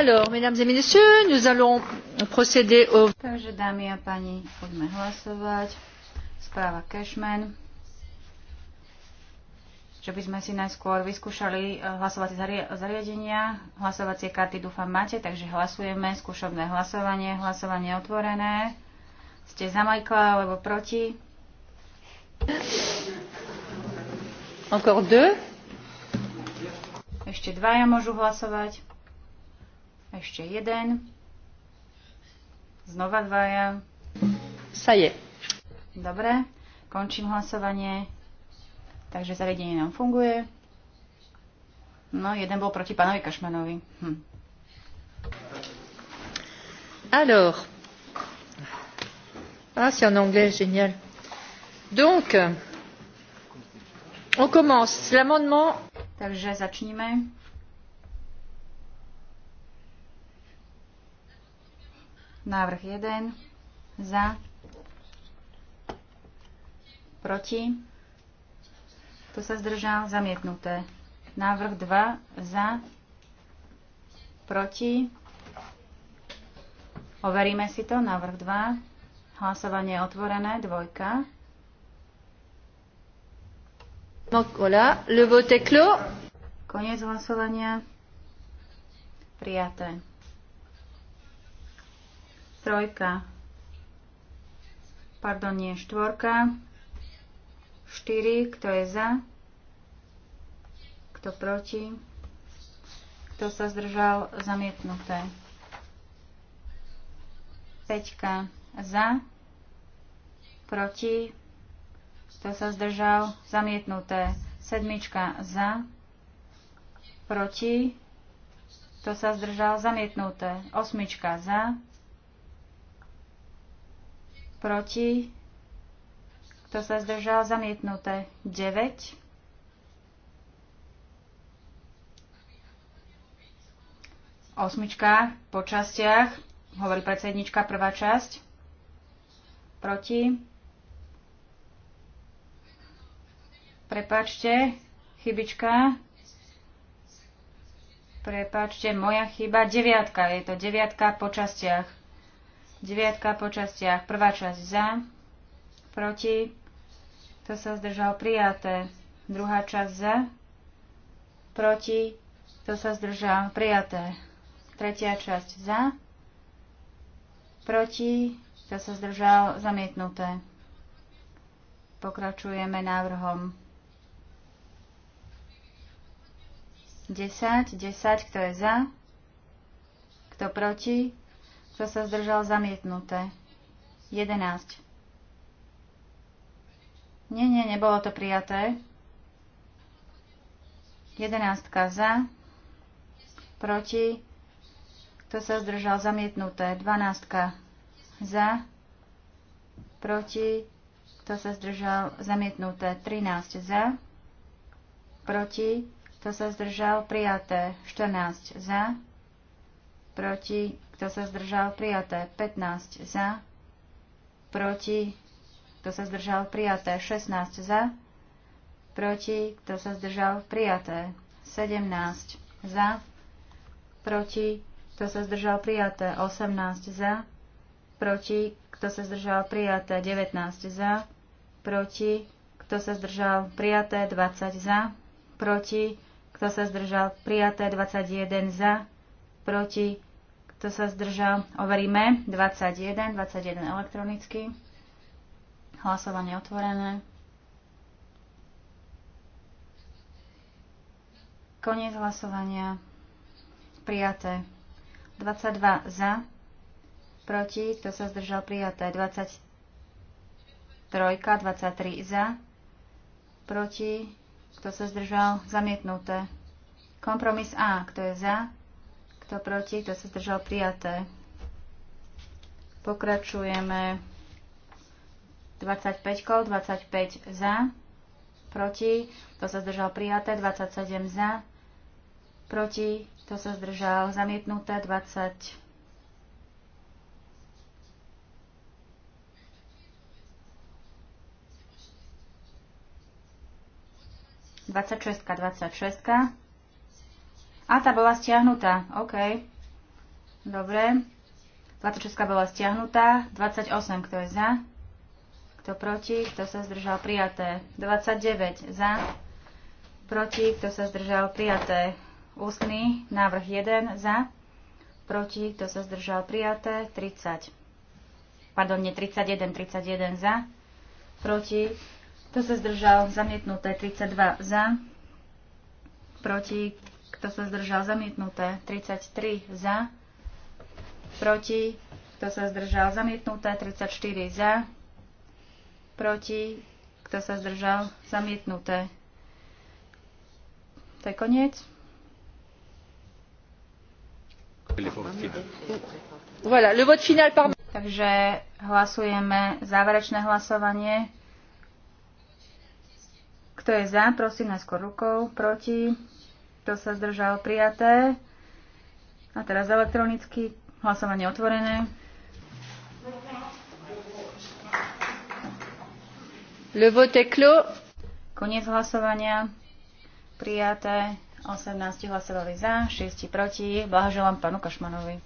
Alors, mesdames et messieurs, nous allons procéder au... Takže dámy a pani, poďme hlasovať. Správa Cashman. Čo by sme si najskôr vyskúšali eh, hlasovacie zariadenia. Hlasovacie karty dúfam máte, takže hlasujeme. Skúšobné hlasovanie, hlasovanie otvorené. Ste za Michaela alebo proti? Encore deux. Ešte dvaja môžu hlasovať. Ešte jeden. Znova dvaja. Sa je. Dobre, končím hlasovanie. Takže zariadenie nám funguje. No, jeden bol proti pánovi Kašmanovi. Hm. Alors, ah, c'est en anglais, génial. Donc, on commence. L'amendement. Takže začníme. Návrh 1. Za. Proti. Kto sa zdržal? Zamietnuté. Návrh 2. Za. Proti. Overíme si to. Návrh 2. Hlasovanie je otvorené. Dvojka. Donc voilà, le vote est clos. Koniec hlasovania. Prijaté. Trojka. Pardon, nie, štvorka. Štyri, kto je za? Kto proti? Kto sa zdržal? Zamietnuté. Peťka za, proti, kto sa zdržal, zamietnuté. Sedmička za, proti, kto sa zdržal, zamietnuté. Osmička za, proti, kto sa zdržal, zamietnuté 9. Osmička po častiach, hovorí predsednička, prvá časť, proti. Prepačte, chybička. Prepačte, moja chyba, deviatka, je to deviatka po častiach. Deviatka po častiach. Prvá časť za, proti, kto sa zdržal prijaté. Druhá časť za, proti, to sa zdržal prijaté. Tretia časť za, proti, to sa zdržal zamietnuté. Pokračujeme návrhom 10, 10, kto je za, kto proti, čo sa zdržal? Zamietnuté. 11. Nie, nie, nebolo to prijaté. 11 za. Proti. Kto sa zdržal? Zamietnuté. 12 za. Proti. Kto sa zdržal? Zamietnuté. 13 za. Proti. Kto sa zdržal? Prijaté. 14 za. Proti kto sa zdržal prijaté 15 za, proti, kto sa zdržal prijaté 16 za, proti, kto sa zdržal prijaté 17 za, proti, kto sa zdržal prijaté 18 za, proti, kto sa zdržal prijaté 19 za, proti, kto sa zdržal prijaté 20 za, proti, kto sa zdržal prijaté 21 za, proti, kto sa zdržal? Overíme. 21, 21 elektronicky. Hlasovanie otvorené. Koniec hlasovania. Prijaté. 22 za. Proti. Kto sa zdržal? Prijaté. 23, 23 za. Proti. Kto sa zdržal? Zamietnuté. Kompromis A. Kto je za? Kto proti? Kto sa zdržal? Prijaté. Pokračujeme 25, 25 za, proti, kto sa zdržal prijaté, 27 za, proti, kto sa zdržal zamietnuté, 20. 26, 26. A tá bola stiahnutá. OK. Dobre. česká bola stiahnutá. 28, kto je za? Kto proti? Kto sa zdržal? Prijaté. 29 za. Proti? Kto sa zdržal? Prijaté. Ústny návrh 1 za. Proti? Kto sa zdržal? Prijaté. 30. Pardon, nie 31, 31 za. Proti? Kto sa zdržal? Zamietnuté. 32 za. Proti? kto sa zdržal, zamietnuté. 33 za, proti, kto sa zdržal, zamietnuté. 34 za, proti, kto sa zdržal, zamietnuté. To je koniec. Voilà, le vote final Takže hlasujeme záverečné hlasovanie. Kto je za, prosím najskôr rukou, proti kto sa zdržal prijaté. A teraz elektronicky hlasovanie otvorené. Le vote est clos. Koniec hlasovania. Prijaté. 18 hlasovali za, 6 proti. Blahoželám panu Kašmanovi.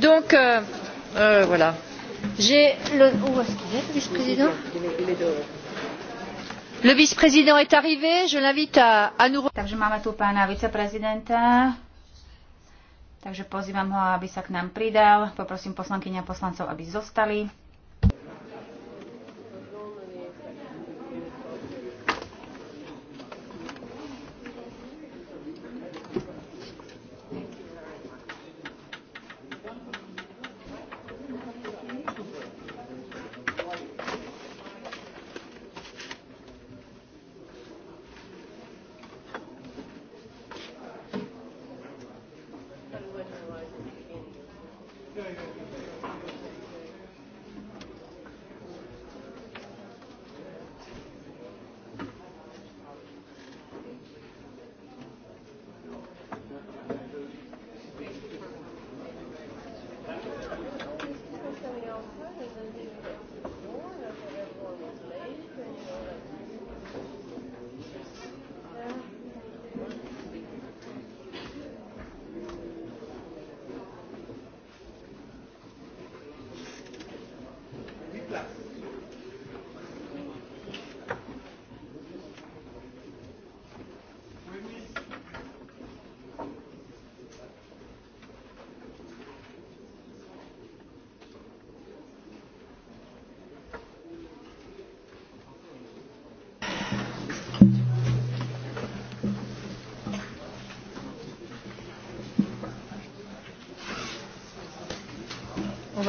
Donc, euh, euh, voilà. J'ai le... Où est-ce qu'il est, le vice-président Il est dehors. Le vice-président est arrivé, je l'invite à, à nous... Takže máme tu pána viceprezidenta. Takže pozývam ho, aby sa k nám pridal. Poprosím poslankyňa poslancov, aby zostali.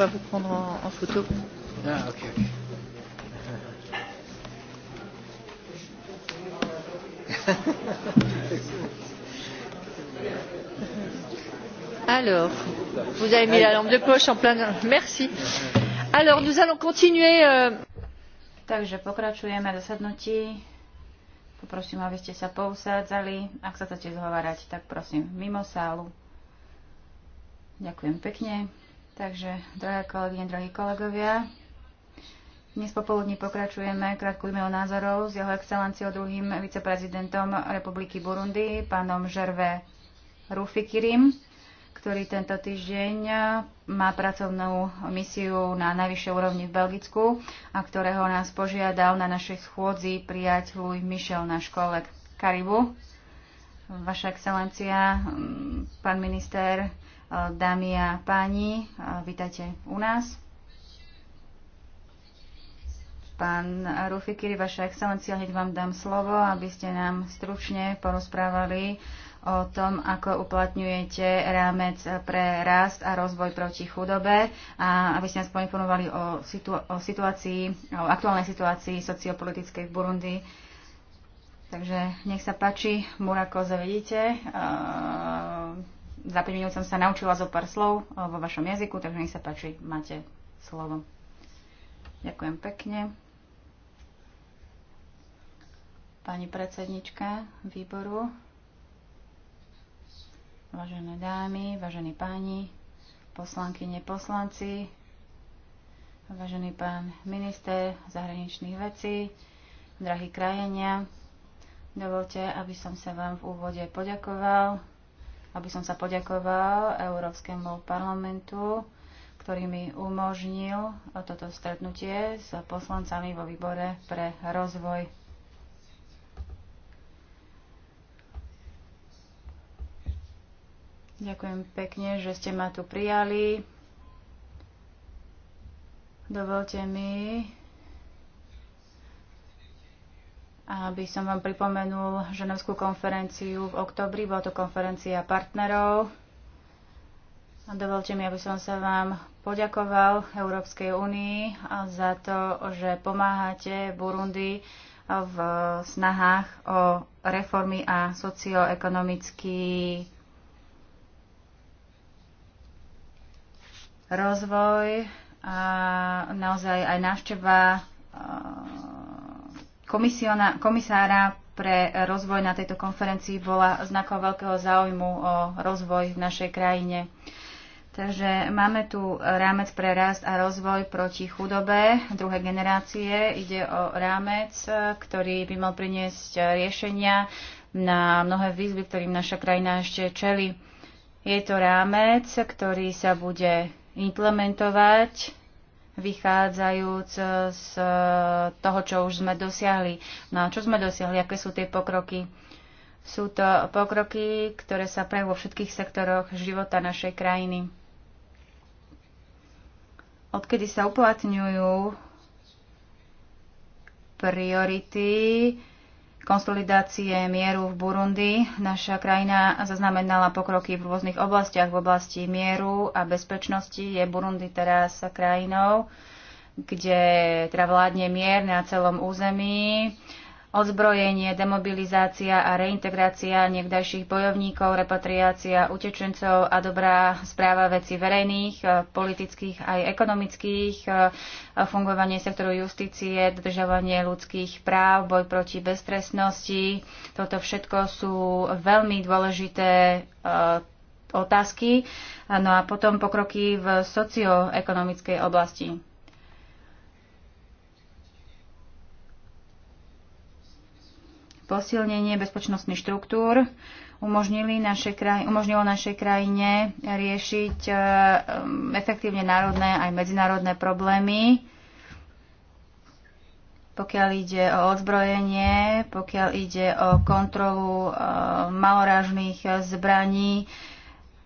va vous prendre en, en photo. Ah, ok, ok. Alors, vous avez mis la lampe de poche en plein. Merci. Alors, nous allons continuer. Euh... Takže pokračujeme zasadnutí. Poprosím, aby ste sa pousádzali. Ak sa chcete zhovárať, tak prosím, mimo sálu. Ďakujem pekne. Takže, drahé kolegyne, drahí kolegovia, dnes popoludní pokračujeme krátku výmenu názorov s jeho excelenciou druhým viceprezidentom Republiky Burundi, pánom Žerve Rufikirim, ktorý tento týždeň má pracovnú misiu na najvyššej úrovni v Belgicku a ktorého nás požiadal na našej schôdzi prijať Louis Michel, náš koleg Karibu. Vaša excelencia, pán minister, dámy a páni, vítajte u nás. Pán Rufikiri, vaša excelencia, hneď vám dám slovo, aby ste nám stručne porozprávali o tom, ako uplatňujete rámec pre rast a rozvoj proti chudobe a aby ste nás poinformovali o, situ- o situácii, o aktuálnej situácii sociopolitickej v Burundi. Takže nech sa páči, Murako, zavidíte. Uh, za 5 minút som sa naučila zo pár slov eh, vo vašom jazyku, takže nech sa páči, máte slovo. Ďakujem pekne. Pani predsednička výboru, vážené dámy, vážení páni, poslankyne, poslanci, vážený pán minister zahraničných vecí, drahí krajenia, dovolte, aby som sa vám v úvode poďakoval aby som sa poďakoval Európskemu parlamentu, ktorý mi umožnil toto stretnutie s poslancami vo výbore pre rozvoj. Ďakujem pekne, že ste ma tu prijali. Dovolte mi aby som vám pripomenul ženevskú konferenciu v oktobri. Bola to konferencia partnerov. A dovolte mi, aby som sa vám poďakoval Európskej únii za to, že pomáhate Burundi v snahách o reformy a socioekonomický rozvoj a naozaj aj návšteva komisára pre rozvoj na tejto konferencii bola znakom veľkého záujmu o rozvoj v našej krajine. Takže máme tu rámec pre rast a rozvoj proti chudobe druhé generácie. Ide o rámec, ktorý by mal priniesť riešenia na mnohé výzvy, ktorým naša krajina ešte čeli. Je to rámec, ktorý sa bude implementovať vychádzajúc z e, toho, čo už sme dosiahli. No a čo sme dosiahli, aké sú tie pokroky? Sú to pokroky, ktoré sa prejú vo všetkých sektoroch života našej krajiny. Odkedy sa uplatňujú priority, konsolidácie mieru v Burundi. Naša krajina zaznamenala pokroky v rôznych oblastiach. V oblasti mieru a bezpečnosti je Burundi teraz krajinou, kde teda vládne mier na celom území. Odzbrojenie, demobilizácia a reintegrácia niekdajších bojovníkov, repatriácia utečencov a dobrá správa veci verejných, e, politických aj ekonomických, e, fungovanie sektoru justície, dodržovanie ľudských práv, boj proti beztrestnosti. Toto všetko sú veľmi dôležité e, otázky. No a potom pokroky v socioekonomickej oblasti. posilnenie bezpečnostných štruktúr umožnili naše kraj, umožnilo našej krajine riešiť e, efektívne národné aj medzinárodné problémy, pokiaľ ide o odzbrojenie, pokiaľ ide o kontrolu e, malorážnych zbraní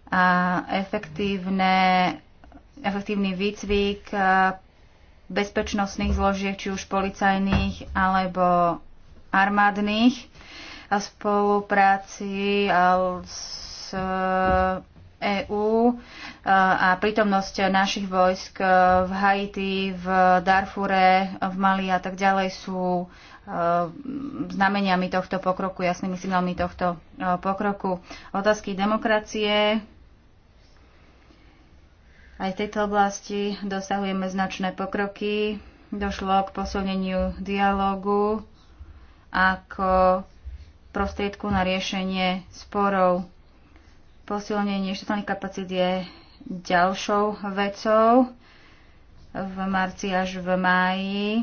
a efektívne, efektívny výcvik e, bezpečnostných zložiek, či už policajných alebo armádnych a spolupráci s EÚ e e, a prítomnosť našich vojsk e, v Haiti, v Darfure, v Mali a tak ďalej sú znameniami tohto pokroku, jasnými signálmi tohto pokroku. Otázky demokracie. Aj v tejto oblasti dosahujeme značné pokroky. Došlo k posilneniu dialogu ako prostriedku na riešenie sporov. Posilnenie štátnych kapacít je ďalšou vecou. V marci až v máji e,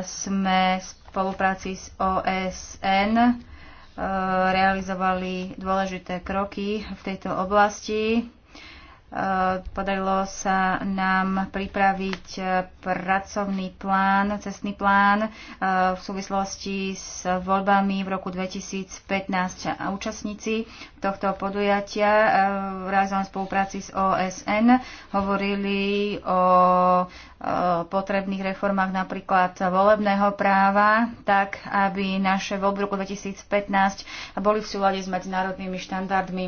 sme v spolupráci s OSN e, realizovali dôležité kroky v tejto oblasti. Eh, podarilo sa nám pripraviť eh, pracovný plán, cestný plán eh, v súvislosti s voľbami v roku 2015 a účastníci tohto podujatia v v spolupráci s OSN hovorili o potrebných reformách napríklad volebného práva, tak aby naše voľby v roku 2015 boli v súlade s medzinárodnými štandardmi.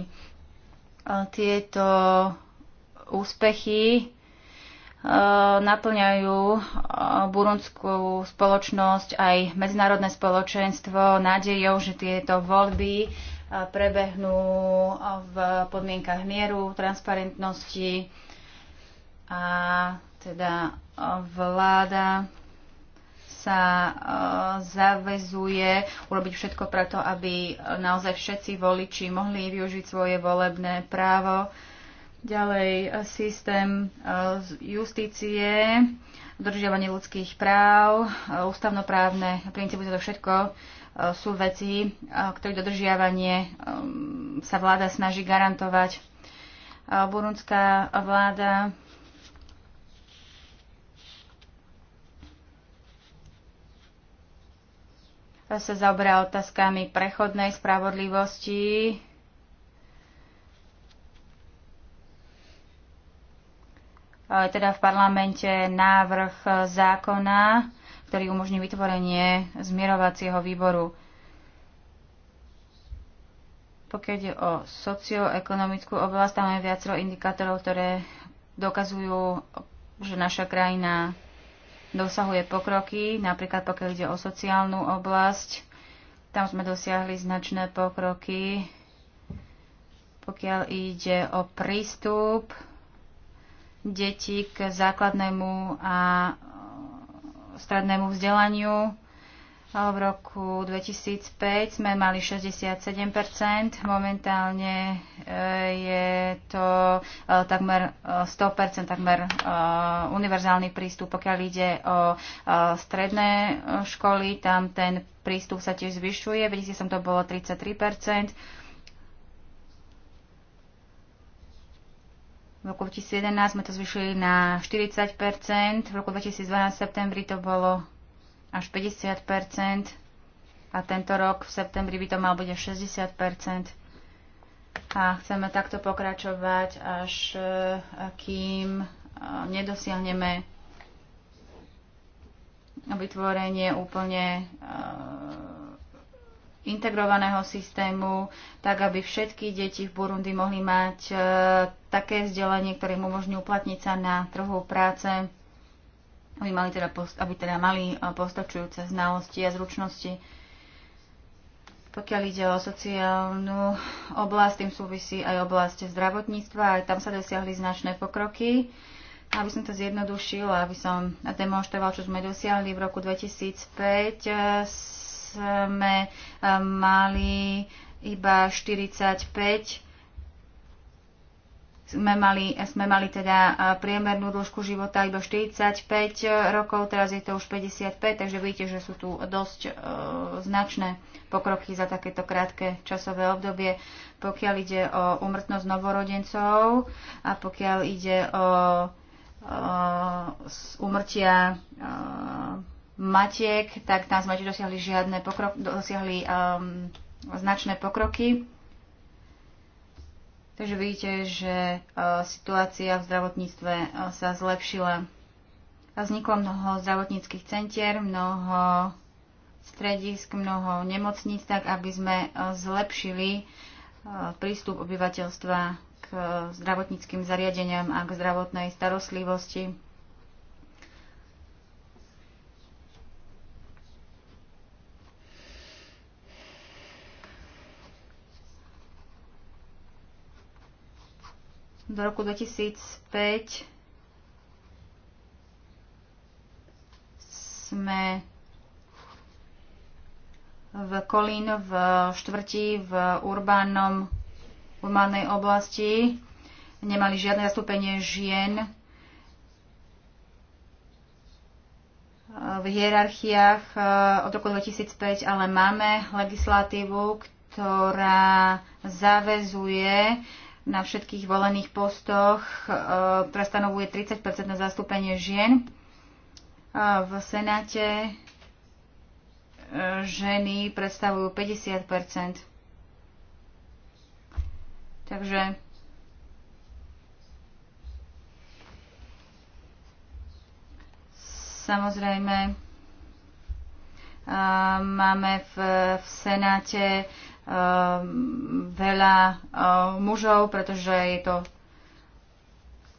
Tieto úspechy e, naplňajú e, burundskú spoločnosť aj medzinárodné spoločenstvo nádejou, že tieto voľby e, prebehnú v podmienkach mieru, transparentnosti a teda vláda sa zavezuje urobiť všetko preto, aby naozaj všetci voliči mohli využiť svoje volebné právo Ďalej e, systém e, justície, dodržiavanie ľudských práv, e, ústavnoprávne princípy, to všetko sú veci, ktorých dodržiavanie sa vláda snaží garantovať. Burundská vláda sa zaoberá otázkami prechodnej spravodlivosti Eh, teda v parlamente návrh eh, zákona, ktorý umožní vytvorenie zmierovacieho výboru. Pokiaľ ide o socioekonomickú oblasť, tam je viacero indikátorov, ktoré dokazujú, že naša krajina dosahuje pokroky, napríklad pokiaľ ide o sociálnu oblasť, tam sme dosiahli značné pokroky, pokiaľ ide o prístup deti k základnému a e, strednému vzdelaniu. V roku 2005 sme mali 67%, momentálne e, je to e, takmer 100%, takmer univerzálny prístup. Pokiaľ ide o stredné školy, tam ten prístup sa tiež zvyšuje, Vidíte, som to bolo 33%. V roku 2011 sme to zvyšili na 40 v roku 2012 v septembri to bolo až 50 a tento rok v septembri by to mal byť až 60 a chceme takto pokračovať, až e, kým e, nedosiahneme vytvorenie úplne e, integrovaného systému, tak aby všetky deti v Burundi mohli mať e, také vzdelanie, ktoré im umožní uplatniť sa na trhu práce, aby, mali teda, aby teda mali e, postačujúce znalosti a zručnosti. Pokiaľ ide o sociálnu oblasť, tým súvisí aj oblasť zdravotníctva, aj tam sa dosiahli značné pokroky. Aby som to zjednodušil aby som demonstroval, čo sme dosiahli v roku 2005, sme eh, mali iba 45 sme mali, sme mali teda eh, priemernú dĺžku života iba 45 eh, rokov, teraz je to už 55, takže vidíte, že sú tu dosť e, značné pokroky za takéto krátke časové obdobie. Pokiaľ ide o umrtnosť novorodencov a pokiaľ ide o e, umrtia e, matiek, tak tam sme dosiahli žiadne pokrok, dosiahli um, značné pokroky. Takže vidíte, že uh, situácia v zdravotníctve uh, sa zlepšila. Vzniklo mnoho zdravotníckých centier, mnoho stredisk, mnoho nemocníc, tak aby sme uh, zlepšili uh, prístup obyvateľstva k zdravotníckým zariadeniam a k zdravotnej starostlivosti. do roku 2005 sme v Kolín v štvrti v urbánnom urbánnej oblasti. Nemali žiadne zastúpenie žien v hierarchiách e, od roku 2005, ale máme legislatívu, ktorá zavezuje na všetkých volených postoch, prestanovuje e, 30 na zastúpenie žien. E, v Senáte e, ženy predstavujú 50 Takže samozrejme máme v, v Senáte Ehm, veľa ehm, mužov, pretože je to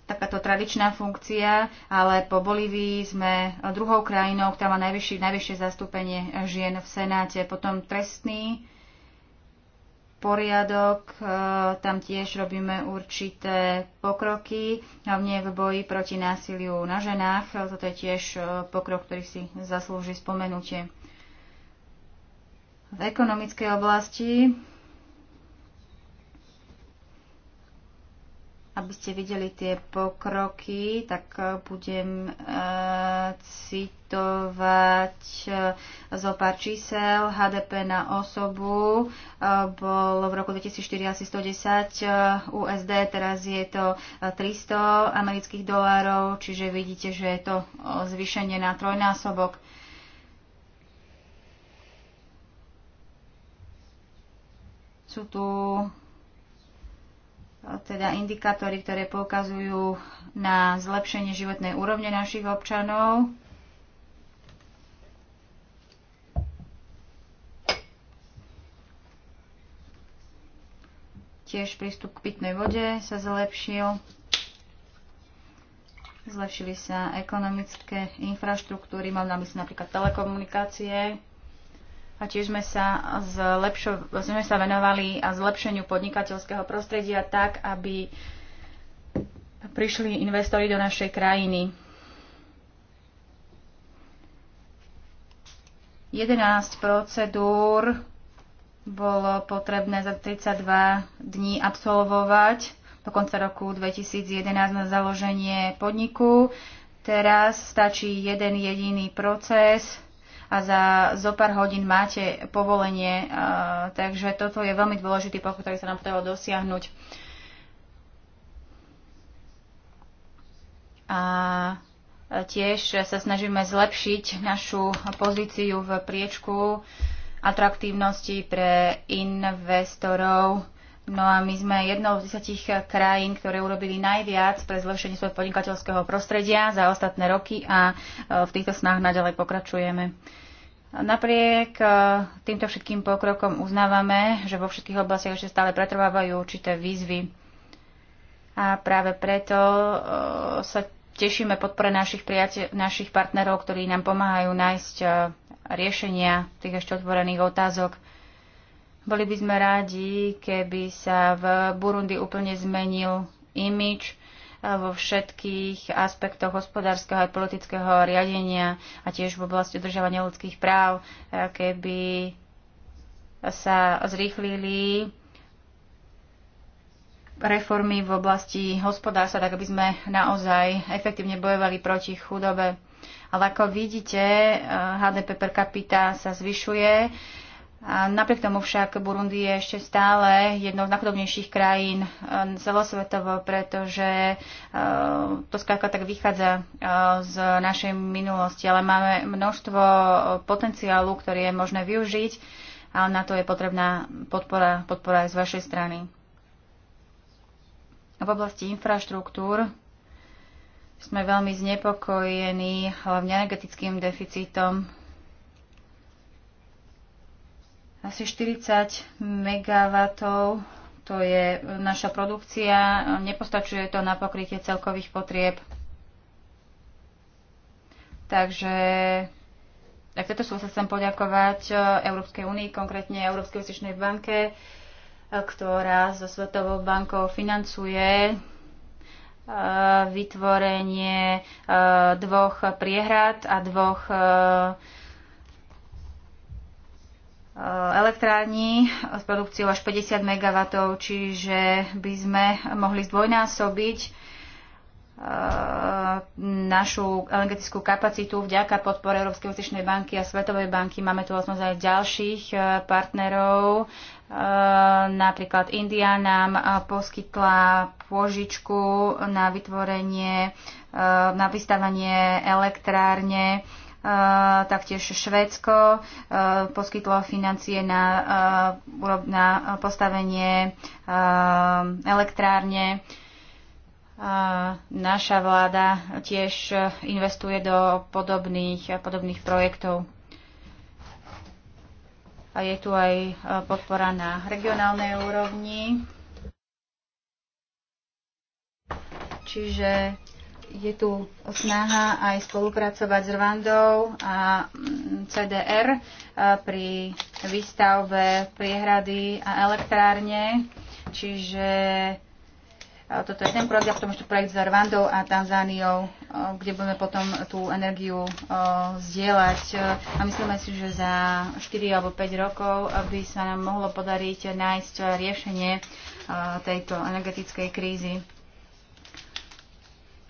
takáto tradičná funkcia, ale po Bolívii sme druhou krajinou, ktorá má najvyššie, najvyššie zastúpenie žien v Senáte. Potom trestný poriadok, ehm, tam tiež robíme určité pokroky, hlavne v boji proti násiliu na ženách. Toto je tiež pokrok, ktorý si zaslúži spomenutie v ekonomickej oblasti, aby ste videli tie pokroky, tak e, budem e, citovať e, zo pár čísel. HDP na osobu bol v roku 2004 asi 110 USD, teraz je to 300 amerických dolárov, čiže vidíte, že je to zvýšenie na trojnásobok. Sú tu e, teda indikátory, ktoré poukazujú na zlepšenie životnej úrovne našich občanov. Tiež prístup k pitnej vode sa zlepšil. Zlepšili sa ekonomické infraštruktúry, mám na mysli napríklad telekomunikácie a tiež sme sa, zlepšo, sme sa venovali a zlepšeniu podnikateľského prostredia tak, aby prišli investori do našej krajiny. 11 procedúr bolo potrebné za 32 dní absolvovať do konca roku 2011 na založenie podniku. Teraz stačí jeden jediný proces a za zo pár hodín máte povolenie, e, takže toto je veľmi dôležitý pokrok, ktorý sa nám podarilo dosiahnuť. A tiež sa snažíme zlepšiť našu pozíciu v priečku atraktívnosti pre investorov. No a my sme jednou z desiatich krajín, ktoré urobili najviac pre zlepšenie svojho podnikateľského prostredia za ostatné roky a e, v týchto snách naďalej pokračujeme. Napriek e, týmto všetkým pokrokom uznávame, že vo všetkých oblastiach ešte stále pretrvávajú určité výzvy. A práve preto e, sa tešíme podpore našich, našich partnerov, ktorí nám pomáhajú nájsť e, riešenia tých ešte otvorených otázok. Boli by sme rádi, keby sa v Burundi úplne zmenil imič vo všetkých aspektoch hospodárskeho a politického riadenia a tiež v oblasti udržiavania ľudských práv, eh, keby sa zrýchlili reformy v oblasti hospodárstva, tak aby sme naozaj efektívne bojovali proti chudobe. Ale ako vidíte, HDP eh, per capita sa zvyšuje a napriek tomu však Burundi je ešte stále jednou z najchudobnejších krajín e, celosvetovo, pretože e, to skrátka tak vychádza e, z našej minulosti, ale máme množstvo potenciálu, ktorý je možné využiť, a na to je potrebná podpora, podpora aj z vašej strany. V oblasti infraštruktúr sme veľmi znepokojení hlavne energetickým deficitom asi 40 MW, to je naša produkcia, nepostačuje to na pokrytie celkových potrieb. Takže tak sú sa chcem poďakovať e, Európskej únii, konkrétne Európskej investičnej banke, e, ktorá so Svetovou bankou financuje e, vytvorenie dvoch priehrad a dvoch Eh, elektrární s produkciou až 50 MW, čiže by sme mohli zdvojnásobiť eh, našu energetickú kapacitu vďaka podpore Európskej investičnej banky a Svetovej banky. Máme tu osmosť aj ďalších eh, partnerov. Napríklad India nám poskytla pôžičku na vytvorenie, na vystavanie elektrárne taktiež Švédsko e, poskytlo financie na, e, na postavenie e, elektrárne. Naša vláda tiež investuje do podobných, podobných projektov. A je tu aj podpora na regionálnej úrovni. Čiže je tu snaha aj spolupracovať s Rwandou a CDR e, pri výstavbe priehrady a elektrárne. Čiže e, toto je ten projekt, ja potom ešte projekt s Rwandou a Tanzániou, e, kde budeme potom tú energiu zdieľať. A myslíme si, že za 4 alebo 5 rokov by sa nám mohlo podariť nájsť riešenie tejto energetickej krízy.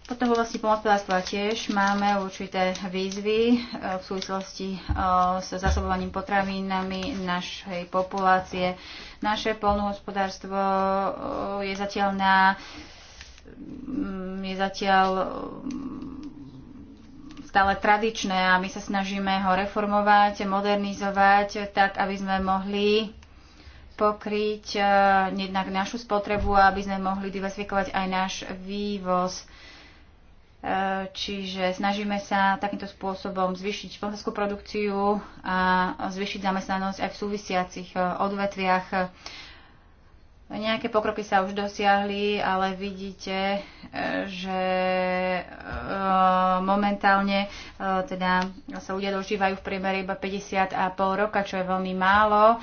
Potom v oblasti pomospodárstva tiež máme určité výzvy e, v súvislosti e, s zasobovaním potravinami našej populácie. Naše polnohospodárstvo e, je zatiaľ na mm, je zatiaľ mm, stále tradičné a my sa snažíme ho reformovať, modernizovať tak, aby sme mohli pokryť jednak našu spotrebu a aby sme mohli diversifikovať aj náš vývoz. Čiže snažíme sa takýmto spôsobom zvýšiť polnohospodárskú produkciu a zvýšiť zamestnanosť aj v súvisiacich eh, odvetviach. Nejaké pokroky sa už dosiahli, ale vidíte, e, že e, momentálne e, teda sa ľudia dožívajú v priemere iba 50,5 roka, čo je veľmi málo,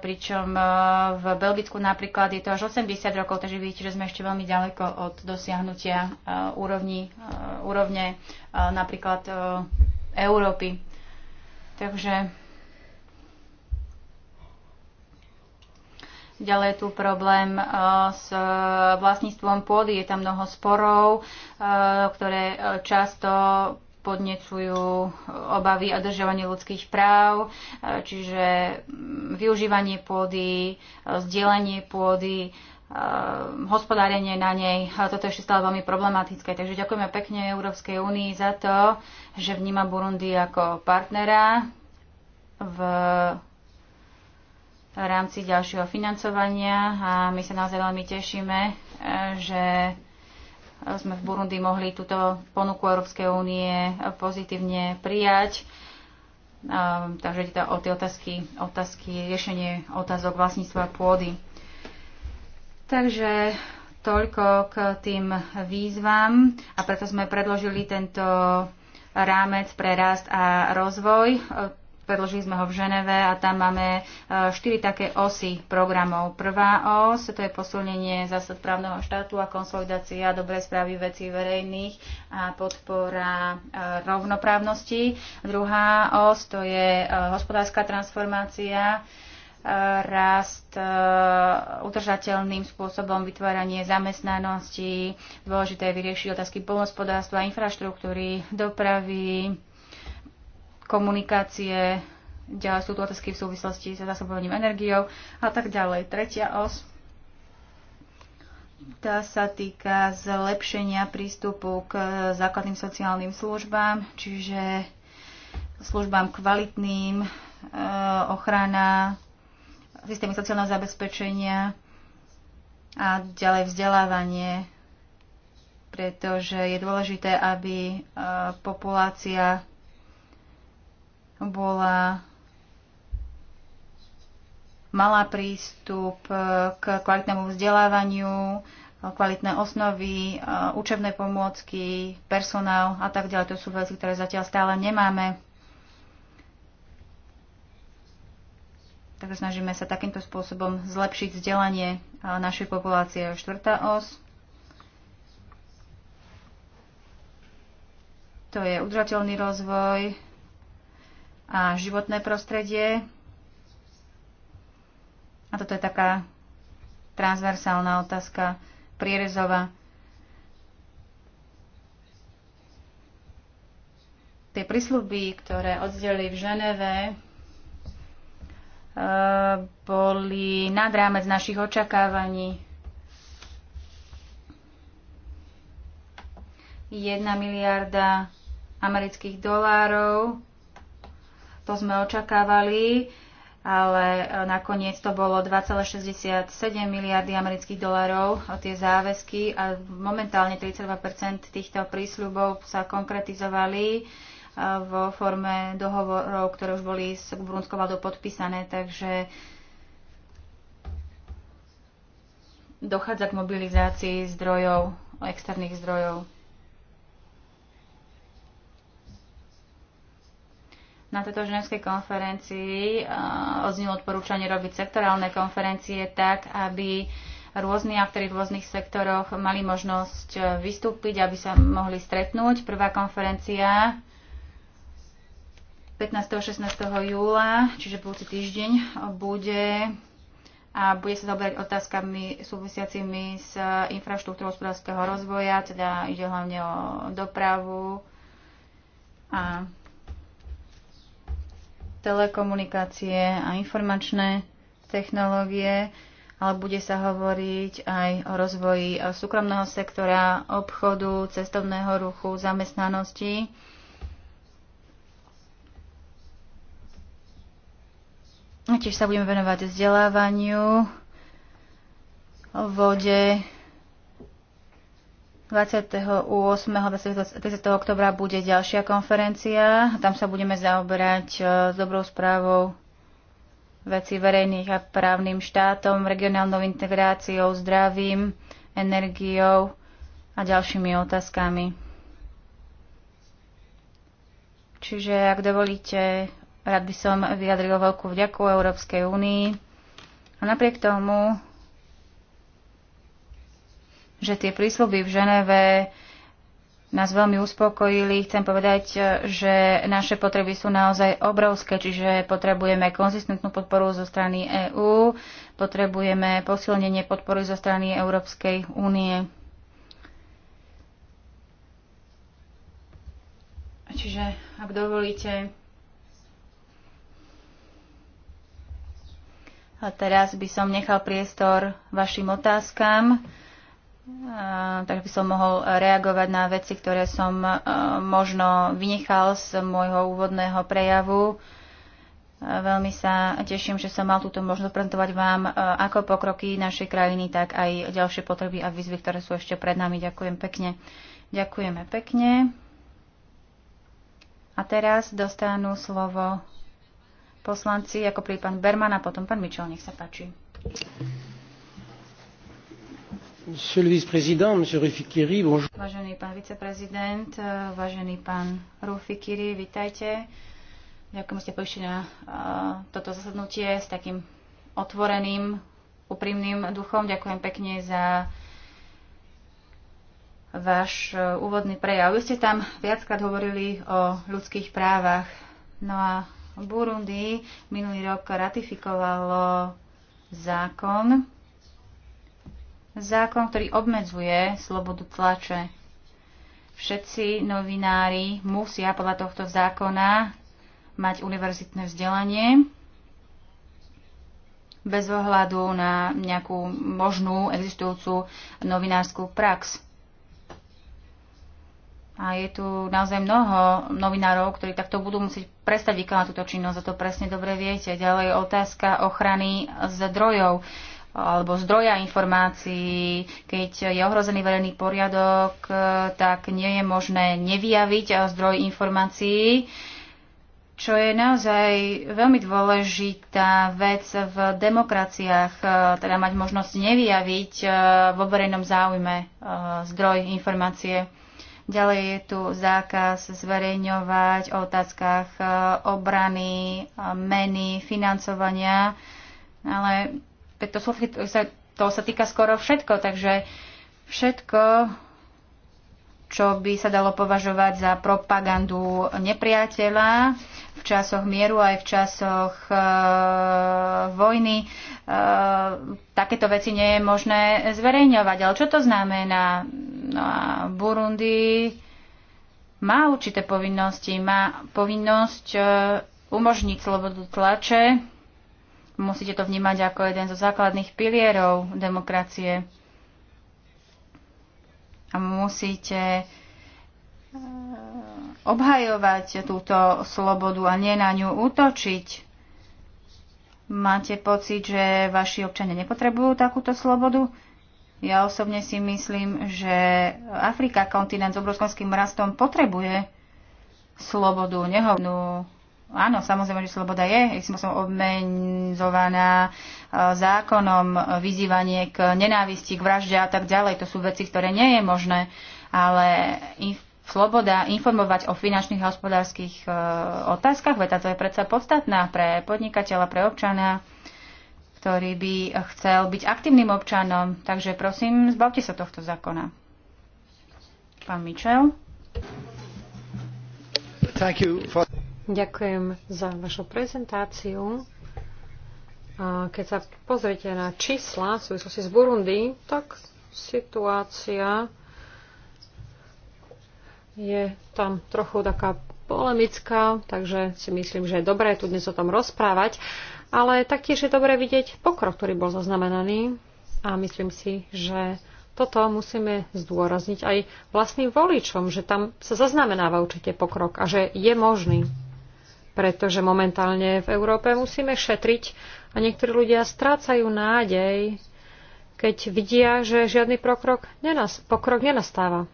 pričom v Belgicku napríklad je to až 80 rokov, takže vidíte, že sme ešte veľmi ďaleko od dosiahnutia úrovni, úrovne napríklad Európy. Takže Ďalej je tu problém eh, s eh, vlastníctvom pôdy. Je tam mnoho sporov, eh, ktoré často podnecujú obavy a držovanie ľudských práv, čiže mm, využívanie pôdy, zdieľanie pôdy, hospodárenie na nej. Toto je ešte stále veľmi problematické. Takže ďakujeme pekne Európskej únii za to, že vníma Burundi ako partnera v v rámci ďalšieho financovania a my sa naozaj veľmi tešíme, e, že sme v Burundi mohli túto ponuku Európskej únie pozitívne prijať. E, takže takže to o tie otázky, otázky, riešenie otázok vlastníctva pôdy. Takže toľko k tým výzvam a preto sme predložili tento rámec pre rast a rozvoj. Predložili sme ho v Ženeve a tam máme e, štyri také osy programov. Prvá os, to je posilnenie zásad právneho štátu a konsolidácia dobrej správy vecí verejných a podpora e, rovnoprávnosti. Druhá os, to je e, hospodárska transformácia rast udržateľným spôsobom vytváranie zamestnanosti, dôležité vyriešiť otázky polnospodárstva, infraštruktúry, dopravy, komunikácie, ďalej sú tu otázky v súvislosti so zásobovaním energiou a tak ďalej. Tretia os tá sa týka zlepšenia prístupu k základným sociálnym službám, čiže službám kvalitným, e, ochrana, systémy sociálneho zabezpečenia a ďalej vzdelávanie, pretože je dôležité, aby e, populácia bola malá prístup k kvalitnému vzdelávaniu, kvalitné osnovy, učebné pomôcky, personál a tak ďalej. To sú veci, ktoré zatiaľ stále nemáme. Takže snažíme sa takýmto spôsobom zlepšiť vzdelanie našej populácie. Štvrtá os. To je udržateľný rozvoj, a životné prostredie. A toto je taká transversálna otázka, prierezová. Tie prísľuby, ktoré oddeli v Ženeve, e, boli nad rámec našich očakávaní. 1 miliarda amerických dolárov to sme očakávali, ale e, nakoniec to bolo 2,67 miliardy amerických dolarov o tie záväzky a momentálne 32 týchto prísľubov sa konkretizovali e, vo forme dohovorov, ktoré už boli s Brunskou vládou podpísané, takže dochádza k mobilizácii zdrojov, externých zdrojov. Na tejto ženskej konferencii eh, oznil odporúčanie robiť sektorálne konferencie tak, aby rôzni aktéry v rôznych sektoroch mali možnosť eh, vystúpiť, aby sa mohli stretnúť. Prvá konferencia 15. 16. júla, čiže budúci týždeň, bude a bude sa zaoberať otázkami súvisiacimi s eh, infraštruktúrou hospodárskeho rozvoja, teda ide hlavne o dopravu a telekomunikácie a informačné technológie, ale bude sa hovoriť aj o rozvoji súkromného sektora, obchodu, cestovného ruchu, zamestnanosti. Tiež sa budeme venovať vzdelávaniu, vode, 28. 30. oktobra bude ďalšia konferencia. Tam sa budeme zaoberať e, s dobrou správou veci verejných a právnym štátom, regionálnou integráciou, zdravím, energiou a ďalšími otázkami. Čiže, ak dovolíte, rád by som vyjadril veľkú vďaku Európskej únii. A napriek tomu že tie prísľuby v Ženeve nás veľmi uspokojili. Chcem povedať, že naše potreby sú naozaj obrovské, čiže potrebujeme konzistentnú podporu zo strany EÚ, potrebujeme posilnenie podpory zo strany Európskej únie. Čiže, ak dovolíte, a teraz by som nechal priestor vašim otázkam tak by som mohol reagovať na veci, ktoré som e, možno vynechal z môjho úvodného prejavu. E, veľmi sa teším, že som mal túto možnosť prezentovať vám e, ako pokroky našej krajiny, tak aj ďalšie potreby a výzvy, ktoré sú ešte pred nami. Ďakujem pekne. Ďakujeme pekne. A teraz dostanú slovo poslanci, ako prípad Berman a potom pán Mičel. Nech sa páči. Monsieur le vice-président, monsieur Rufikiri, bonjour. Vážený pán viceprezident, eh, vážený pán Rufikiri, vitajte. Ďakujem, ste prišli na eh, toto zasadnutie s takým otvoreným, úprimným duchom. Ďakujem pekne za váš eh, úvodný prejav. Vy ste tam viackrát hovorili o ľudských právach. No a Burundi minulý rok ratifikovalo zákon, zákon, ktorý obmedzuje slobodu tlače. Všetci novinári musia podľa tohto zákona mať univerzitné vzdelanie bez ohľadu na nejakú možnú existujúcu novinárskú prax. A je tu naozaj mnoho novinárov, ktorí takto budú musieť prestať vykonať túto činnosť, a to presne dobre viete. Ďalej otázka ochrany zdrojov alebo zdroja informácií. Keď je ohrozený verejný poriadok, e, tak nie je možné nevyjaviť e, zdroj informácií, čo je naozaj veľmi dôležitá vec v demokraciách, e, teda mať možnosť nevyjaviť vo verejnom záujme zdroj informácie. Ďalej je tu zákaz zverejňovať o otázkach obrany, meny, financovania, ale to, to sa týka skoro všetko, takže všetko, čo by sa dalo považovať za propagandu nepriateľa v časoch mieru aj v časoch e, vojny. E, takéto veci nie je možné zverejňovať. Ale čo to znamená? No a Burundi má určité povinnosti. Má povinnosť e, umožniť slobodu tlače, Musíte to vnímať ako jeden zo základných pilierov demokracie. A musíte eh, obhajovať túto slobodu a nie na ňu útočiť. Máte pocit, že vaši občania nepotrebujú takúto slobodu? Ja osobne si myslím, že Afrika, kontinent s obrovským rastom, potrebuje slobodu, nehovnú Áno, samozrejme, že sloboda je istým spôsobom obmenzovaná e, zákonom, e, vyzývanie k nenávisti, k vražde a tak ďalej. To sú veci, ktoré nie je možné, ale sloboda informovať o finančných a hospodárskych e, otázkach, veď to je predsa podstatná pre podnikateľa, pre občana, ktorý by chcel byť aktívnym občanom. Takže prosím, zbavte sa tohto zákona. Pán Mičel. Thank you for... Ďakujem za vašu prezentáciu. keď sa pozriete na čísla v súvislosti s Burundi, tak situácia je tam trochu taká polemická, takže si myslím, že je dobré tu dnes o tom rozprávať. Ale taktiež je dobré vidieť pokrok, ktorý bol zaznamenaný a myslím si, že toto musíme zdôrazniť aj vlastným voličom, že tam sa zaznamenáva určite pokrok a že je možný pretože momentálne v Európe musíme šetriť a niektorí ľudia strácajú nádej, keď vidia, že žiadny pokrok, nenas- pokrok nenastáva.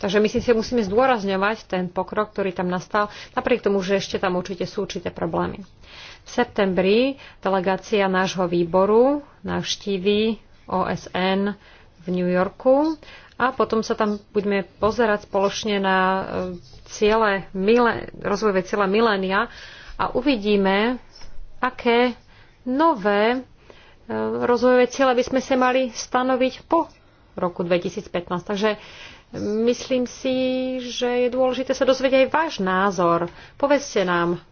Takže my si musíme zdôrazňovať ten pokrok, ktorý tam nastal, napriek tomu, že ešte tam určite sú určité problémy. V septembri delegácia nášho výboru navštíví OSN v New Yorku a potom sa tam budeme pozerať spoločne na e, ciele, milé, rozvojové ciele milénia a uvidíme, aké nové e, rozvojové ciele by sme sa mali stanoviť po roku 2015. Takže e, myslím si, že je dôležité sa dozvedieť aj váš názor. Povedzte nám,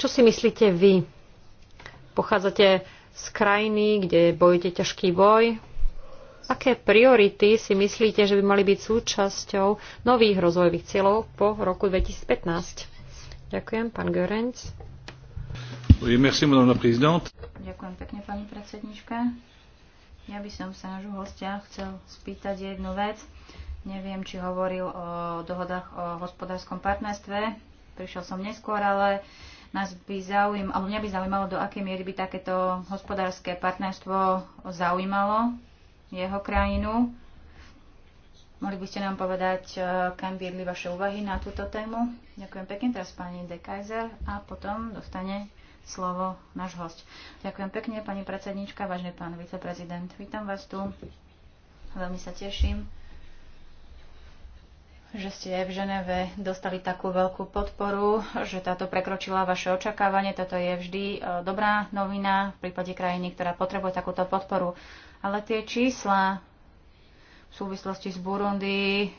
čo si myslíte vy? Pochádzate z krajiny, kde bojujete ťažký boj, Aké priority si myslíte, že by mali byť súčasťou nových rozvojových cieľov po roku 2015? Ďakujem, pán Görenc. Ďakujem pekne, pani predsednička. Ja by som sa nášho hostia chcel spýtať jednu vec. Neviem, či hovoril o dohodách o hospodárskom partnerstve. Prišiel som neskôr, ale nás by zaujímalo alebo mňa by zaujímalo, do akej miery by takéto hospodárske partnerstvo zaujímalo jeho krajinu. Mohli by ste nám povedať, eh, kam viedli vaše úvahy na túto tému? Ďakujem pekne teraz pani De Kaiser a potom dostane slovo náš host. Ďakujem pekne, pani predsednička, vážny pán viceprezident. Vítam vás tu. Veľmi sa teším, že ste v Ženeve dostali takú veľkú podporu, že táto prekročila vaše očakávanie. Toto je vždy eh, dobrá novina v prípade krajiny, ktorá potrebuje takúto podporu. Ale tie čísla v súvislosti s Burundi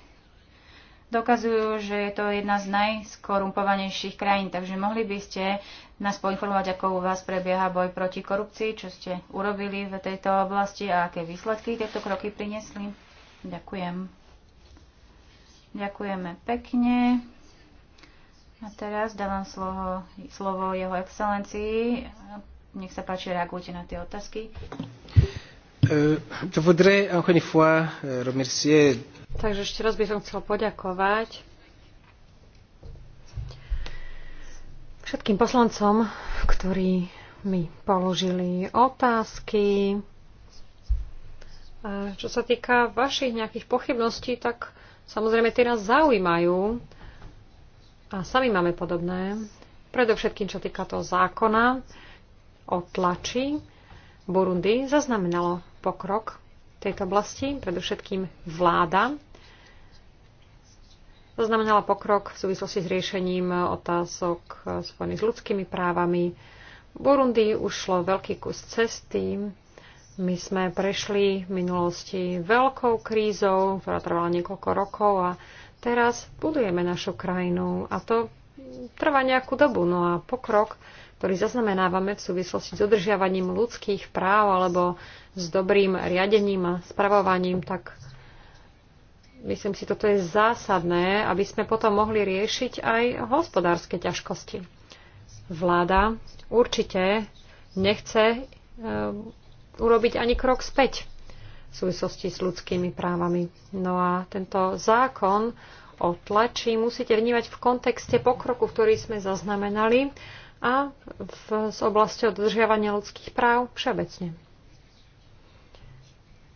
dokazujú, že je to jedna z najskorumpovanejších krajín. Takže mohli by ste nás poinformovať, ako u vás prebieha boj proti korupcii, čo ste urobili v tejto oblasti a aké výsledky tieto kroky priniesli. Ďakujem. Ďakujeme pekne. A teraz dávam slovo, slovo jeho excelencii. Nech sa páči, reagujte na tie otázky. Euh, euh, Takže ešte raz by som chcel poďakovať všetkým poslancom, ktorí mi položili otázky. čo sa týka vašich nejakých pochybností, tak samozrejme tie nás zaujímajú a sami máme podobné. Predovšetkým, čo týka toho zákona o tlači, Burundi zaznamenalo pokrok v tejto oblasti, predovšetkým vláda. Zaznamenala pokrok v súvislosti s riešením otázok spojených s ľudskými právami. V Burundi ušlo veľký kus cesty. My sme prešli v minulosti veľkou krízou, ktorá trvala niekoľko rokov a teraz budujeme našu krajinu a to trvá nejakú dobu. No a pokrok, ktorý zaznamenávame v súvislosti s dodržiavaním ľudských práv alebo s dobrým riadením a spravovaním, tak myslím si, toto je zásadné, aby sme potom mohli riešiť aj hospodárske ťažkosti. Vláda určite nechce e, urobiť ani krok späť v súvislosti s ľudskými právami. No a tento zákon o tlači musíte vnímať v kontexte pokroku, ktorý sme zaznamenali a v, s oblasťou dodržiavania ľudských práv všeobecne.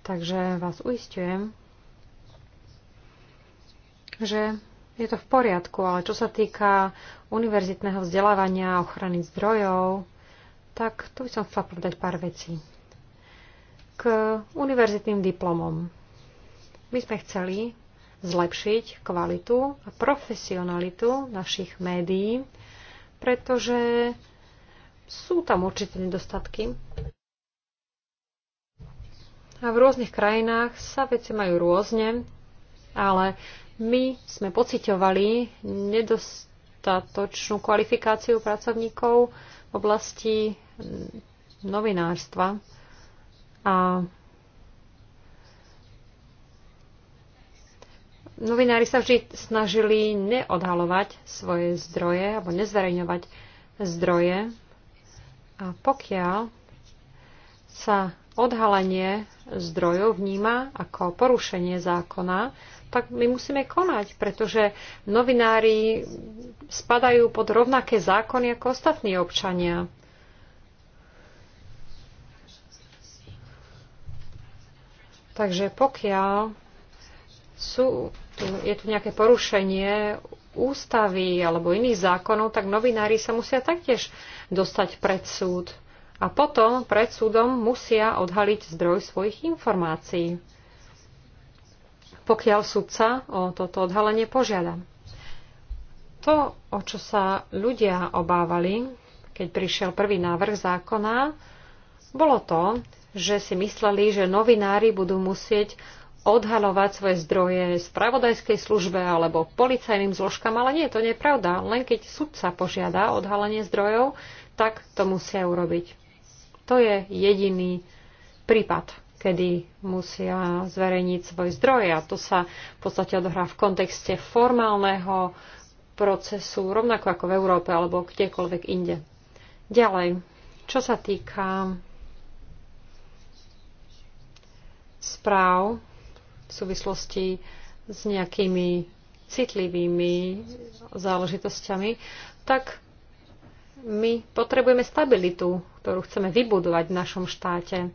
Takže vás uistujem, že je to v poriadku, ale čo sa týka univerzitného vzdelávania, ochrany zdrojov, tak tu by som chcela povedať pár vecí. K univerzitným diplomom. My sme chceli, zlepšiť kvalitu a profesionalitu našich médií, pretože sú tam určité nedostatky. A v rôznych krajinách sa veci majú rôzne, ale my sme pociťovali nedostatočnú kvalifikáciu pracovníkov v oblasti novinárstva. A novinári sa vždy snažili neodhalovať svoje zdroje alebo nezverejňovať zdroje. A pokiaľ sa odhalenie zdrojov vníma ako porušenie zákona, tak my musíme konať, pretože novinári spadajú pod rovnaké zákony ako ostatní občania. Takže pokiaľ sú je tu nejaké porušenie ústavy alebo iných zákonov, tak novinári sa musia taktiež dostať pred súd. A potom pred súdom musia odhaliť zdroj svojich informácií, pokiaľ súdca o toto odhalenie požiada. To, o čo sa ľudia obávali, keď prišiel prvý návrh zákona, bolo to, že si mysleli, že novinári budú musieť odhalovať svoje zdroje spravodajskej službe alebo policajným zložkám, ale nie, to nie je pravda. Len keď sudca požiada odhalenie zdrojov, tak to musia urobiť. To je jediný prípad, kedy musia zverejniť svoje zdroje a to sa v podstate odohrá v kontexte formálneho procesu, rovnako ako v Európe alebo kdekoľvek inde. Ďalej, čo sa týka správ v súvislosti s nejakými citlivými záležitosťami, tak my potrebujeme stabilitu, ktorú chceme vybudovať v našom štáte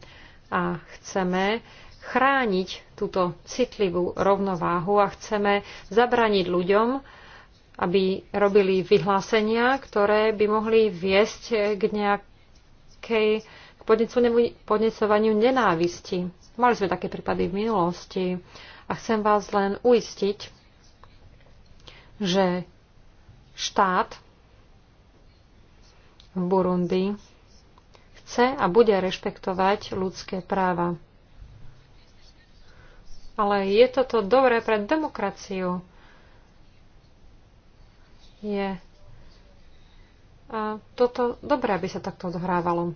a chceme chrániť túto citlivú rovnováhu a chceme zabraniť ľuďom, aby robili vyhlásenia, ktoré by mohli viesť k nejakej podnecovaniu nenávisti. Mali sme také prípady v minulosti a chcem vás len uistiť, že štát v Burundi chce a bude rešpektovať ľudské práva. Ale je toto dobré pre demokraciu? Je a toto dobré, aby sa takto odhrávalo.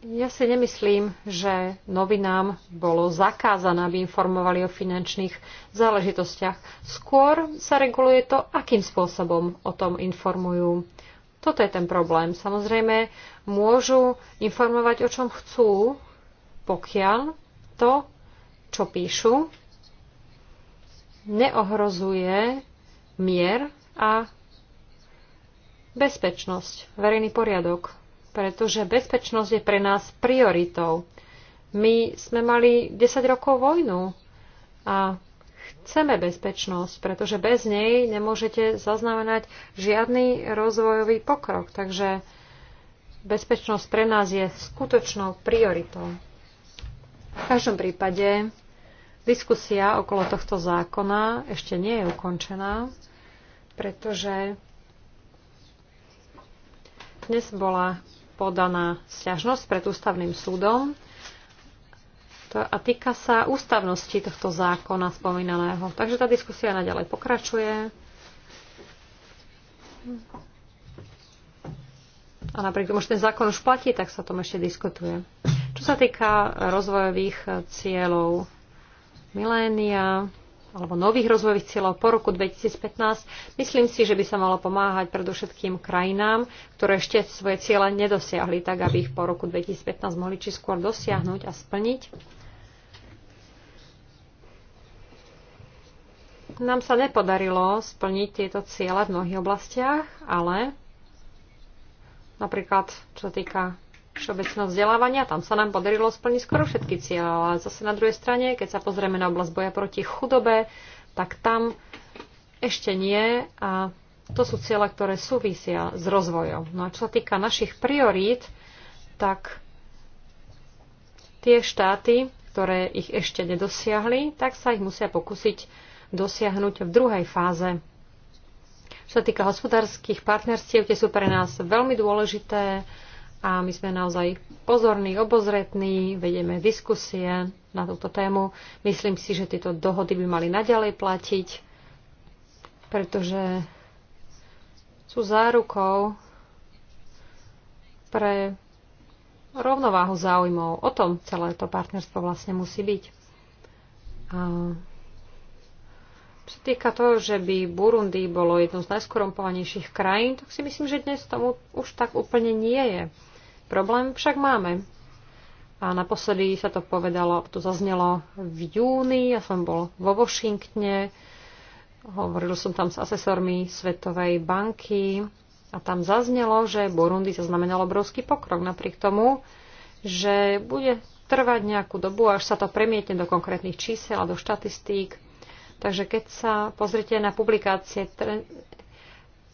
Ja si nemyslím, že novinám bolo zakázané, aby informovali o finančných záležitostiach. Skôr sa reguluje to, akým spôsobom o tom informujú. Toto je ten problém. Samozrejme, môžu informovať o čom chcú, pokiaľ to, čo píšu, neohrozuje mier a bezpečnosť, verejný poriadok pretože bezpečnosť je pre nás prioritou. My sme mali 10 rokov vojnu a chceme bezpečnosť, pretože bez nej nemôžete zaznamenať žiadny rozvojový pokrok. Takže bezpečnosť pre nás je skutočnou prioritou. V každom prípade diskusia okolo tohto zákona ešte nie je ukončená, pretože dnes bola podaná sťažnosť pred ústavným súdom a týka sa ústavnosti tohto zákona spomínaného. Takže tá diskusia naďalej pokračuje. A napriek tomu, že ten zákon už platí, tak sa o tom ešte diskutuje. Čo sa týka rozvojových cieľov milénia, alebo nových rozvojových cieľov po roku 2015, myslím si, že by sa malo pomáhať predovšetkým krajinám, ktoré ešte svoje ciele nedosiahli, tak aby ich po roku 2015 mohli či skôr dosiahnuť a splniť. Nám sa nepodarilo splniť tieto ciele v mnohých oblastiach, ale napríklad čo týka všeobecného vzdelávania. Tam sa nám podarilo splniť skoro všetky cieľe, ale zase na druhej strane, keď sa pozrieme na oblasť boja proti chudobe, tak tam ešte nie a to sú ciele, ktoré súvisia s rozvojom. No a čo sa týka našich priorít, tak tie štáty, ktoré ich ešte nedosiahli, tak sa ich musia pokúsiť dosiahnuť v druhej fáze čo sa týka hospodárskych partnerstiev, tie sú pre nás veľmi dôležité a my sme naozaj pozorní, obozretní, vedieme diskusie na túto tému. Myslím si, že tieto dohody by mali naďalej platiť, pretože sú zárukou pre rovnováhu záujmov. O tom celé to partnerstvo vlastne musí byť. A čo sa týka toho, že by Burundi bolo jednou z najskorumpovanejších krajín, tak si myslím, že dnes tomu už tak úplne nie je. Problém však máme. A naposledy sa to povedalo, to zaznelo v júni, ja som bol vo Washingtone, hovoril som tam s asesormi Svetovej banky a tam zaznelo, že Burundi zaznamenalo obrovský pokrok napriek tomu, že bude trvať nejakú dobu, až sa to premietne do konkrétnych čísel a do štatistík. Takže keď sa pozrite na publikácie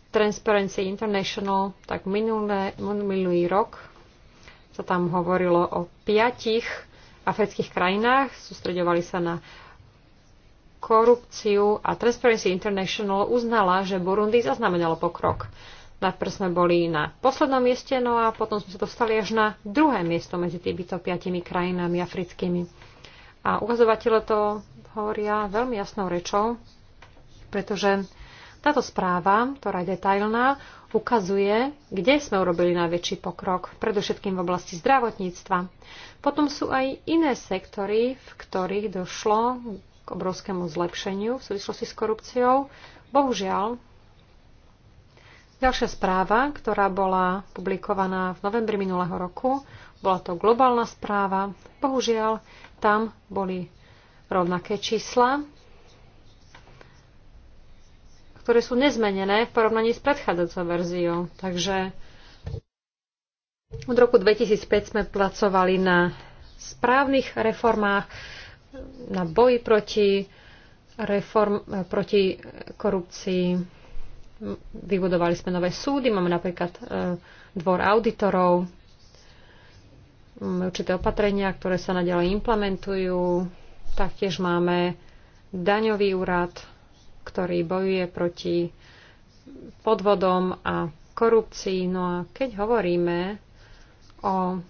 Transparency International, tak minulé, minulý rok sa tam hovorilo o piatich afrických krajinách. Sústredovali sa na korupciu a Transparency International uznala, že Burundi zaznamenalo pokrok. Najprv sme boli na poslednom mieste, no a potom sme sa dostali až na druhé miesto medzi týmito piatimi krajinami africkými. A ukazovatele to hovoria veľmi jasnou rečou, pretože táto správa, ktorá je detailná, ukazuje, kde sme urobili najväčší pokrok, predovšetkým v oblasti zdravotníctva. Potom sú aj iné sektory, v ktorých došlo k obrovskému zlepšeniu v súvislosti s korupciou. Bohužiaľ, ďalšia správa, ktorá bola publikovaná v novembri minulého roku, bola to globálna správa. Bohužiaľ, tam boli rovnaké čísla ktoré sú nezmenené v porovnaní s predchádzajúcou verziou. Takže od roku 2005 sme pracovali na správnych reformách, na boji proti, reform, proti korupcii. Vybudovali sme nové súdy, máme napríklad e, dvor auditorov, máme určité opatrenia, ktoré sa nadalej implementujú, taktiež máme daňový úrad, ktorý bojuje proti podvodom a korupcii. No a keď hovoríme o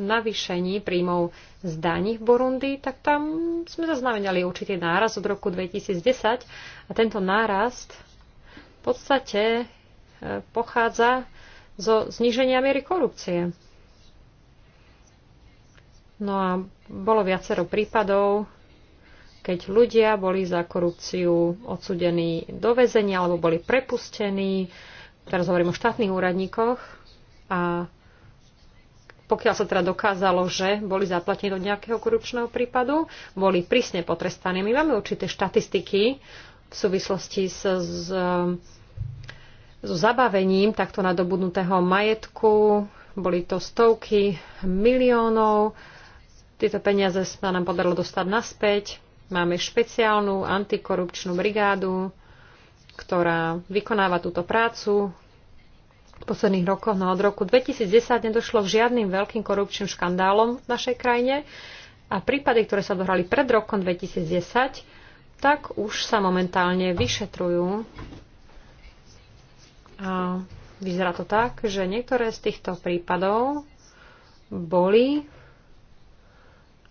navýšení príjmov z daní v Burundi, tak tam sme zaznamenali určitý náraz od roku 2010 a tento nárast v podstate e, pochádza zo zniženia miery korupcie. No a bolo viacero prípadov, keď ľudia boli za korupciu odsudení do väzenia alebo boli prepustení. Teraz hovorím o štátnych úradníkoch. A pokiaľ sa teda dokázalo, že boli zaplatení do nejakého korupčného prípadu, boli prísne potrestaní. My máme určité štatistiky v súvislosti s, s, s zabavením takto nadobudnutého majetku. Boli to stovky miliónov. Tieto peniaze sa nám podarilo dostať naspäť. Máme špeciálnu antikorupčnú brigádu, ktorá vykonáva túto prácu. V posledných rokoch, no od roku 2010 nedošlo k žiadnym veľkým korupčným škandálom v našej krajine a prípady, ktoré sa dohrali pred rokom 2010, tak už sa momentálne vyšetrujú. A vyzerá to tak, že niektoré z týchto prípadov boli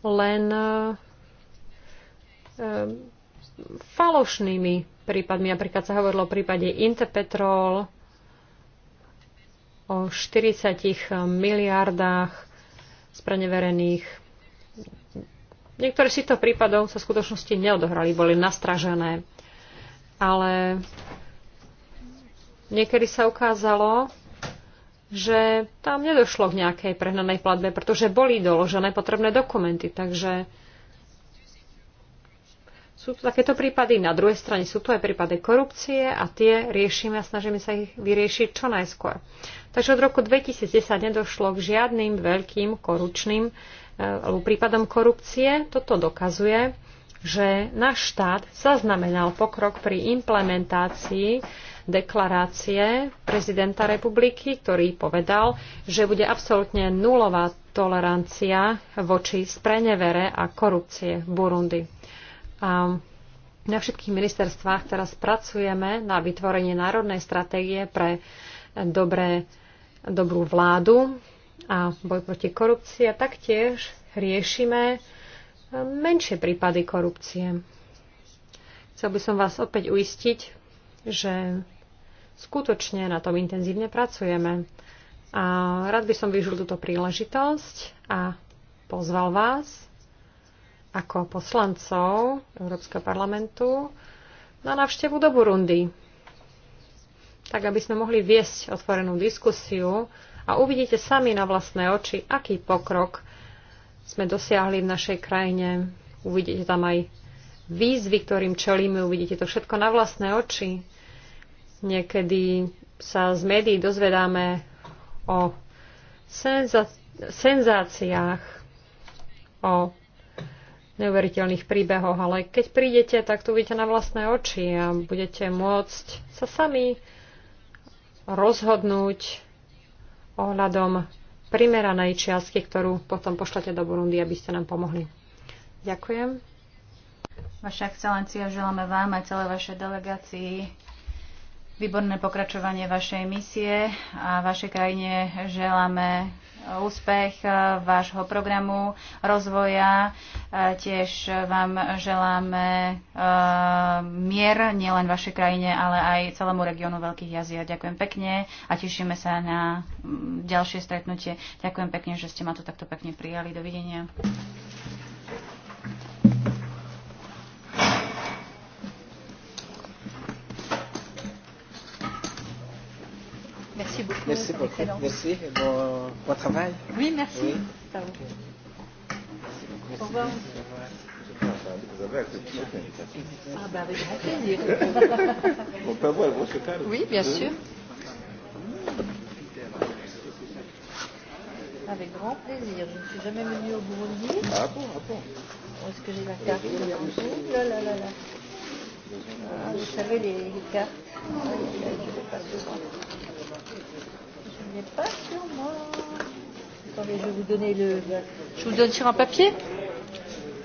len E, falošnými prípadmi. Napríklad sa hovorilo o prípade Interpetrol, o 40 miliardách spreneverených. Niektoré z týchto prípadov sa v skutočnosti neodohrali, boli nastražené. Ale niekedy sa ukázalo, že tam nedošlo k nejakej prehnanej platbe, pretože boli doložené potrebné dokumenty. Takže sú tu takéto prípady, na druhej strane sú tu aj prípady korupcie a tie riešime a snažíme sa ich vyriešiť čo najskôr. Takže od roku 2010 nedošlo k žiadnym veľkým korupčným e, alebo prípadom korupcie. Toto dokazuje, že náš štát zaznamenal pokrok pri implementácii deklarácie prezidenta republiky, ktorý povedal, že bude absolútne nulová tolerancia voči sprenevere a korupcie v Burundi. A na všetkých ministerstvách teraz pracujeme na vytvorenie národnej stratégie pre dobré, dobrú vládu a boj proti korupcii a taktiež riešime menšie prípady korupcie. Chcel by som vás opäť uistiť, že skutočne na tom intenzívne pracujeme. A rád by som využil túto príležitosť a pozval vás ako poslancov Európskeho parlamentu na návštevu do Burundi. Tak, aby sme mohli viesť otvorenú diskusiu a uvidíte sami na vlastné oči, aký pokrok sme dosiahli v našej krajine. Uvidíte tam aj výzvy, ktorým čelíme, uvidíte to všetko na vlastné oči. Niekedy sa z médií dozvedáme o senza- senzáciách, o neuveriteľných príbehoch, ale keď prídete, tak to uvidíte na vlastné oči a budete môcť sa sami rozhodnúť ohľadom primeranej čiastky, ktorú potom pošlete do Burundi, aby ste nám pomohli. Ďakujem. Vaša excelencia, želáme vám aj celé vašej delegácii výborné pokračovanie vašej misie a vašej krajine želáme úspech e, vášho programu rozvoja. E, tiež vám želáme e, mier nielen vašej krajine, ale aj celému regiónu Veľkých jazier. Ďakujem pekne a tešíme sa na ďalšie stretnutie. Ďakujem pekne, že ste ma tu takto pekne prijali. Dovidenia. Merci beaucoup. Merci beaucoup. Excellent. Merci. Bon, bon travail. Oui, merci. Oui. Merci Au revoir. Vous avez accepté cette invitation. Ah ben avec grand plaisir. On peut avoir le gros secret Oui, bien sûr. Avec grand plaisir. Je ne suis jamais venue au Burundi. Ah bon, ah bon. Où est-ce que j'ai la carte de Là, là, là, là. Ah, vous savez, les, les cartes, ah, je pas n'est pas sur moi. Attendez, je vais vous donner le. Je vous donne sur un papier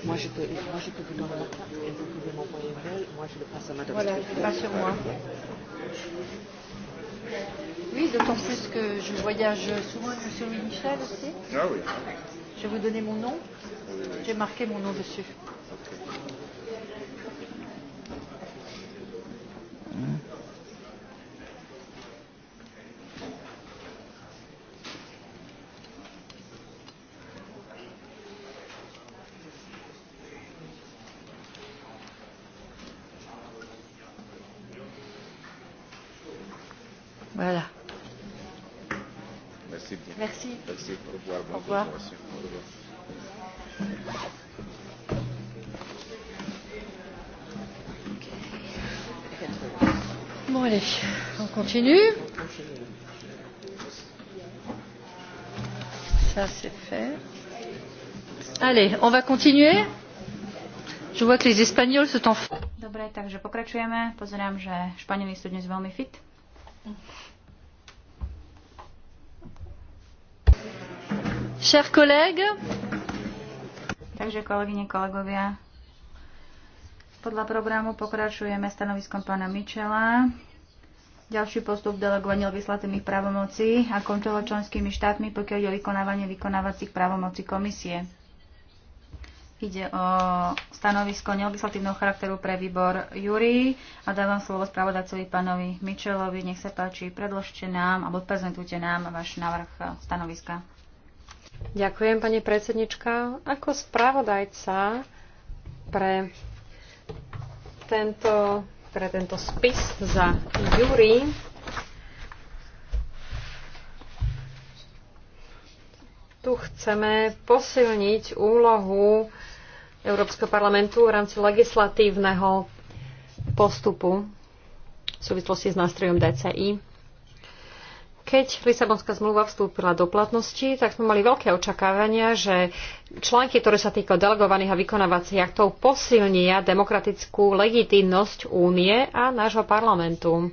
Moi, je peux, moi, je peux vous donner un papier. vous pouvez m'envoyer un mail. Moi, je le passe à madame. Voilà, n'est pas sur moi. Oui, d'autant plus que je voyage souvent avec M. Louis Michel aussi. Ah oui. Je vais vous donner mon nom. J'ai marqué mon nom dessus. Okay. Mm. continue. Ça, c'est fait. Allez, on va continuer. Je vois que les Espagnols sont en... Dobre, takže pokračujeme. Pozerám, že Španieli sú dnes veľmi fit. Chers collègues. Takže kolegyne, kolegovia, podľa programu pokračujeme stanoviskom pána Michela. Ďalší postup delegovania legislatívnych právomocí a kontrola členskými štátmi, pokiaľ ide o vykonávanie vykonávacích právomocí komisie. Ide o stanovisko nelegislatívneho charakteru pre výbor Júri a dávam slovo spravodajcovi pánovi Mičelovi. Nech sa páči, predložte nám alebo prezentujte nám váš návrh stanoviska. Ďakujem, pani predsednička. Ako spravodajca pre tento pre tento spis za Jury. Tu chceme posilniť úlohu Európskeho parlamentu v rámci legislatívneho postupu v súvislosti s nástrojom DCI. Keď Lisabonská zmluva vstúpila do platnosti, tak sme mali veľké očakávania, že články, ktoré sa týkajú delegovaných a vykonávacích aktov, posilnia demokratickú legitímnosť únie a nášho parlamentu.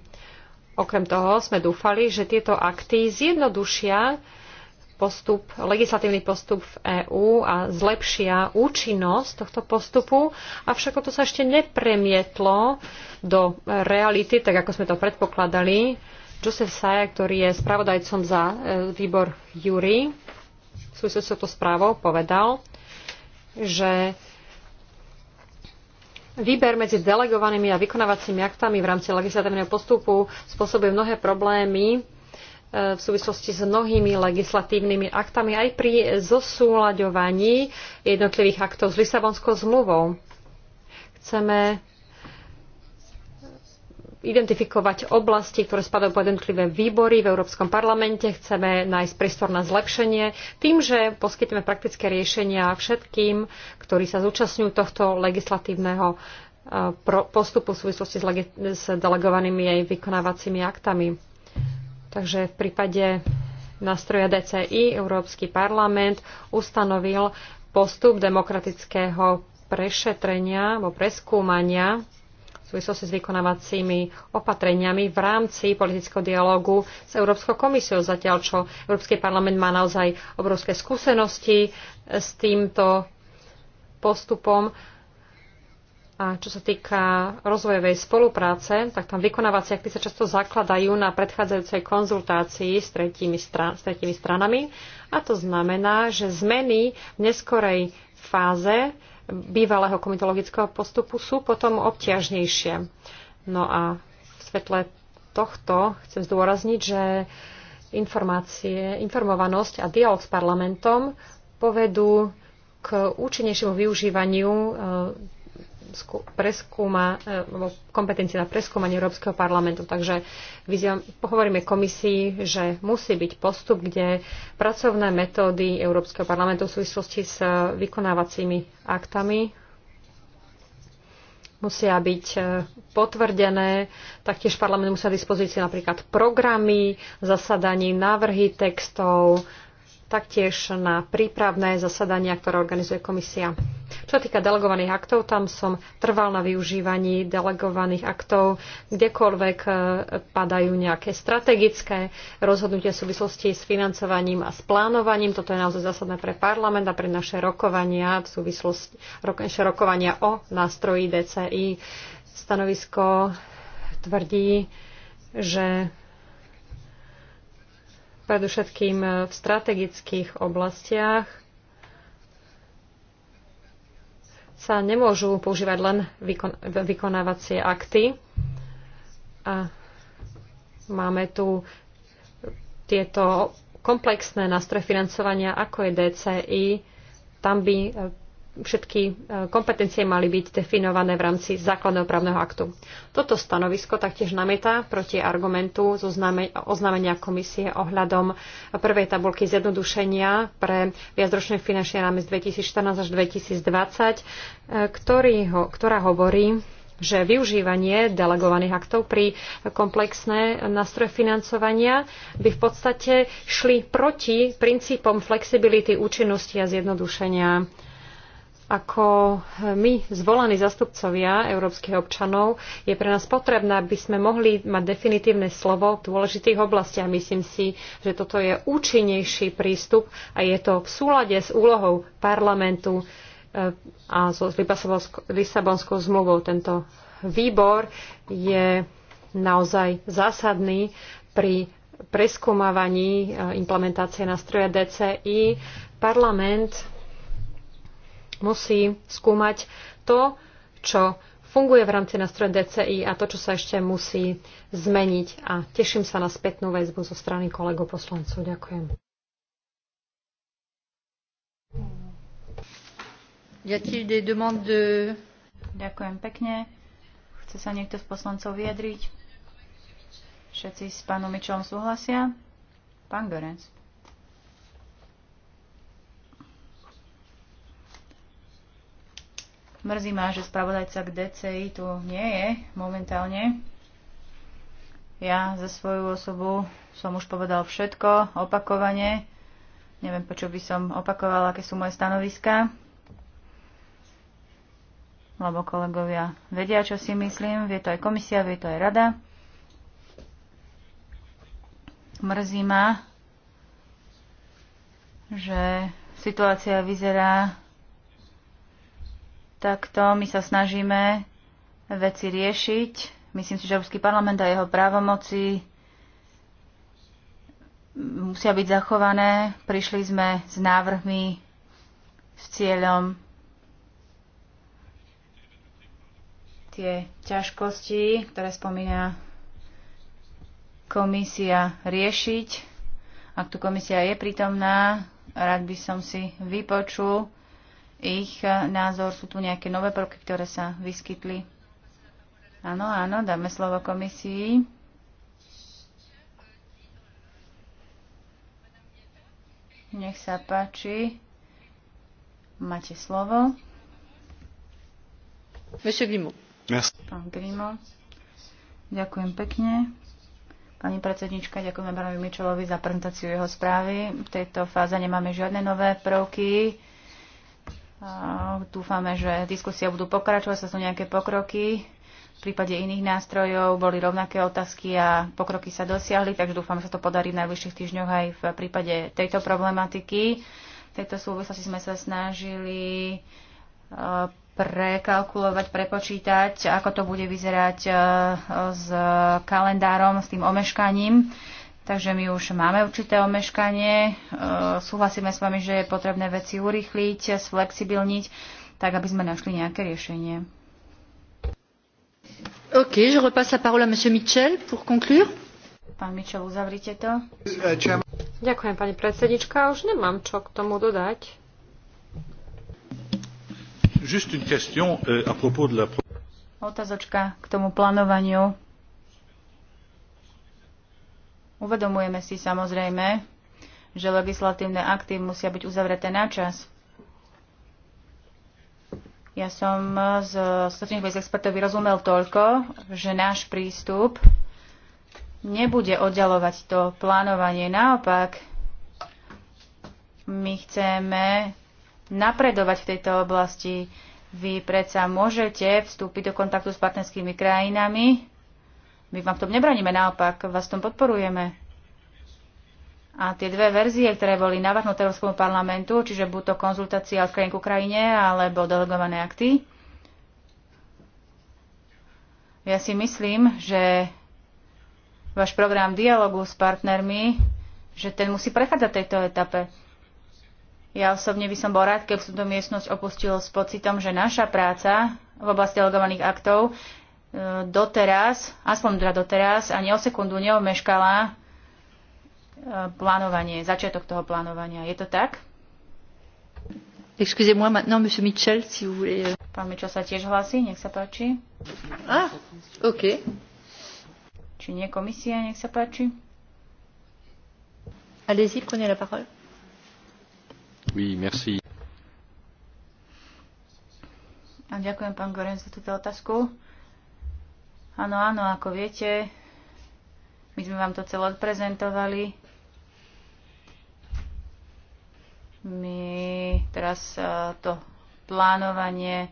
Okrem toho sme dúfali, že tieto akty zjednodušia postup, legislatívny postup v EÚ a zlepšia účinnosť tohto postupu, avšak to sa ešte nepremietlo do reality, tak ako sme to predpokladali. Josef Saja, ktorý je spravodajcom za e, výbor Júri, v súvislosti to správou povedal, že Výber medzi delegovanými a vykonávacími aktami v rámci legislatívneho postupu spôsobuje mnohé problémy e, v súvislosti s mnohými legislatívnymi aktami aj pri zosúľaďovaní jednotlivých aktov s Lisabonskou zmluvou. Chceme identifikovať oblasti, ktoré spadajú pod jednotlivé výbory v Európskom parlamente. Chceme nájsť priestor na zlepšenie tým, že poskytneme praktické riešenia všetkým, ktorí sa zúčastňujú tohto legislatívneho e, postupu v súvislosti s, s delegovanými aj vykonávacími aktami. Takže v prípade nástroja DCI Európsky parlament ustanovil postup demokratického prešetrenia alebo preskúmania súvislosti s vykonávacími opatreniami v rámci politického dialógu s Európskou komisiou, zatiaľ čo Európsky parlament má naozaj obrovské skúsenosti s týmto postupom. A čo sa týka rozvojovej spolupráce, tak tam vykonávacie akty sa často zakladajú na predchádzajúcej konzultácii s tretími, stran- s tretími stranami. A to znamená, že zmeny v neskorej fáze bývalého komitologického postupu sú potom obťažnejšie. No a v svetle tohto chcem zdôrazniť, že informácie, informovanosť a dialog s parlamentom povedú k účinnejšiemu využívaniu e, preskúma, e, kompetencie na preskúmanie Európskeho parlamentu. Takže vyzývam, pohovoríme komisii, že musí byť postup, kde pracovné metódy Európskeho parlamentu v súvislosti s vykonávacími aktami musia byť e, potvrdené. Taktiež parlament musia dispozície napríklad programy, zasadaní, návrhy textov, taktiež na prípravné zasadania, ktoré organizuje komisia. Čo týka delegovaných aktov, tam som trval na využívaní delegovaných aktov, kdekoľvek e, padajú nejaké strategické rozhodnutia v súvislosti s financovaním a s plánovaním. Toto je naozaj zásadné pre parlament a pre naše rokovania, v súvislosti, naše rokovania o nástroji DCI. Stanovisko tvrdí, že predovšetkým e, v strategických oblastiach sa nemôžu používať len vykonávacie akty. A máme tu tieto komplexné nástroje financovania, ako je DCI. Tam by e, všetky e, kompetencie mali byť definované v rámci základného právneho aktu. Toto stanovisko taktiež namieta proti argumentu z oznámenia komisie ohľadom prvej tabulky zjednodušenia pre finančné finančný rámec 2014 až 2020, e, ktorý ho, ktorá hovorí, že využívanie delegovaných aktov pri komplexné nástroje financovania by v podstate šli proti princípom flexibility, účinnosti a zjednodušenia ako my, zvolení zastupcovia európskych občanov, je pre nás potrebné, aby sme mohli mať definitívne slovo v dôležitých oblastiach. Myslím si, že toto je účinnejší prístup a je to v súlade s úlohou parlamentu eh, a so Lisabonskou zmluvou. Tento výbor je naozaj zásadný pri preskúmavaní eh, implementácie nástroja DCI. Parlament musí skúmať to, čo funguje v rámci nástroja DCI a to, čo sa ešte musí zmeniť. A teším sa na spätnú väzbu zo strany kolegov poslancov. Ďakujem. Ďakujem pekne. Chce sa niekto z poslancov vyjadriť? Všetci s pánom Mičom súhlasia? Pán Gorenc. Mrzí ma, že spravodajca k DCI tu nie je momentálne. Ja za svoju osobu som už povedal všetko, opakovane. Neviem, počo by som opakovala, aké sú moje stanoviská. Lebo kolegovia vedia, čo si myslím. Vie to aj komisia, vie to aj rada. Mrzí ma, že situácia vyzerá takto my sa snažíme veci riešiť. Myslím si, že Európsky parlament a jeho právomoci musia byť zachované. Prišli sme s návrhmi s cieľom tie ťažkosti, ktoré spomína komisia riešiť. Ak tu komisia je prítomná, rád by som si vypočul, ich eh, názor? Sú tu nejaké nové prvky, ktoré sa vyskytli? Áno, áno, dáme slovo komisii. Nech sa páči. Máte slovo. Pán Grimo. Ďakujem pekne. Pani predsednička, ďakujeme pánovi Mičelovi za prezentáciu jeho správy. V tejto fáze nemáme žiadne nové prvky Dúfame, že diskusia budú pokračovať, sa sú nejaké pokroky. V prípade iných nástrojov boli rovnaké otázky a pokroky sa dosiahli, takže dúfam, že sa to podarí v najbližších týždňoch aj v prípade tejto problematiky. V tejto súvislosti sme sa snažili e, prekalkulovať, prepočítať, ako to bude vyzerať e, s kalendárom, s tým omeškaním. Takže my už máme určité omeškanie. E, súhlasíme s vami, že je potrebné veci urýchliť, sflexibilniť, tak aby sme našli nejaké riešenie. OK, je repasse la parole à M. Mitchell pour conclure. Pán Mitchell, uzavrite to. Ďakujem, pani predsednička. Už nemám čo k tomu dodať. Juste une question euh, à propos de la... Otázočka k tomu plánovaniu Uvedomujeme si samozrejme, že legislatívne akty musia byť uzavreté na čas. Ja som z ostatných vec expertov vyrozumel toľko, že náš prístup nebude oddalovať to plánovanie. Naopak, my chceme napredovať v tejto oblasti. Vy predsa môžete vstúpiť do kontaktu s partnerskými krajinami my vám v tom nebraníme, naopak vás v tom podporujeme. A tie dve verzie, ktoré boli navrhnuté Európskemu parlamentu, čiže buď to konzultácia od krajín k Ukrajine alebo delegované akty, ja si myslím, že váš program dialogu s partnermi, že ten musí prechádzať tejto etape. Ja osobne by som bol rád, keby som tú miestnosť opustil s pocitom, že naša práca v oblasti delegovaných aktov doteraz, aspoň teda doteraz, ani o sekundu neomeškala e, plánovanie, začiatok toho plánovania. Je to tak? Excusez-moi maintenant, monsieur Mitchell, si vous voulez... Euh. Pán Mitchell sa tiež hlasí, nech sa páči. Ah, OK. Či nie komisia, nech sa páči. Allez-y, prenez la parole. Oui, merci. A ďakujem, pán Gorenz, za túto otázku. Áno, áno, ako viete, my sme vám to celé odprezentovali. My teraz e, to plánovanie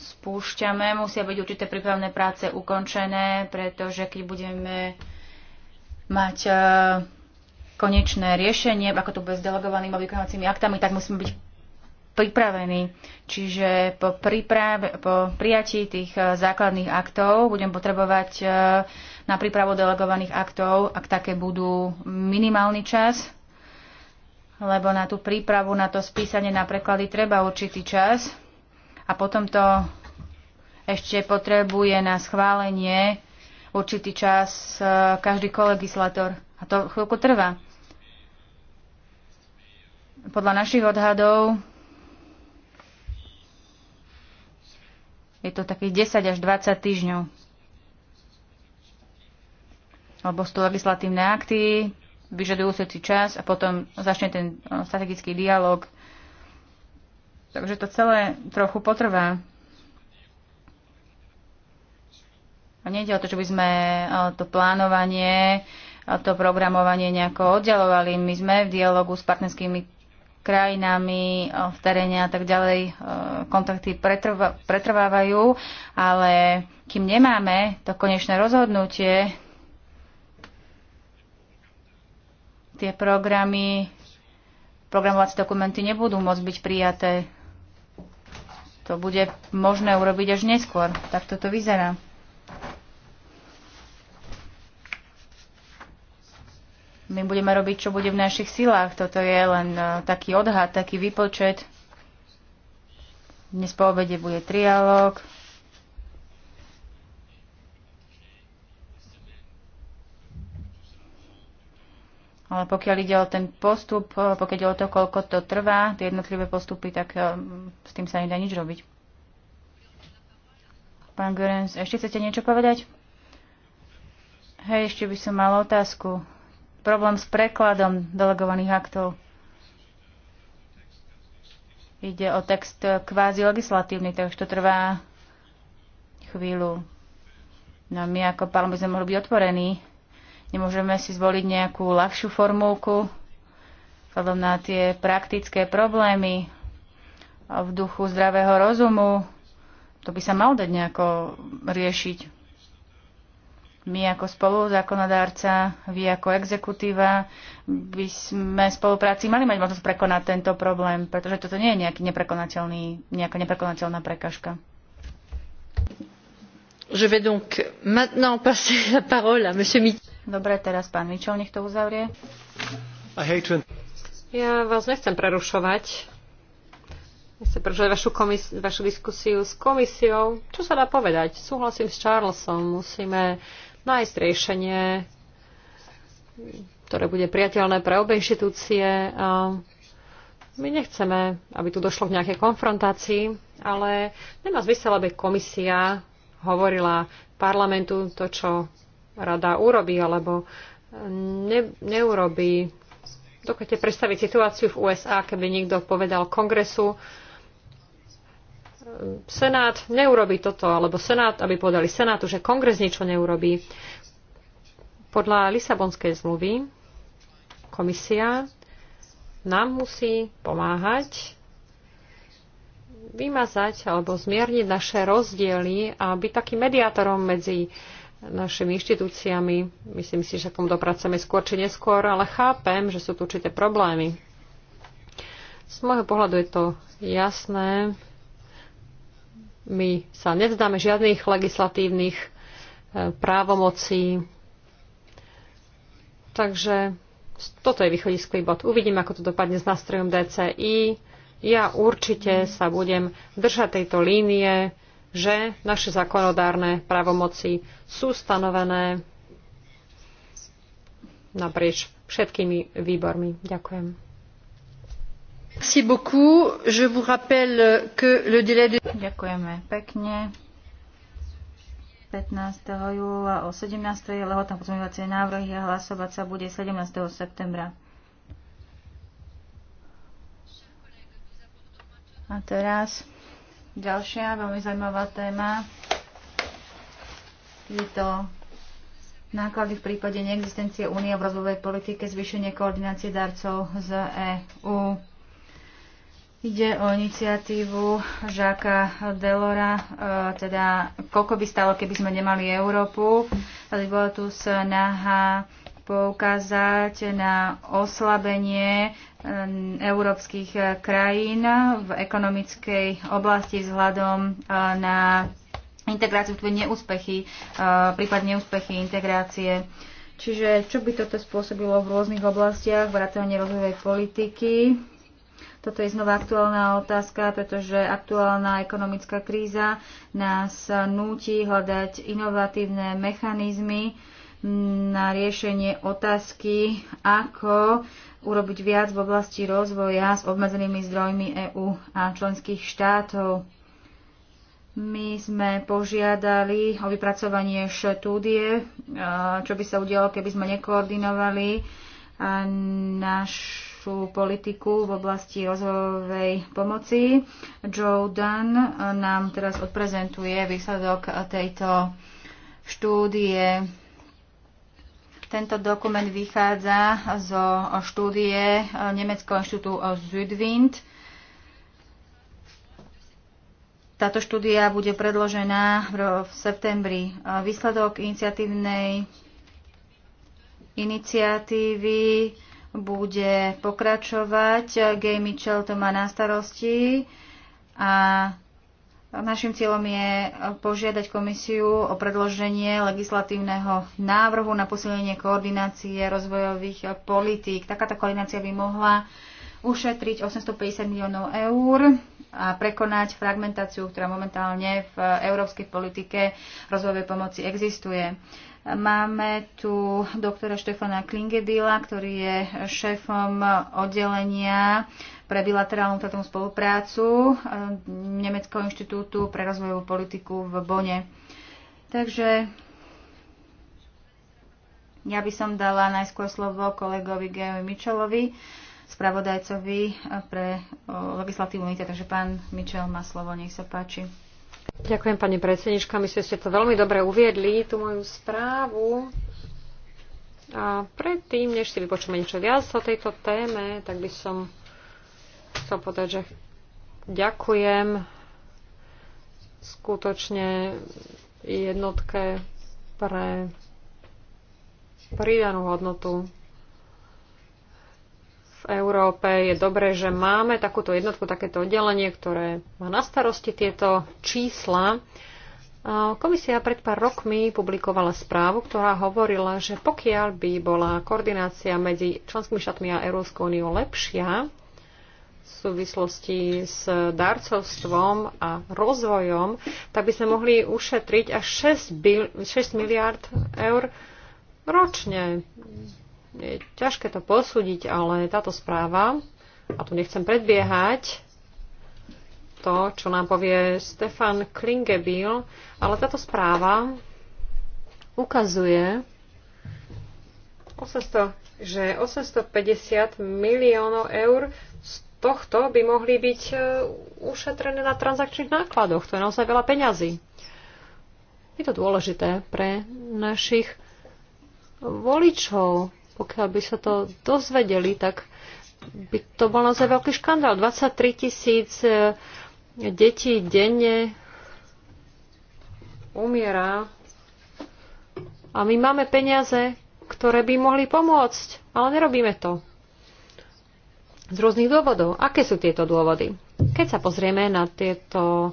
spúšťame. Musia byť určité prípravné práce ukončené, pretože keď budeme mať e, konečné riešenie, ako to bude s delegovanými vykonávacími aktami, tak musíme byť pripravení. Čiže po, príprave, po prijatí tých eh, základných aktov budem potrebovať eh, na prípravu delegovaných aktov, ak také budú minimálny čas, lebo na tú prípravu, na to spísanie, na preklady treba určitý čas a potom to ešte potrebuje na schválenie určitý čas eh, každý kolegislator. A to chvíľku trvá. Podľa našich odhadov je to takých 10 až 20 týždňov. Lebo sú to legislatívne akty, vyžadujú si čas a potom začne ten strategický dialog. Takže to celé trochu potrvá. A nejde o to, že by sme to plánovanie, to programovanie nejako oddialovali. My sme v dialogu s partnerskými krajinami eh, v teréne a tak ďalej eh, kontakty pretrva, pretrvávajú, ale kým nemáme to konečné rozhodnutie, tie programy, programovacie dokumenty nebudú môcť byť prijaté. To bude možné urobiť až neskôr. Tak toto vyzerá. My budeme robiť, čo bude v našich silách. Toto je len e, taký odhad, taký výpočet. Dnes po obede bude trialog. Ale pokiaľ ide o ten postup, e, pokiaľ ide o to, koľko to trvá, tie jednotlivé postupy, tak e, s tým sa nedá nič robiť. Pán Görens, ešte chcete niečo povedať? Hej, ešte by som mal otázku problém s prekladom delegovaných aktov. Ide o text kvázi legislatívny, takže to trvá chvíľu. No my ako parlament by sme mohli byť otvorení. Nemôžeme si zvoliť nejakú ľahšiu formulku, vzhľadom na tie praktické problémy v duchu zdravého rozumu. To by sa malo dať nejako riešiť my ako spoluzákonodárca, vy ako exekutíva by sme spolupráci mali mať možnosť prekonať tento problém, pretože toto nie je nejaký neprekonateľný, nejaká neprekonateľná prekažka. Je vais donc maintenant passer la parole à monsieur Mitchell. Dobre, teraz pán Mitchell, nech to uzavrie. Ja vás nechcem prerušovať. Nechcem prerušovať vašu, komis- vašu diskusiu s komisiou. Čo sa dá povedať? Súhlasím s Charlesom. Musíme nájsť riešenie, ktoré bude priateľné pre obe inštitúcie. A my nechceme, aby tu došlo k nejakej konfrontácii, ale nemá zmysel, aby komisia hovorila parlamentu to, čo rada urobí alebo ne, neurobí. Dokáte predstaviť situáciu v USA, keby niekto povedal kongresu, Senát neurobi toto, alebo Senát, aby povedali Senátu, že kongres niečo neurobí. Podľa Lisabonskej zmluvy komisia nám musí pomáhať vymazať alebo zmierniť naše rozdiely a byť takým mediátorom medzi našimi inštitúciami. Myslím si, že tom dopracujeme skôr či neskôr, ale chápem, že sú tu určité problémy. Z môjho pohľadu je to jasné. My sa nevzdáme žiadnych legislatívnych e, právomocí. Takže toto je východiskový bod. Uvidím, ako to dopadne s nástrojom DCI. Ja určite sa budem držať tejto línie, že naše zákonodárne právomoci sú stanovené naprieč všetkými výbormi. Ďakujem. Ďakujeme pekne. 15. júla o 17. je lehotná pozmeňovacie návrhy a hlasovať sa bude 17. septembra. A teraz ďalšia veľmi zaujímavá téma. Je to náklady v prípade neexistencie únie v rozvojovej politike, zvýšenie koordinácie darcov z EÚ. Ide o iniciatívu Žáka Delora, e, teda koľko by stalo, keby sme nemali Európu. Ale bola tu snaha poukázať na oslabenie e, európskych e, krajín v ekonomickej oblasti vzhľadom na integráciu, teda neúspechy, prípad neúspechy integrácie. Čiže čo by toto spôsobilo v rôznych oblastiach, vrátane rozvojovej politiky, toto je znova aktuálna otázka, pretože aktuálna ekonomická kríza nás núti hľadať inovatívne mechanizmy na riešenie otázky, ako urobiť viac v oblasti rozvoja s obmedzenými zdrojmi EÚ a členských štátov. My sme požiadali o vypracovanie štúdie, čo by sa udialo, keby sme nekoordinovali náš našu politiku v oblasti rozvojovej pomoci. Joe Dunn nám teraz odprezentuje výsledok tejto štúdie. Tento dokument vychádza zo štúdie Nemeckého inštitútu Südwind. Táto štúdia bude predložená v septembri. Výsledok iniciatívnej iniciatívy bude pokračovať. Gay Mitchell to má na starosti a našim cieľom je požiadať komisiu o predloženie legislatívneho návrhu na posilnenie koordinácie rozvojových politík. Takáto koordinácia by mohla ušetriť 850 miliónov eur a prekonať fragmentáciu, ktorá momentálne v európskej politike rozvojovej pomoci existuje. Máme tu doktora Štefana Klingedila, ktorý je šéfom oddelenia pre bilaterálnu tátom spoluprácu eh, Nemeckého inštitútu pre rozvojovú politiku v Bone. Takže ja by som dala najskôr slovo kolegovi Geovi Mičelovi, spravodajcovi eh, pre eh, legislatívu UNITA. Takže pán Mičel má slovo, nech sa páči. Ďakujem, pani predsednička. Myslím, že ste to veľmi dobre uviedli, tú moju správu. A predtým, než si vypočujeme niečo viac o tejto téme, tak by som chcel povedať, že ďakujem skutočne jednotke pre pridanú hodnotu v Európe. Je dobré, že máme takúto jednotku, takéto oddelenie, ktoré má na starosti tieto čísla. Komisia pred pár rokmi publikovala správu, ktorá hovorila, že pokiaľ by bola koordinácia medzi členskými štátmi a Európskou úniou lepšia v súvislosti s darcovstvom a rozvojom, tak by sme mohli ušetriť až 6, bil, 6 miliard eur ročne je ťažké to posúdiť, ale táto správa, a tu nechcem predbiehať, to, čo nám povie Stefan Klingebil, ale táto správa ukazuje, 800, že 850 miliónov eur z tohto by mohli byť e, ušetrené na transakčných nákladoch. To je naozaj veľa peňazí. Je to dôležité pre našich voličov. Pokiaľ by sa to dozvedeli, tak by to bol naozaj veľký škandál. 23 tisíc e, detí denne umiera a my máme peniaze, ktoré by mohli pomôcť, ale nerobíme to. Z rôznych dôvodov. Aké sú tieto dôvody? Keď sa pozrieme na tieto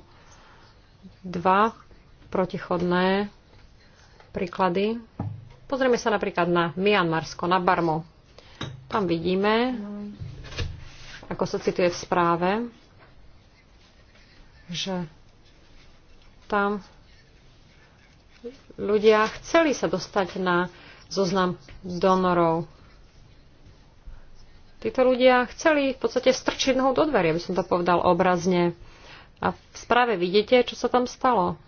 dva protichodné príklady, Pozrieme sa napríklad na Mianmarsko, na Barmu. Tam vidíme, ako sa cituje v správe, že tam ľudia chceli sa dostať na zoznam donorov. Títo ľudia chceli v podstate strčiť nohu do dverie, aby som to povedal obrazne. A v správe vidíte, čo sa tam stalo.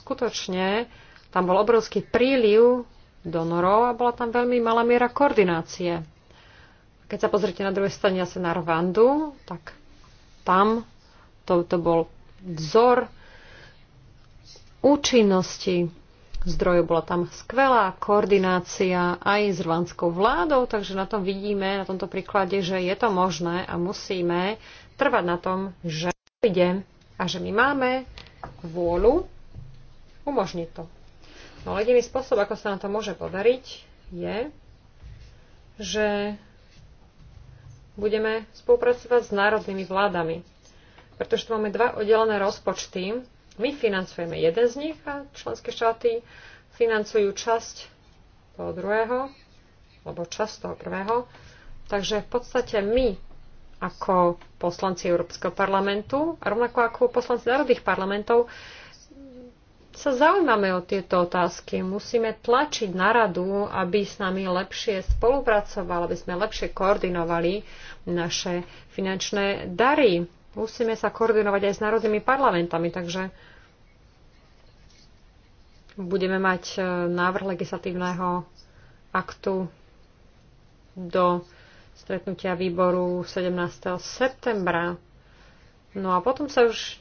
Skutočne tam bol obrovský príliv donorov a bola tam veľmi malá miera koordinácie. Keď sa pozrite na druhej strane asi na Rwandu, tak tam to, to bol vzor účinnosti zdrojov. Bola tam skvelá koordinácia aj s rvanskou vládou, takže na tom vidíme, na tomto príklade, že je to možné a musíme trvať na tom, že ide a že my máme vôľu umožniť to. No jediný spôsob, ako sa nám to môže podariť, je, že budeme spolupracovať s národnými vládami. Pretože tu máme dva oddelené rozpočty. My financujeme jeden z nich a členské štáty financujú časť toho druhého, alebo časť toho prvého. Takže v podstate my ako poslanci Európskeho parlamentu a rovnako ako poslanci národných parlamentov sa zaujímame o tieto otázky. Musíme tlačiť na radu, aby s nami lepšie spolupracovali, aby sme lepšie koordinovali naše finančné dary. Musíme sa koordinovať aj s národnými parlamentami, takže budeme mať e, návrh legislatívneho aktu do stretnutia výboru 17. septembra. No a potom sa už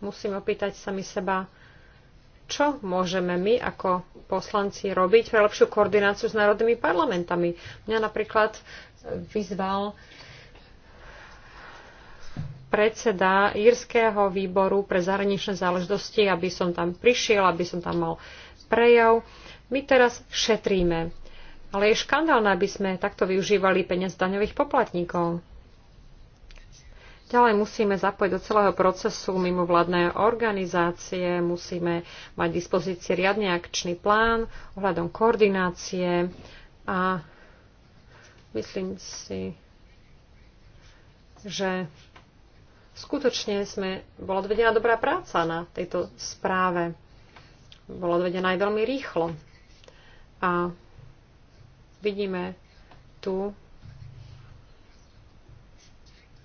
musím opýtať sami seba, čo môžeme my ako poslanci robiť pre lepšiu koordináciu s národnými parlamentami. Mňa napríklad vyzval predseda Írskeho výboru pre zahraničné záležitosti, aby som tam prišiel, aby som tam mal prejav. My teraz šetríme. Ale je škandálne, aby sme takto využívali peniaz daňových poplatníkov. Ďalej musíme zapojiť do celého procesu mimovládne organizácie, musíme mať v dispozícii riadne akčný plán ohľadom koordinácie a myslím si, že skutočne sme, bola odvedená dobrá práca na tejto správe. Bola odvedená aj veľmi rýchlo. A vidíme tu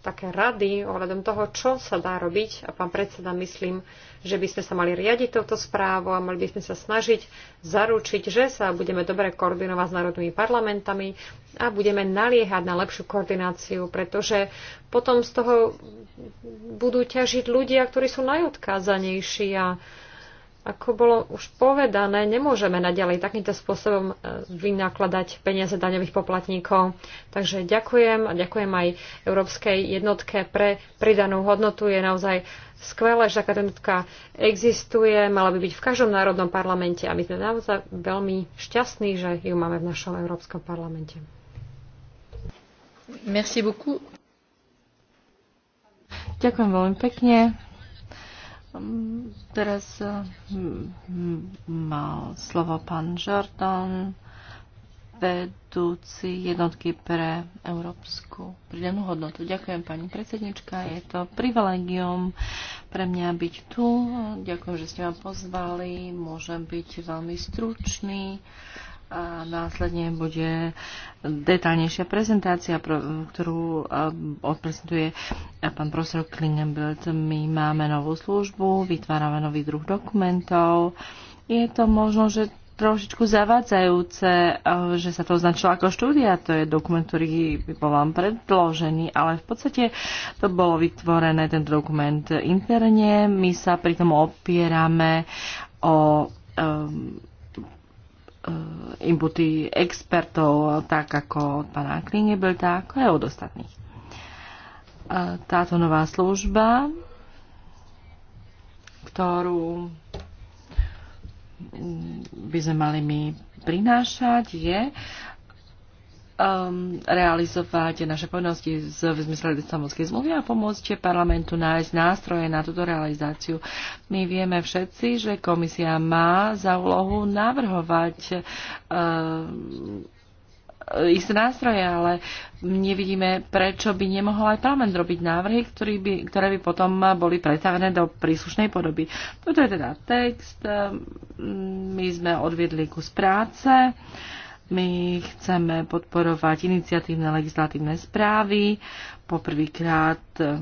také rady ohľadom toho, čo sa dá robiť. A pán predseda, myslím, že by sme sa mali riadiť touto správou a mali by sme sa snažiť zaručiť, že sa budeme dobre koordinovať s národnými parlamentami a budeme naliehať na lepšiu koordináciu, pretože potom z toho budú ťažiť ľudia, ktorí sú najodkázanejší a ako bolo už povedané, nemôžeme naďalej takýmto spôsobom e, vynakladať peniaze daňových poplatníkov. Takže ďakujem a ďakujem aj Európskej jednotke pre pridanú hodnotu. Je naozaj skvelé, že taká jednotka existuje, mala by byť v každom národnom parlamente a my sme naozaj veľmi šťastní, že ju máme v našom Európskom parlamente. Merci beaucoup. Ďakujem veľmi pekne. Teraz eh, hm, mal slovo pán Jordan, vedúci jednotky pre európsku pridanú hodnotu. Ďakujem pani predsednička, je to privilegium pre mňa byť tu. Ďakujem, že ste ma pozvali, môžem byť veľmi stručný. Uh, a následne bude detálnejšia prezentácia, ktorú odprezentuje pán profesor Klingenbild. My máme novú službu, vytvárame nový druh dokumentov. Je to možno, že trošičku zavádzajúce, že sa to označilo ako štúdia. To je dokument, ktorý bol vám predložený, ale v podstate to bolo vytvorené, ten dokument interne. My sa pri tom opierame o um, E, inputy expertov, tak ako od pána Klingebelta, ako aj od ostatných. E, táto nová služba, ktorú by sme mali my prinášať, je um, realizovať naše povinnosti v zmysle Lisabonskej zmluvy a pomôcť parlamentu nájsť nástroje na túto realizáciu. My vieme všetci, že komisia má za úlohu navrhovať um, isté nástroje, ale nevidíme, prečo by nemohol aj parlament robiť návrhy, ktorý by, ktoré by potom boli pretavené do príslušnej podoby. Toto je teda text, um, my sme odviedli kus práce. Uh, my chceme podporovať iniciatívne legislatívne správy. Poprvýkrát eh,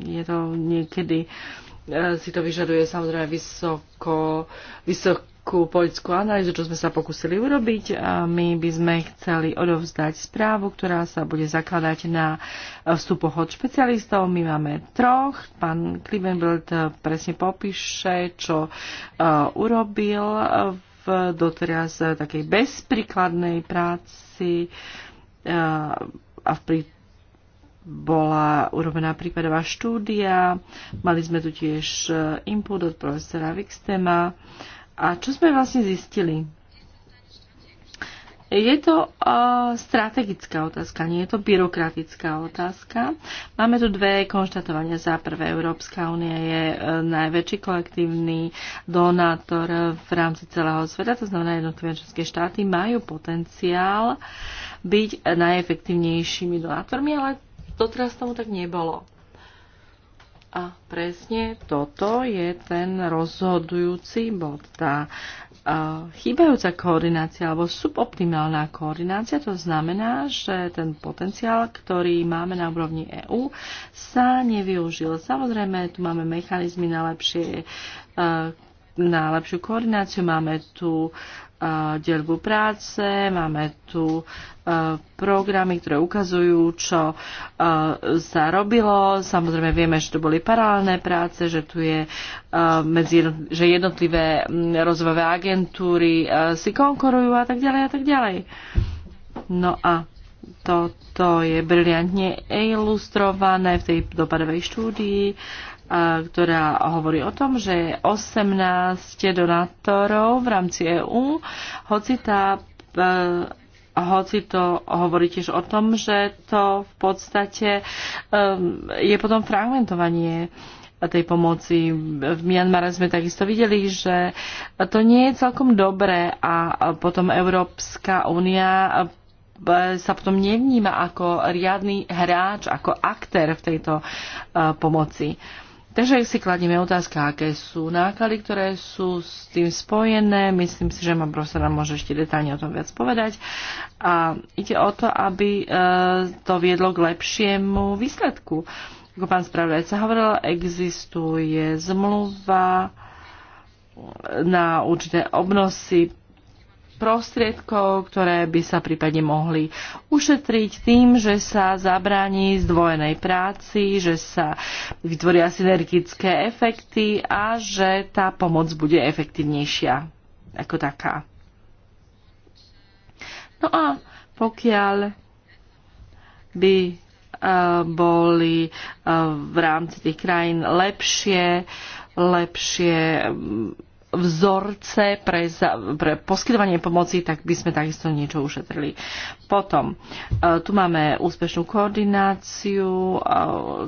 je to niekedy eh, si to vyžaduje samozrejme vysoko, vysokú poľskú analýzu, čo sme sa pokúsili urobiť. A my by sme chceli odovzdať správu, ktorá sa bude zakladať na eh, vstupoch od špecialistov. My máme troch. Pán Klivenbild presne popíše, čo urobil v v doteraz takej bezpríkladnej práci eh, a v prí, bola urobená prípadová štúdia. Mali sme tu tiež eh, input od profesora Wikstema. A čo sme vlastne zistili? Je to uh, strategická otázka, nie je to byrokratická otázka. Máme tu dve konštatovania. Za prvé, Európska únia je uh, najväčší kolektívny donátor v rámci celého sveta, to znamená jednotlivé členské štáty majú potenciál byť najefektívnejšími donátormi, ale doteraz tomu tak nebolo. A presne toto je ten rozhodujúci bod, tá chýbajúca koordinácia alebo suboptimálna koordinácia, to znamená, že ten potenciál, ktorý máme na úrovni EÚ, sa nevyužil. Samozrejme, tu máme mechanizmy na lepšie e, na lepšiu koordináciu, máme tu delbu práce, máme tu programy, ktoré ukazujú, čo sa robilo. Samozrejme vieme, že to boli paralelné práce, že tu je medzi, že jednotlivé rozvojové agentúry si konkurujú a tak ďalej a tak ďalej. No a toto je briliantne ilustrované v tej dopadovej štúdii. Uh, ktorá hovorí o tom, že je 18 donátorov v rámci EÚ, hoci, tá, e, hoci to hovorí tiež o tom, že to v podstate e, je potom fragmentovanie tej pomoci. V Mianmare sme takisto videli, že to nie je celkom dobré a potom Európska únia e, sa potom nevníma ako riadny hráč, ako aktér v tejto pomoci. Takže si kladieme otázka, aké sú náklady, ktoré sú s tým spojené. Myslím si, že ma profesor nám môže ešte detálne o tom viac povedať. A ide o to, aby e, to viedlo k lepšiemu výsledku. Ako pán spravodajca hovoril, existuje zmluva na určité obnosy prostriedkov, ktoré by sa prípadne mohli ušetriť tým, že sa zabráni zdvojenej práci, že sa vytvoria synergické efekty a že tá pomoc bude efektívnejšia ako taká. No a pokiaľ by e, boli e, v rámci tých krajín lepšie, lepšie vzorce pre, za, pre poskytovanie pomoci, tak by sme takisto niečo ušetrili. Potom, e, tu máme úspešnú koordináciu, e,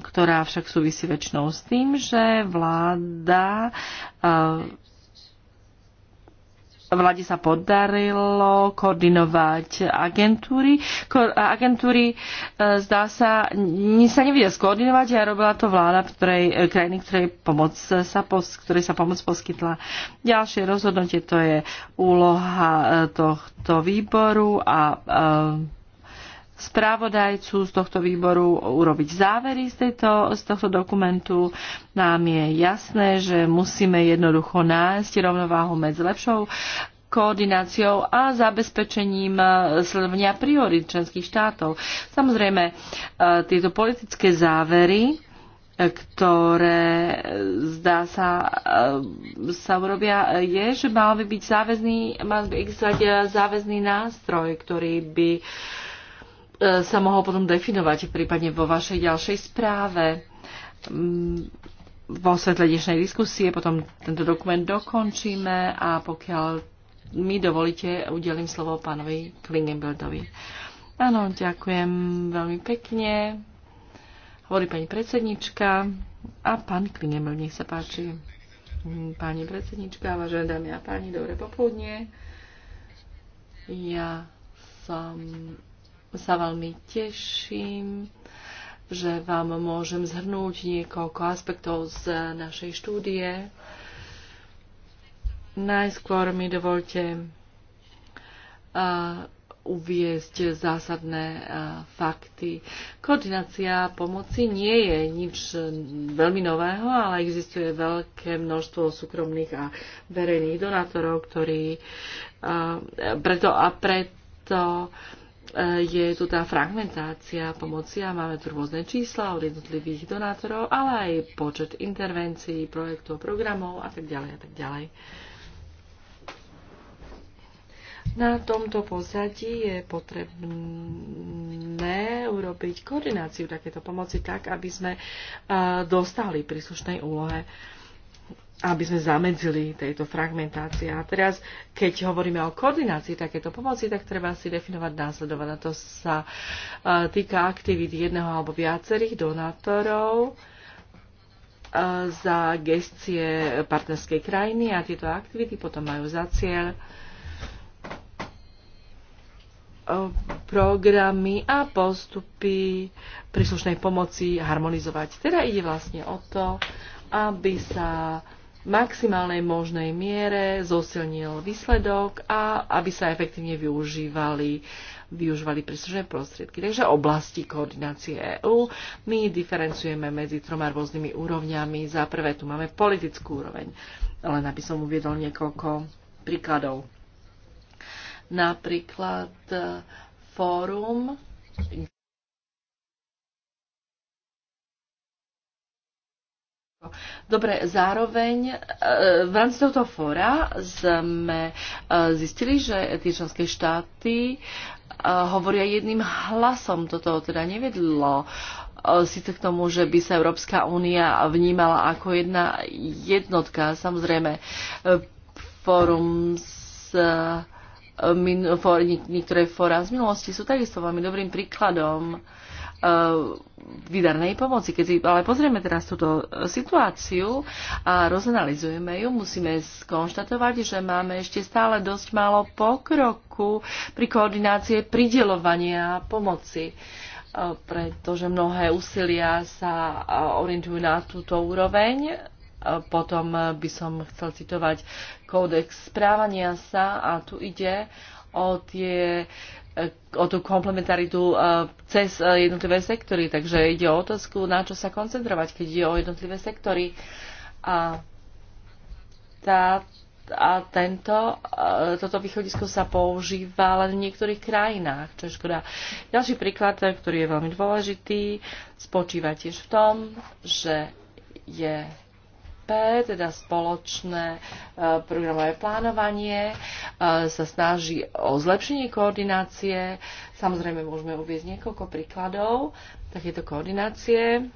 ktorá však súvisí väčšinou s tým, že vláda e, Vláde sa podarilo koordinovať agentúry. Ko- agentúry, e, zdá sa, ni sa nevedia skoordinovať a robila to vláda ktorej, e, krajiny, ktorej, pomoc sa pos- ktorej sa pomoc poskytla. Ďalšie rozhodnutie to je úloha e, tohto výboru a e, správodajcu z tohto výboru urobiť závery z, tejto, z tohto dokumentu. Nám je jasné, že musíme jednoducho nájsť rovnováhu medzi lepšou koordináciou a zabezpečením e, sledovania priorit členských štátov. Samozrejme, e, tieto politické závery e, ktoré zdá sa, sa urobia, je, že mal by byť záväzný, mal by existovať záväzný nástroj, ktorý by uh, E, sa mohol potom definovať prípadne vo vašej ďalšej správe mm, vo svetle dnešnej diskusie, potom tento dokument dokončíme a pokiaľ mi dovolíte, udelím slovo pánovi Klingenbildovi. Áno, ďakujem veľmi pekne. Hovorí pani predsednička a pán Klingenbild, nech sa páči. Pani predsednička, vážené dámy a páni, dobré popoludne. Ja som sa veľmi teším, že vám môžem zhrnúť niekoľko aspektov z našej štúdie. Najskôr mi dovolte uviezť zásadné fakty. Koordinácia pomoci nie je nič veľmi nového, ale existuje veľké množstvo súkromných a verejných donátorov, ktorí preto a preto je tu tá fragmentácia pomoci a máme tu rôzne čísla od jednotlivých donátorov, ale aj počet intervencií, projektov, programov a tak ďalej a tak ďalej. Na tomto pozadí je potrebné urobiť koordináciu takéto pomoci tak, aby sme eh, dostali príslušnej úlohe aby sme zamedzili tejto fragmentácii. A teraz, keď hovoríme o koordinácii takéto pomoci, tak treba si definovať následovanie. To sa e, týka aktivít jedného alebo viacerých donátorov e, za gestie partnerskej krajiny a tieto aktivity potom majú za cieľ e, programy a postupy príslušnej pomoci harmonizovať. Teda ide vlastne o to, aby sa maximálnej možnej miere zosilnil výsledok a aby sa efektívne využívali využívali príslušné prostriedky. Takže oblasti koordinácie EÚ my diferencujeme medzi troma rôznymi úrovňami. Za prvé tu máme politickú úroveň, len aby som uviedol niekoľko príkladov. Napríklad eh, fórum, Dobre, zároveň e, v rámci tohto fóra sme e, zistili, že tie členské štáty e, hovoria jedným hlasom. Toto teda nevedlo síce k tomu, že by sa Európska únia vnímala ako jedna jednotka. Samozrejme, fórum z niektoré fóra z minulosti sú takisto veľmi dobrým príkladom uh, Eh, výdarnej pomoci. Keď si ale pozrieme teraz túto situáciu a rozanalizujeme ju, musíme skonštatovať, že máme ešte stále dosť málo pokroku pri koordinácie pridelovania pomoci eh, pretože mnohé úsilia sa eh, orientujú na túto úroveň. Potom by som chcel citovať kódex správania sa a tu ide o tie o tú komplementaritu e, cez e, jednotlivé sektory. Takže ide o otázku, na čo sa koncentrovať, keď ide o jednotlivé sektory. A, tá, a tento, e, toto východisko sa používa len v niektorých krajinách, čo je škoda. Ďalší príklad, ktorý je veľmi dôležitý, spočíva tiež v tom, že je teda spoločné e, programové plánovanie, e, sa snaží o zlepšenie koordinácie. Samozrejme, môžeme uvieť niekoľko príkladov takéto koordinácie,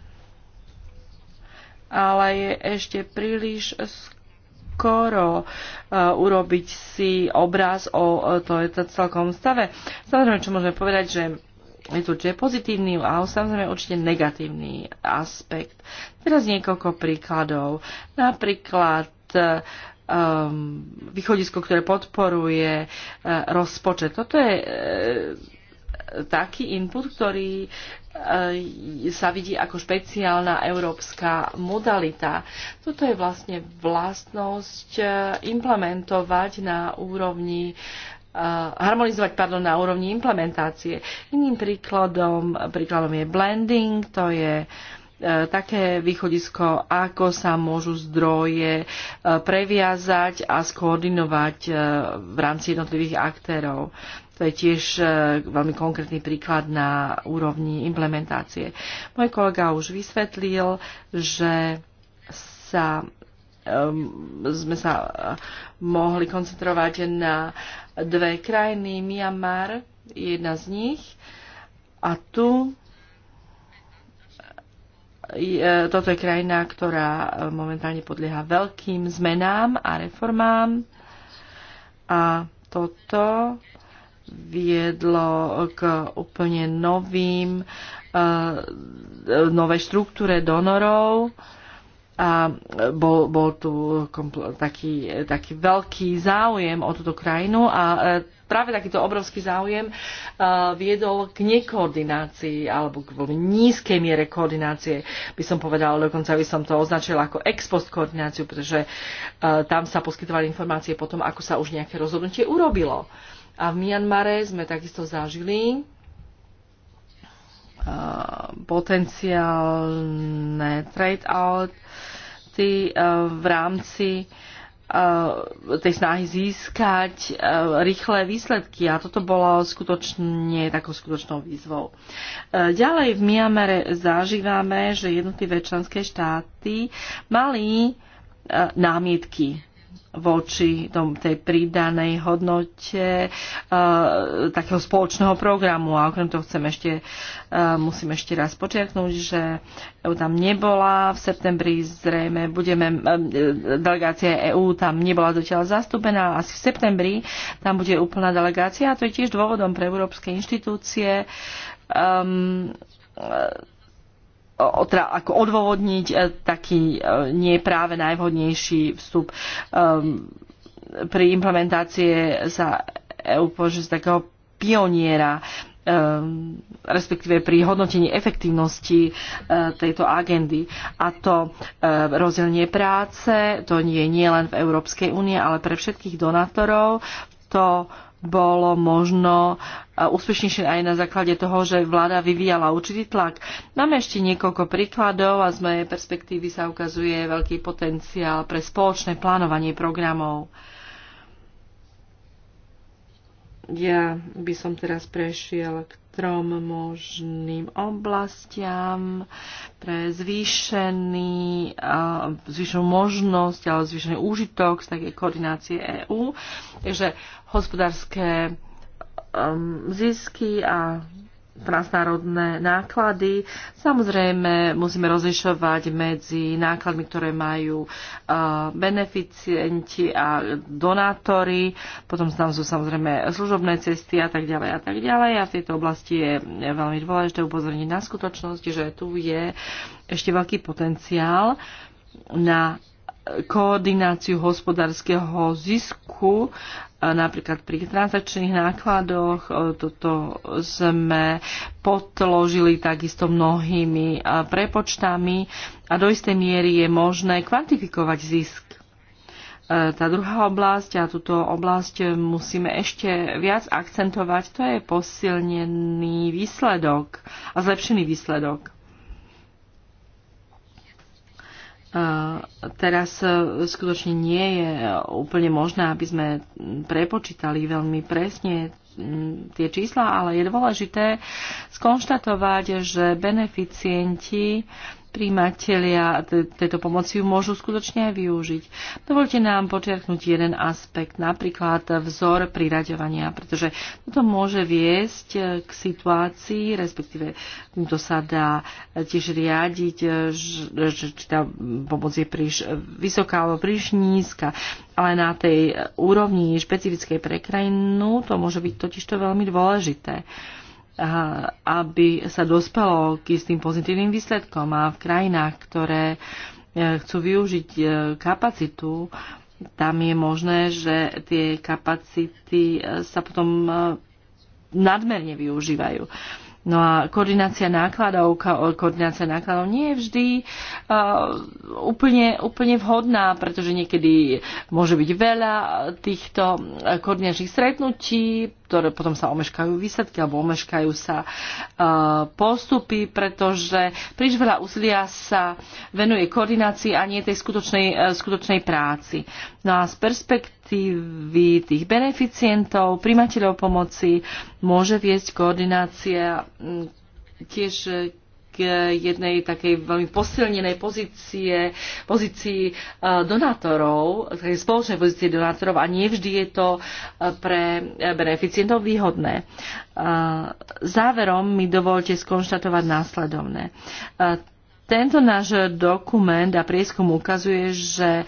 ale je ešte príliš skoro e, urobiť si obraz o to je to celkom stave. Samozrejme, čo môžeme povedať, že je tu určite pozitívny ale samozrejme určite negatívny aspekt. Teraz niekoľko príkladov. Napríklad um, východisko, ktoré podporuje uh, rozpočet. Toto je uh, taký input, ktorý e, sa vidí ako špeciálna európska modalita. Toto je vlastne vlastnosť implementovať na úrovni uh, Eh, harmonizovať pardon, na úrovni implementácie. Iným príkladom, príkladom je blending, to je eh, také východisko, ako sa môžu zdroje eh, previazať a skoordinovať v rámci jednotlivých aktérov. To je tiež veľmi konkrétny príklad na úrovni implementácie. Môj kolega už vysvetlil, že sa, um, sme sa mohli koncentrovať na uh, dve krajiny, Myanmar, jedna z nich. A tu je, toto je krajina, ktorá e, momentálne podlieha veľkým zmenám a reformám. A toto viedlo k úplne novým, uh, novej štruktúre donorov. Uh, a bol, bol tu taký, taký veľký záujem o túto krajinu a e, práve takýto obrovský záujem e, viedol k nekoordinácii alebo k veľmi nízkej miere koordinácie, by som povedala, dokonca by som to označila ako ex post koordináciu, pretože e, tam sa poskytovali informácie potom, ako sa už nejaké rozhodnutie urobilo. A v Mianmare sme takisto zažili Eh, potenciálne trade-outy eh, v rámci eh, tej snahy získať rýchle výsledky a toto bolo skutočne takou skutočnou výzvou. Ďalej v Miamere zažívame, že jednotlivé členské štáty mali námietky voči tom, tej pridanej hodnote uh, takého spoločného programu. A okrem toho chcem ešte, uh, musím ešte raz počiarknúť, že EU tam nebola v septembri, zrejme budeme, uh, delegácia EU tam nebola dotiaľ zastúpená, asi v septembri tam bude úplná delegácia a to je tiež dôvodom pre európske inštitúcie. Um, uh, teda ako odôvodniť e, taký e, nie práve najvhodnejší vstup. Ehm, pri implementácie sa EU považuje z takého pioniera ehm, respektíve pri hodnotení efektívnosti e, tejto agendy. A to rozdelenie práce, to nie je nielen v Európskej únie, ale pre všetkých donátorov, to bolo možno e, úspešnejšie aj na základe toho, že vláda vyvíjala určitý tlak. Máme ešte niekoľko príkladov a z mojej perspektívy sa ukazuje veľký potenciál pre spoločné plánovanie programov. Ja by som teraz prešiel k trom možným oblastiam pre zvýšený, eh, zvýšenú možnosť alebo zvýšený úžitok z takej koordinácie EÚ. Takže hospodárske eh, zisky a transnárodné náklady. Samozrejme, musíme rozlišovať medzi nákladmi, ktoré majú uh, beneficienti a donátori. Potom tam sú samozrejme služobné cesty a tak ďalej a tak ďalej. A v tejto oblasti je veľmi dôležité upozorniť na skutočnosť, že tu je ešte veľký potenciál na koordináciu hospodárskeho zisku napríklad pri transakčných nákladoch. E, toto sme podložili takisto mnohými e, prepočtami a do istej miery je možné kvantifikovať zisk. E, tá druhá oblasť a túto oblasť musíme ešte viac akcentovať, to je posilnený výsledok a zlepšený výsledok. teraz e, skutočne nie je úplne možné, aby sme prepočítali veľmi presne tie čísla, ale je dôležité skonštatovať, že beneficienti príjmatelia tejto pomoci ju môžu skutočne aj využiť. Dovolte nám počiarknúť jeden aspekt, napríklad vzor priraďovania, pretože toto môže viesť e, k situácii, respektíve to sa dá tiež riadiť, e, že či tá pomoc je príliš vysoká alebo príliš nízka. Ale na tej úrovni špecifickej pre krajinu to môže byť totižto veľmi dôležité. Uh, aby sa dospelo k istým pozitívnym výsledkom a v krajinách, ktoré e, chcú využiť e, kapacitu, tam je možné, že tie kapacity e, sa potom nadmerne využívajú. No a koordinácia nákladov, koordinácia nákladov nie je vždy uh, úplne, úplne vhodná, pretože niekedy môže byť veľa týchto uh, koordinačných stretnutí, ktoré potom sa omeškajú výsledky alebo omeškajú sa uh, postupy, pretože príliš veľa úsilia sa venuje koordinácii a nie tej skutočnej, uh, skutočnej práci. No a z perspektívy perspektívy tých beneficientov, primateľov pomoci, môže viesť koordinácia tiež k jednej takej veľmi posilnenej pozície, pozícii e, donátorov, spoločnej pozície donátorov a nevždy je to e, pre beneficientov výhodné. E, záverom mi dovolte skonštatovať následovné tento náš dokument a prieskum ukazuje, že e,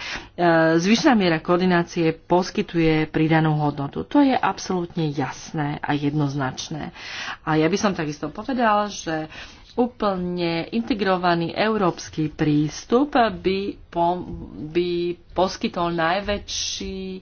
zvyšná miera koordinácie poskytuje pridanú hodnotu. To je absolútne jasné a jednoznačné. A ja by som takisto povedal, že úplne integrovaný európsky prístup by, po, by poskytol najväčší,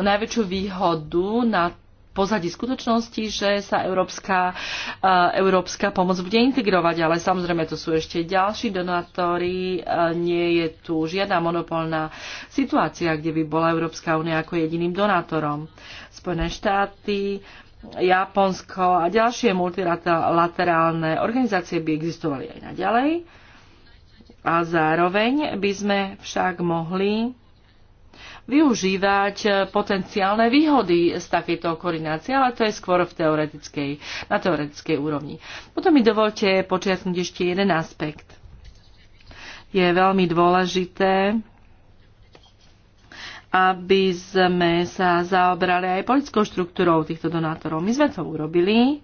najväčšiu výhodu na pozadí skutočnosti, že sa európska, eh, európska pomoc bude integrovať, ale samozrejme to sú ešte ďalší donátori. Eh, nie je tu žiadna monopolná situácia, kde by bola Európska únia ako jediným donátorom. Spojené štáty, Japonsko a ďalšie multilaterálne organizácie by existovali aj naďalej. A zároveň by sme však mohli využívať e, potenciálne výhody z takejto koordinácie, ale to je skôr v teoretickej, na teoretickej úrovni. Potom mi dovolte počiatnúť ešte jeden aspekt. Je veľmi dôležité, aby sme sa zaobrali aj politickou štruktúrou týchto donátorov. My sme to urobili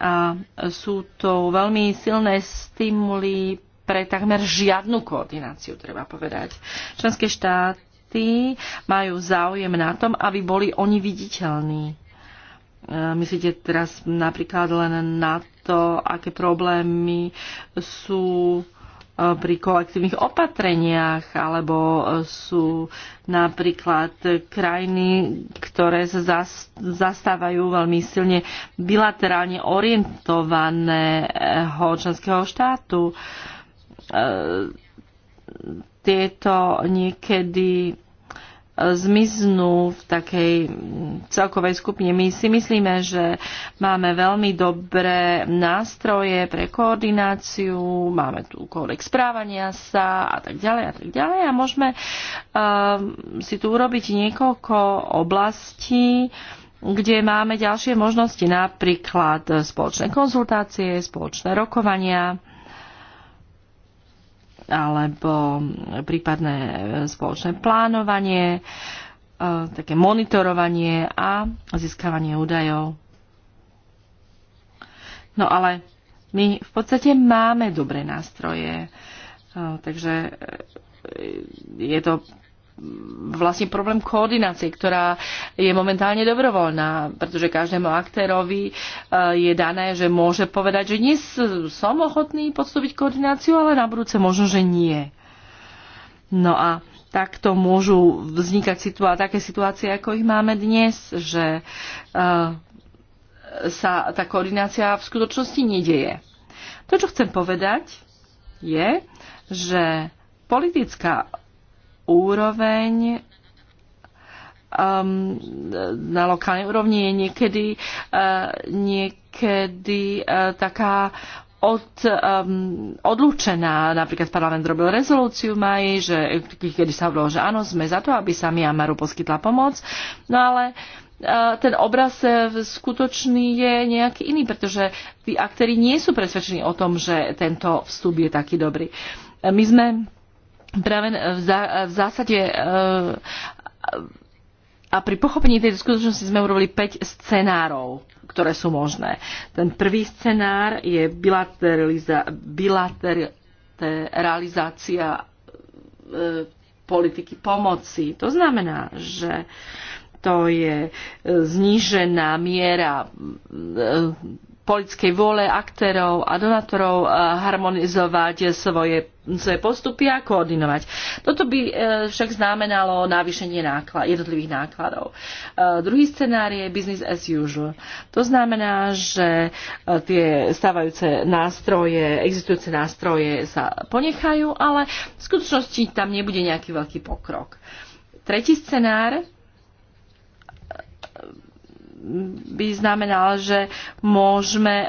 a sú to veľmi silné stimuly pre takmer žiadnu koordináciu, treba povedať. Členské štáty tí majú záujem na tom, aby boli oni viditeľní. E, myslíte teraz napríklad len na to, aké problémy sú e, pri kolektívnych opatreniach, alebo e, sú napríklad krajiny, ktoré sa zastávajú veľmi silne bilaterálne orientovaného členského štátu tieto niekedy e, zmiznú v takej celkovej skupine. My si myslíme, že máme veľmi dobré nástroje pre koordináciu, máme tu kódex správania sa a tak ďalej a tak ďalej a môžeme uh, si tu urobiť niekoľko oblastí, kde máme ďalšie možnosti, napríklad spoločné konzultácie, spoločné rokovania, alebo prípadné e, spoločné plánovanie, e, také monitorovanie a získavanie údajov. No ale my v podstate máme dobré nástroje, e, takže je to vlastne problém koordinácie, ktorá je momentálne dobrovoľná, pretože každému aktérovi e, je dané, že môže povedať, že nie som ochotný podstúpiť koordináciu, ale na budúce možno, že nie. No a takto môžu vznikať situá- také situácie, ako ich máme dnes, že uh, sa tá koordinácia v skutočnosti nedieje. To, čo chcem povedať, je, že politická úroveň um, na lokálnej úrovni je niekedy, uh, niekedy uh, taká od, um, odlúčená. Napríklad parlament robil rezolúciu maj, že, kedy sa hovorilo, že áno, sme za to, aby sa Myanmaru poskytla pomoc. No ale uh, ten obraz uh, skutočný je nejaký iný, pretože tí aktéry nie sú presvedčení o tom, že tento vstup je taký dobrý. My sme práve v zásade e, a pri pochopení tej skutočnosti sme urobili 5 scenárov, ktoré sú možné. Ten prvý scenár je bilateralizácia e, politiky pomoci. To znamená, že to je e, znížená miera politickej vôle aktérov a donátorov eh, harmonizovať svoje, svoje postupy a koordinovať. Toto by eh, však znamenalo navýšenie náklad, jednotlivých nákladov. Eh, druhý scenár je business as usual. To znamená, že tie stávajúce nástroje, existujúce nástroje sa ponechajú, ale v skutočnosti tam nebude nejaký veľký pokrok. Tretí scenár by znamenal, že môžeme e,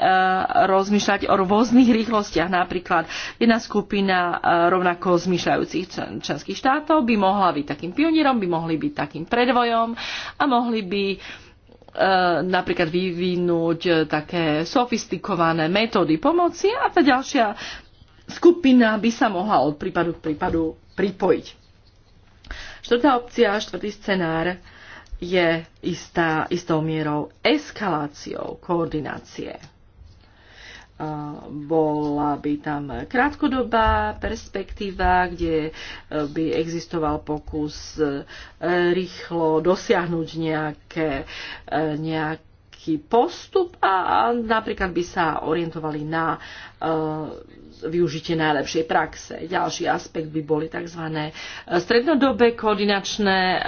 rozmýšľať o rôznych rýchlostiach. Napríklad jedna skupina e, rovnako zmýšľajúcich členských štátov by mohla byť takým pionierom, by mohli byť takým predvojom a mohli by e, napríklad vyvinúť také sofistikované metódy pomoci a tá ďalšia skupina by sa mohla od prípadu k prípadu pripojiť. Štvrtá opcia, štvrtý scenár je istá, istou mierou eskaláciou koordinácie. Bola by tam krátkodobá perspektíva, kde e, by existoval pokus e, rýchlo dosiahnuť nejaké, e, nejaký postup a napríklad by sa orientovali na využitie najlepšej praxe. Ďalší aspekt by boli tzv. E, strednodobé koordinačné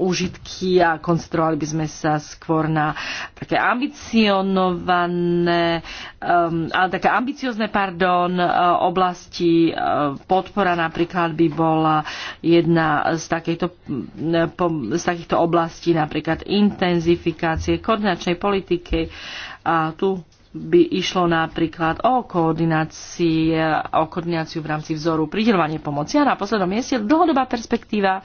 úžitky e, a koncentrovali by sme sa skôr na také ambicionované, ale také ambiciozne, pardon, e, oblasti podpora napríklad by bola jedna z, takejto, z takýchto oblastí, napríklad intenzifikácie koordinačnej politiky a tu by išlo napríklad o, o koordináciu v rámci vzoru pridelovanie pomoci a na poslednom mieste dlhodobá perspektíva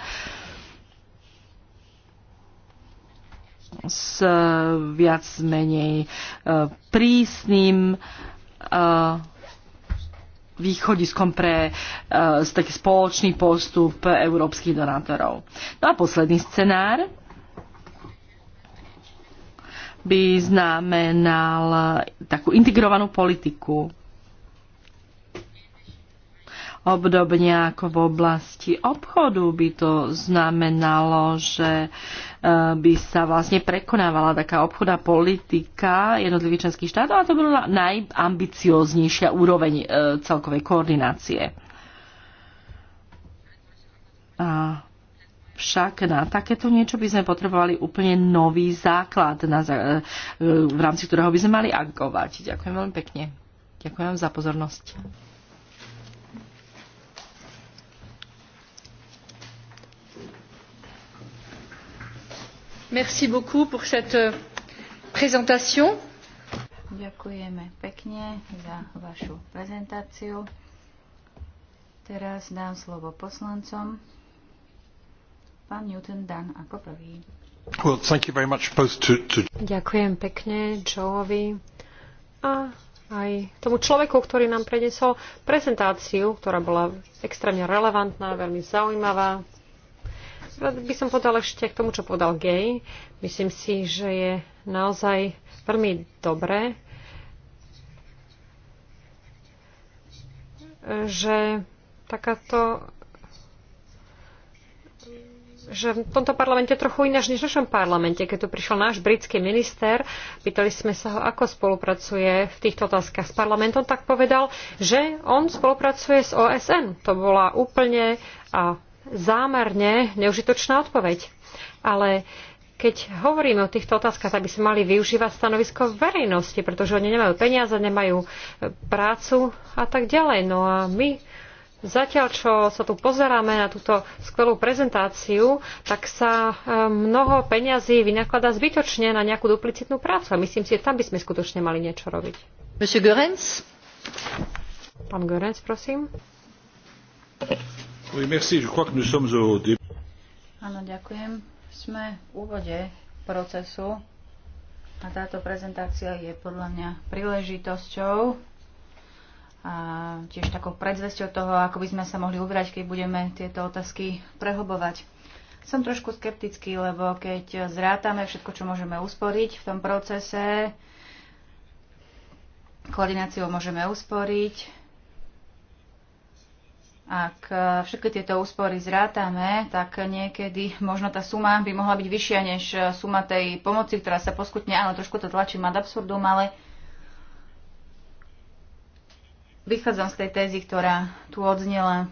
s viac menej e, prísnym e, východiskom pre e, taký spoločný postup európskych donátorov. No a posledný scenár by znamenal takú integrovanú politiku. Obdobne ako v oblasti obchodu by to znamenalo, že e, by sa vlastne prekonávala taká obchodná politika jednotlivých členských štátov a to bola najambicioznejšia úroveň e, celkovej koordinácie. A však na takéto niečo by sme potrebovali úplne nový základ, na, e, v rámci ktorého by sme mali agovať. Ďakujem veľmi pekne. Ďakujem za pozornosť. Merci beaucoup pour cette euh, présentation. Ďakujeme pekne za vašu prezentáciu. Teraz dám slovo poslancom. Pán Newton Dan ako prvý. Well, thank you very much both to, to... Ďakujem pekne Joeovi a aj tomu človeku, ktorý nám prednesol prezentáciu, ktorá bola extrémne relevantná, veľmi zaujímavá. Rád by som povedal ešte k tomu, čo povedal Gay. Myslím si, že je naozaj veľmi dobré, že takáto že v tomto parlamente trochu ináč než v našom parlamente. Keď tu prišiel náš britský minister, pýtali sme sa ho, ako spolupracuje v týchto otázkach s parlamentom, tak povedal, že on spolupracuje s OSN. To bola úplne a zámerne neužitočná odpoveď. Ale keď hovoríme o týchto otázkach, tak by sme mali využívať stanovisko verejnosti, pretože oni nemajú peniaze, nemajú prácu a tak ďalej. No a my Zatiaľ, čo sa tu pozeráme na túto skvelú prezentáciu, tak sa e, mnoho peňazí vynakladá zbytočne na nejakú duplicitnú prácu. A myslím si, že tam by sme skutočne mali niečo robiť. Monsieur Görens? Pán Görens, prosím. Oui, merci. Je crois que nous sommes au début. Áno, ďakujem. Sme v úvode procesu a táto prezentácia je podľa mňa príležitosťou a tiež takou predzvesťou toho, ako by sme sa mohli ubrať, keď budeme tieto otázky prehlbovať. Som trošku skeptický, lebo keď zrátame všetko, čo môžeme usporiť v tom procese, koordináciou môžeme usporiť, ak všetky tieto úspory zrátame, tak niekedy možno tá suma by mohla byť vyššia než suma tej pomoci, ktorá sa poskutne, áno, trošku to tlačím ad absurdum, ale Vychádzam z tej tézy, ktorá tu odznela.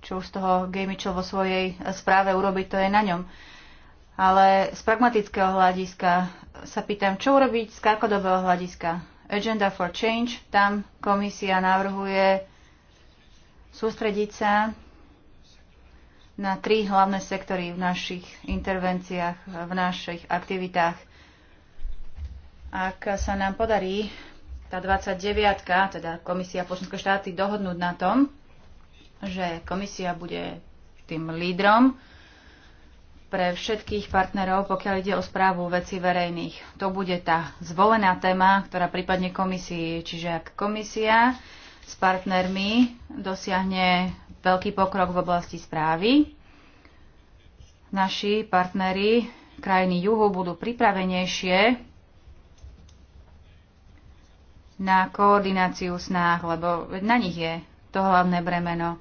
Čo už z toho Gejmičov vo svojej správe urobiť, to je na ňom. Ale z pragmatického hľadiska sa pýtam, čo urobiť z krátkodobého hľadiska. Agenda for Change, tam komisia navrhuje sústrediť sa na tri hlavné sektory v našich intervenciách, v našich aktivitách – ak sa nám podarí tá 29, teda komisia počlenské štáty, dohodnúť na tom, že komisia bude tým lídrom pre všetkých partnerov, pokiaľ ide o správu veci verejných. To bude tá zvolená téma, ktorá prípadne komisii. Čiže ak komisia s partnermi dosiahne veľký pokrok v oblasti správy. Naši partnery, krajiny juhu budú pripravenejšie na koordináciu snách, lebo na nich je to hlavné bremeno.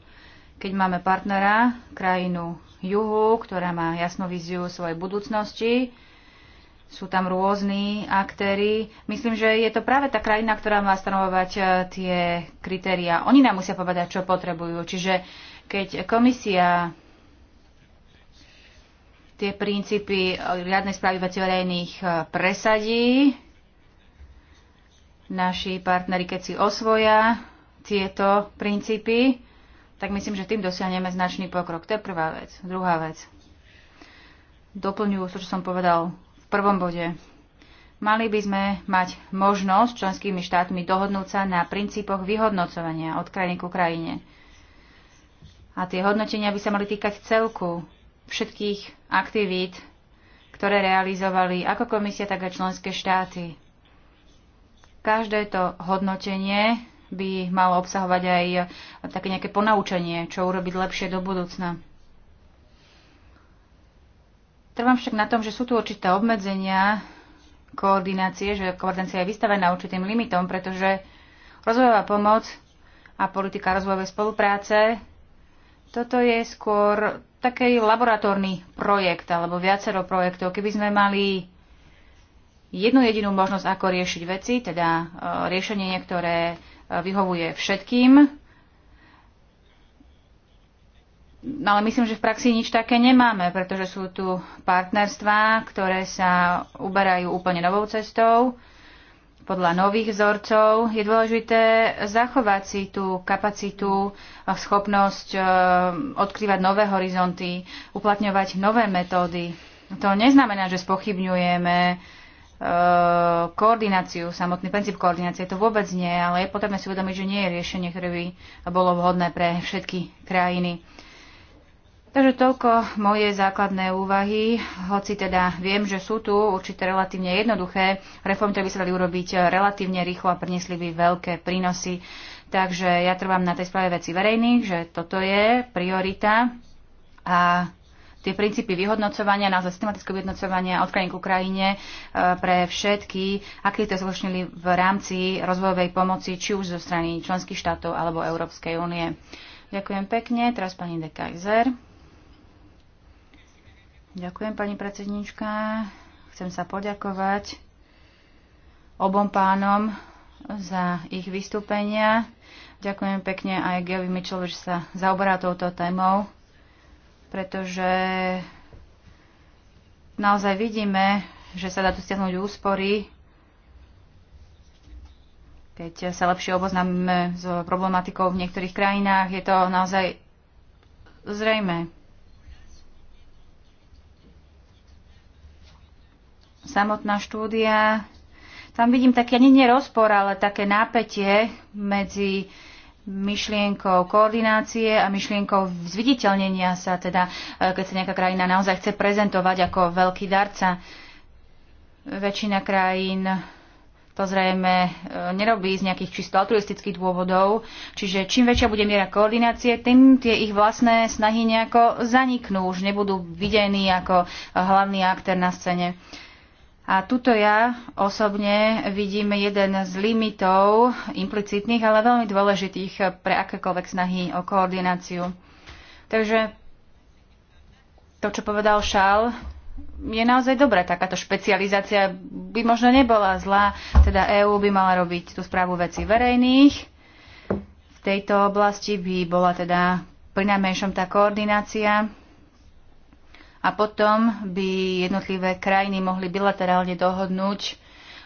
Keď máme partnera, krajinu juhu, ktorá má jasnú viziu svojej budúcnosti, sú tam rôzni aktéry. Myslím, že je to práve tá krajina, ktorá má stanovovať e, tie kritéria. Oni nám musia povedať, čo potrebujú. Čiže keď komisia tie princípy e, riadnej správy verejných e, presadí, naši partneri, keď si osvoja tieto princípy, tak myslím, že tým dosiahneme značný pokrok. To je prvá vec. Druhá vec. Doplňujú to, čo som povedal v prvom bode. Mali by sme mať možnosť členskými štátmi dohodnúť sa na princípoch vyhodnocovania od krajiny ku krajine. A tie hodnotenia by sa mali týkať celku všetkých aktivít, ktoré realizovali ako komisia, tak aj členské štáty. Každé to hodnotenie by malo obsahovať aj také nejaké ponaučenie, čo urobiť lepšie do budúcna. Trvám však na tom, že sú tu určité obmedzenia koordinácie, že koordinácia je vystavená určitým limitom, pretože rozvojová pomoc a politika rozvojovej spolupráce, toto je skôr taký laboratórny projekt alebo viacero projektov. Keby sme mali jednu jedinú možnosť, ako riešiť veci, teda e, riešenie, ktoré e, vyhovuje všetkým. No ale myslím, že v praxi nič také nemáme, pretože sú tu partnerstvá, ktoré sa uberajú úplne novou cestou podľa nových vzorcov, je dôležité zachovať si tú kapacitu, schopnosť e, odkrývať nové horizonty, uplatňovať nové metódy. To neznamená, že spochybňujeme Eh, koordináciu, samotný princíp koordinácie, to vôbec nie, ale je potrebné si uvedomiť, že nie je riešenie, ktoré by bolo vhodné pre všetky krajiny. Takže toľko moje základné úvahy, hoci teda viem, že sú tu určité relatívne jednoduché reformy, ktoré by sa dali urobiť relatívne rýchlo a priniesli by veľké prínosy. Takže ja trvám na tej správe veci verejných, že toto je priorita a tie princípy vyhodnocovania, na systematické vyhodnocovania od krajín k krajine e, pre všetky to zločnili v rámci rozvojovej pomoci, či už zo strany členských štátov alebo Európskej únie. Ďakujem pekne. Teraz pani de Kaiser. Ďakujem, pani predsednička. Chcem sa poďakovať obom pánom za ich vystúpenia. Ďakujem pekne aj Gavi Mitchell, že sa zaoberá touto témou pretože naozaj vidíme, že sa dá dosiahnuť úspory, keď sa lepšie oboznáme s problematikou v niektorých krajinách. Je to naozaj zrejme. Samotná štúdia. Tam vidím také, nie, nie rozpor, ale také nápetie medzi myšlienkou koordinácie a myšlienkou zviditeľnenia sa, teda e, keď sa nejaká krajina naozaj chce prezentovať ako veľký darca. Väčšina krajín to zrejme e, nerobí z nejakých čisto altruistických dôvodov. Čiže čím väčšia bude miera koordinácie, tým tie ich vlastné snahy nejako zaniknú, už nebudú videní ako hlavný aktér na scéne. Uh, a tuto ja osobne vidím jeden z limitov implicitných, ale veľmi dôležitých pre akékoľvek snahy o koordináciu. Takže to, čo povedal Šal, je naozaj dobré. Takáto špecializácia by možno nebola zlá. Teda EÚ by mala robiť tú správu veci verejných. V tejto oblasti by bola teda pri najmenšom tá koordinácia a potom by jednotlivé krajiny mohli bilaterálne dohodnúť,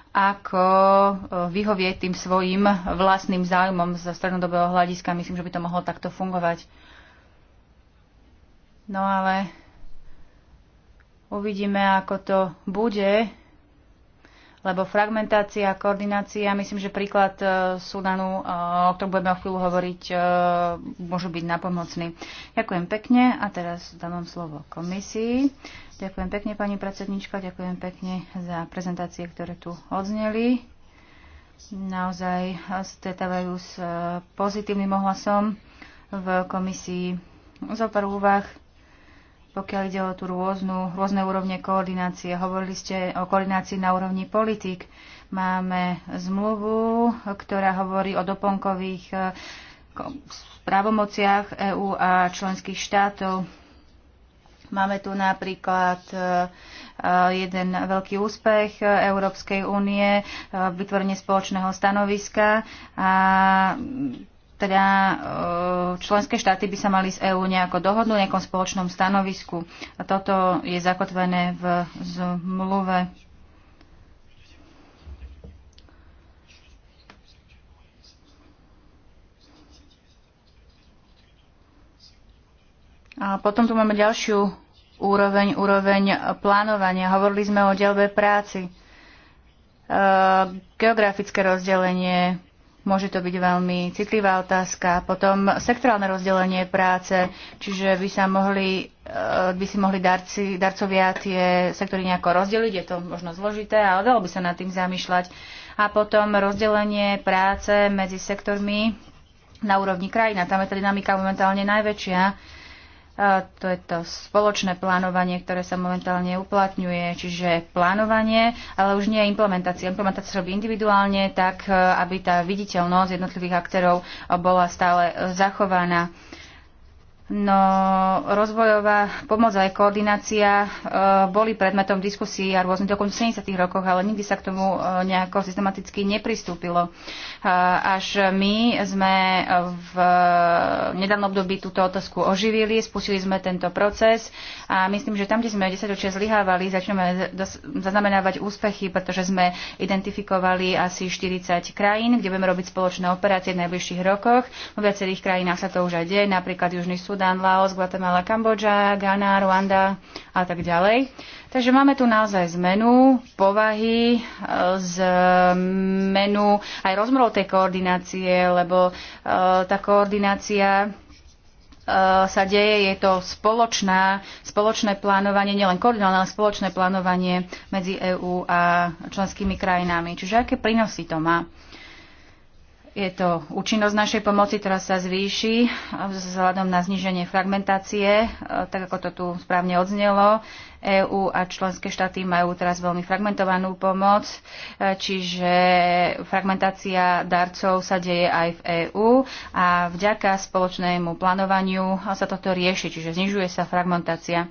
ako e, vyhovieť tým svojim vlastným záujmom z strednodobého hľadiska. Myslím, že by to mohlo takto fungovať. No ale uvidíme, ako to bude lebo fragmentácia, koordinácia, myslím, že príklad e, Sudanu, e, o ktorom budeme o chvíľu hovoriť, e, môžu byť napomocný. Ďakujem pekne a teraz dávam slovo komisii. Ďakujem pekne, pani predsednička, ďakujem pekne za prezentácie, ktoré tu odzneli. Naozaj stretávajú s pozitívnym ohlasom v komisii zo pár úvah pokiaľ ide o tú rôznu, rôzne úrovne koordinácie. Hovorili ste o koordinácii na úrovni politik. Máme zmluvu, ktorá hovorí o doponkových e, právomociach EÚ a členských štátov. Máme tu napríklad e, e, jeden veľký úspech Európskej únie, vytvorenie spoločného stanoviska a teda e, členské štáty by sa mali z EÚ nejako dohodnúť v nejakom spoločnom stanovisku. A toto je zakotvené v zmluve. A potom tu máme ďalšiu úroveň, úroveň plánovania. Hovorili sme o dielbe práci, e, geografické rozdelenie, môže to byť veľmi citlivá otázka. Potom sektorálne rozdelenie práce, čiže by sa mohli eh, by si mohli darci, darcovia tie sektory nejako rozdeliť, je to možno zložité, ale dalo by sa nad tým zamýšľať. A potom rozdelenie práce medzi sektormi na úrovni krajina. Tam je tá dynamika momentálne najväčšia to je to spoločné plánovanie, ktoré sa momentálne uplatňuje, čiže plánovanie, ale už nie implementácia. Implementácia sa robí individuálne, tak e, aby tá viditeľnosť jednotlivých aktérov bola stále e, zachovaná. No, rozvojová pomoc a aj koordinácia e, boli predmetom diskusí a rôznych dokonca v 70. rokoch, ale nikdy sa k tomu e, nejako systematicky nepristúpilo. E, až my sme v nedávnom období túto otázku oživili, spustili sme tento proces a myslím, že tam, kde sme 10 ročia zlyhávali, začneme zaznamenávať úspechy, pretože sme identifikovali asi 40 krajín, kde budeme robiť spoločné operácie v najbližších rokoch. V viacerých krajinách sa to už aj deje, napríklad Južný súd Sudan, Laos, Guatemala, Kambodža, Ghana, Ruanda a tak ďalej. Takže máme tu naozaj zmenu povahy, e, zmenu aj rozmerov tej koordinácie, lebo e, tá koordinácia e, sa deje, je to spoločná, spoločné plánovanie, nielen koordinované, ale spoločné plánovanie medzi EÚ a členskými krajinami. Čiže aké prínosy to má? Je to účinnosť našej pomoci, ktorá sa zvýši vzhľadom na zníženie fragmentácie, e, tak ako to tu správne odznelo. EÚ a členské štáty majú teraz veľmi fragmentovanú pomoc, e, čiže fragmentácia darcov sa deje aj v EÚ a vďaka spoločnému plánovaniu sa toto rieši, čiže znižuje sa fragmentácia.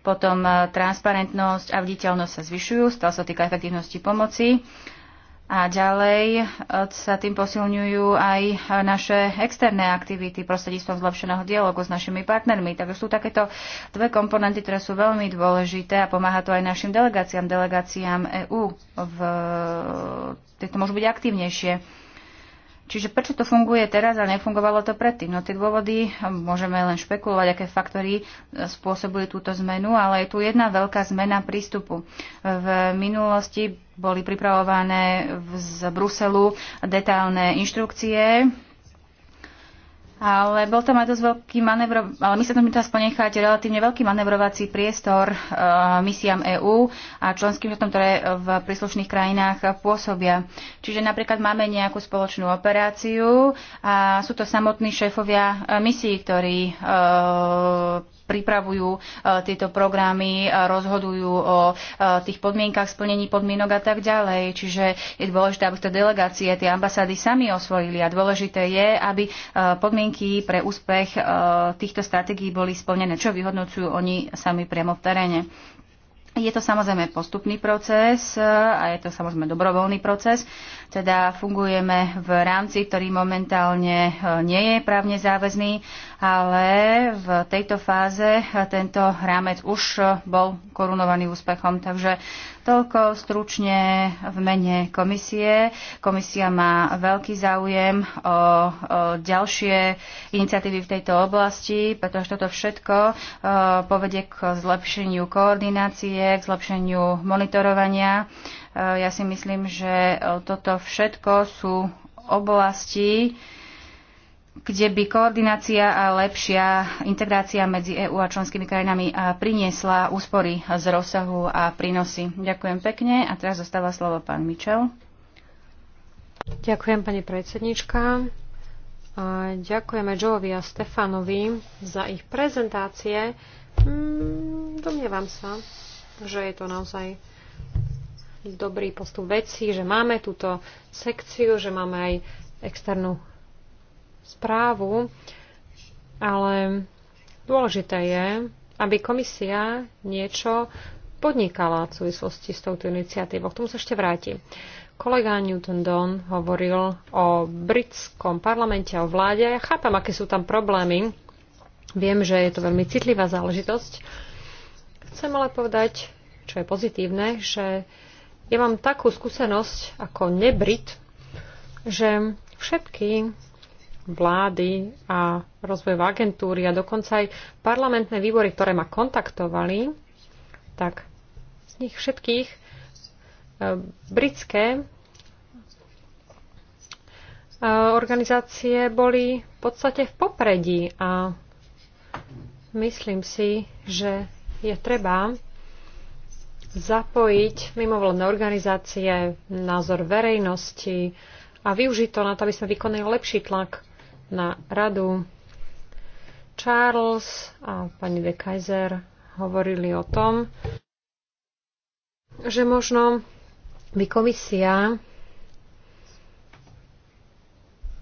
Potom e, transparentnosť a viditeľnosť sa zvyšujú, stále sa týka efektívnosti pomoci a ďalej e, sa tým posilňujú aj naše externé aktivity prostredníctvom zlepšeného dialogu s našimi partnermi. Takže sú takéto dve komponenty, ktoré sú veľmi dôležité a pomáha to aj našim delegáciám, delegáciám EÚ. V... Tieto môžu byť aktívnejšie. Čiže prečo to funguje teraz a nefungovalo to predtým? No tie dôvody môžeme len špekulovať, aké faktory e, spôsobili túto zmenu, ale je tu jedna veľká zmena prístupu. V minulosti boli pripravované z Bruselu detailné inštrukcie, ale bol tam aj dosť veľký manevro, ale my sa tam teraz ponechať relatívne veľký manevrovací priestor eh, e, misiám EÚ a členským štátom, ktoré v príslušných krajinách pôsobia. Čiže napríklad máme nejakú spoločnú operáciu a sú to samotní šéfovia eh, misií, ktorí e, pripravujú e, tieto programy, rozhodujú o e, tých podmienkach splnení podmienok a tak ďalej. Čiže je dôležité, aby to delegácie, tie ambasády sami osvojili a dôležité je, aby e, podmienky pre úspech týchto stratégií boli splnené, čo vyhodnocujú oni sami priamo v teréne. Je to samozrejme postupný proces a je to samozrejme dobrovoľný proces. Teda fungujeme v rámci, ktorý momentálne nie je právne záväzný ale v tejto fáze tento rámec už bol korunovaný úspechom. Takže toľko stručne v mene komisie. Komisia má veľký záujem o, o ďalšie iniciatívy v tejto oblasti, pretože toto všetko o, e, povedie k zlepšeniu koordinácie, k zlepšeniu monitorovania. E, ja si myslím, že toto všetko sú oblasti, kde by koordinácia a lepšia integrácia medzi EÚ a členskými krajinami priniesla úspory z rozsahu a prínosy. Ďakujem pekne a teraz zostáva slovo pán Mičel. Ďakujem pani predsednička. A ďakujeme Joevi a Stefanovi za ich prezentácie. Mm, domnievam sa, že je to naozaj dobrý postup vecí, že máme túto sekciu, že máme aj externú správu, ale dôležité je, aby komisia niečo podnikala v súvislosti s touto iniciatívou. K tomu sa ešte vráti. Kolega Newton Don hovoril o britskom parlamente, o vláde. Ja chápam, aké sú tam problémy. Viem, že je to veľmi citlivá záležitosť. Chcem ale povedať, čo je pozitívne, že ja mám takú skúsenosť ako nebrit, že všetky vlády a rozvojové agentúry a dokonca aj parlamentné výbory, ktoré ma kontaktovali, tak z nich všetkých e, britské e, organizácie boli v podstate v popredí a myslím si, že je treba zapojiť mimovládne organizácie, názor verejnosti a využiť to na to, aby sme vykonali lepší tlak na radu. Charles a pani de Kaiser hovorili o tom, že možno by komisia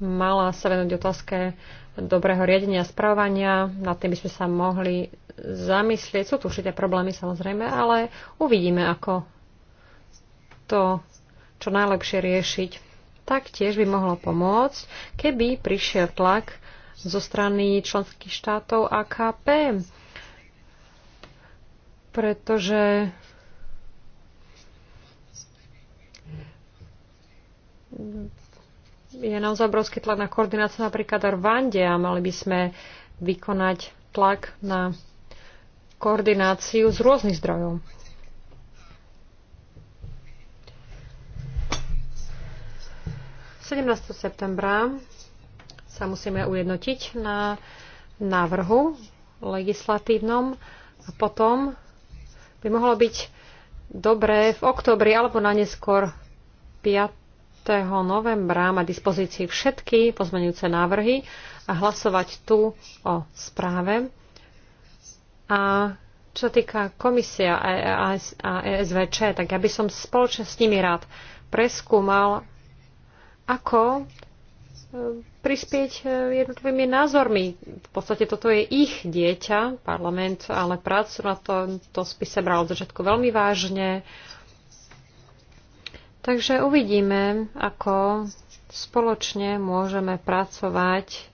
mala sa venúť otázke dobrého riadenia a správania. Nad tým by sme sa mohli zamyslieť. Sú tu určité problémy samozrejme, ale uvidíme, ako to čo najlepšie riešiť taktiež by mohlo pomôcť, keby prišiel tlak zo strany členských štátov AKP, pretože je naozaj obrovský tlak na koordináciu napríklad v Vande a mali by sme vykonať tlak na koordináciu z rôznych zdrojov. 17. septembra sa musíme ujednotiť na návrhu legislatívnom a potom by mohlo byť dobré v oktobri alebo na neskôr 5. novembra mať dispozícii všetky pozmenujúce návrhy a hlasovať tu o správe. A čo týka komisia a ESVČ, e tak ja by som spoločne s nimi rád preskúmal ako e, prispieť e, jednotlivými názormi. V podstate toto je ich dieťa, parlament, ale prácu na to, to spise bral od začiatku veľmi vážne. Takže uvidíme, ako spoločne môžeme pracovať,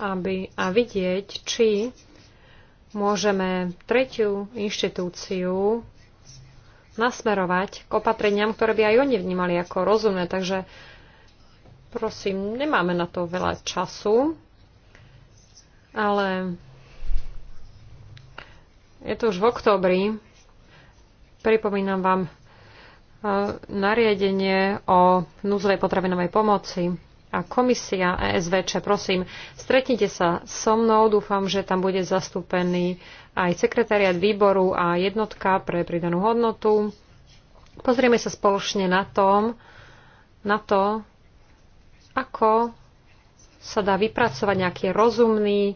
aby, a vidieť, či môžeme tretiu inštitúciu nasmerovať k opatreniam, ktoré by aj oni vnímali ako rozumné. Takže prosím, nemáme na to veľa času, ale je to už v októbri. Pripomínam vám e, nariadenie o núzovej potravinovej pomoci a komisia ESVČ, prosím, stretnite sa so mnou, dúfam, že tam bude zastúpený aj sekretariat výboru a jednotka pre pridanú hodnotu. Pozrieme sa spoločne na, tom, na to, ako sa dá vypracovať nejaký rozumný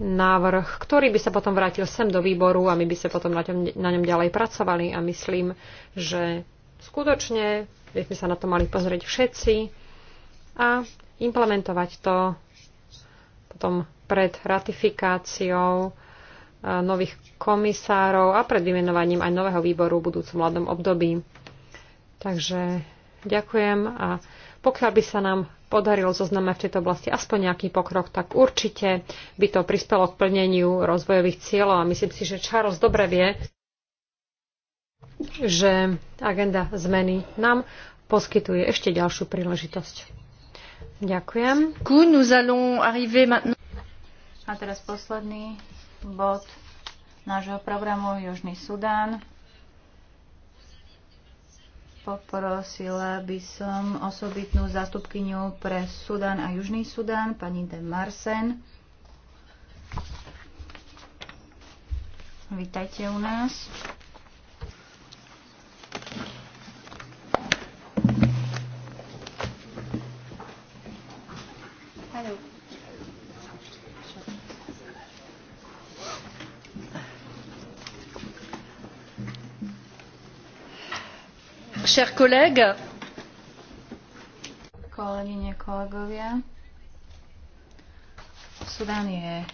návrh, ktorý by sa potom vrátil sem do výboru a my by sa potom na, ňom, na ňom ďalej pracovali. A myslím, že skutočne by sme sa na to mali pozrieť všetci a implementovať to potom pred ratifikáciou e, nových komisárov a pred vymenovaním aj nového výboru v budúcom mladom období. Takže ďakujem a pokiaľ by sa nám podarilo zoznamať v tejto oblasti aspoň nejaký pokrok, tak určite by to prispelo k plneniu rozvojových cieľov a myslím si, že Charles dobre vie, že agenda zmeny nám poskytuje ešte ďalšiu príležitosť. Ďakujem. A teraz posledný bod nášho programu Južný Sudán. Poprosila by som osobitnú zastupkyňu pre Sudán a Južný Sudán, pani De Marsen. Vítajte u nás. Hello. Chers collègues, kolegyne, kolegovia, Sudán je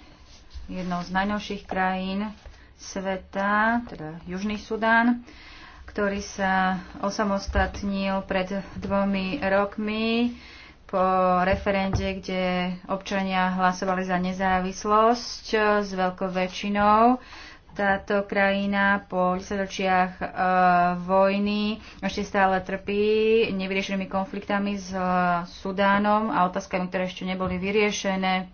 jednou z najnovších krajín sveta, teda Južný Sudán, ktorý sa osamostatnil pred dvomi rokmi po referende, kde občania hlasovali za nezávislosť e, s veľkou väčšinou. Táto krajina po desaťročiach e, vojny ešte stále trpí nevyriešenými konfliktami s e, Sudánom a otázkami, ktoré ešte neboli vyriešené,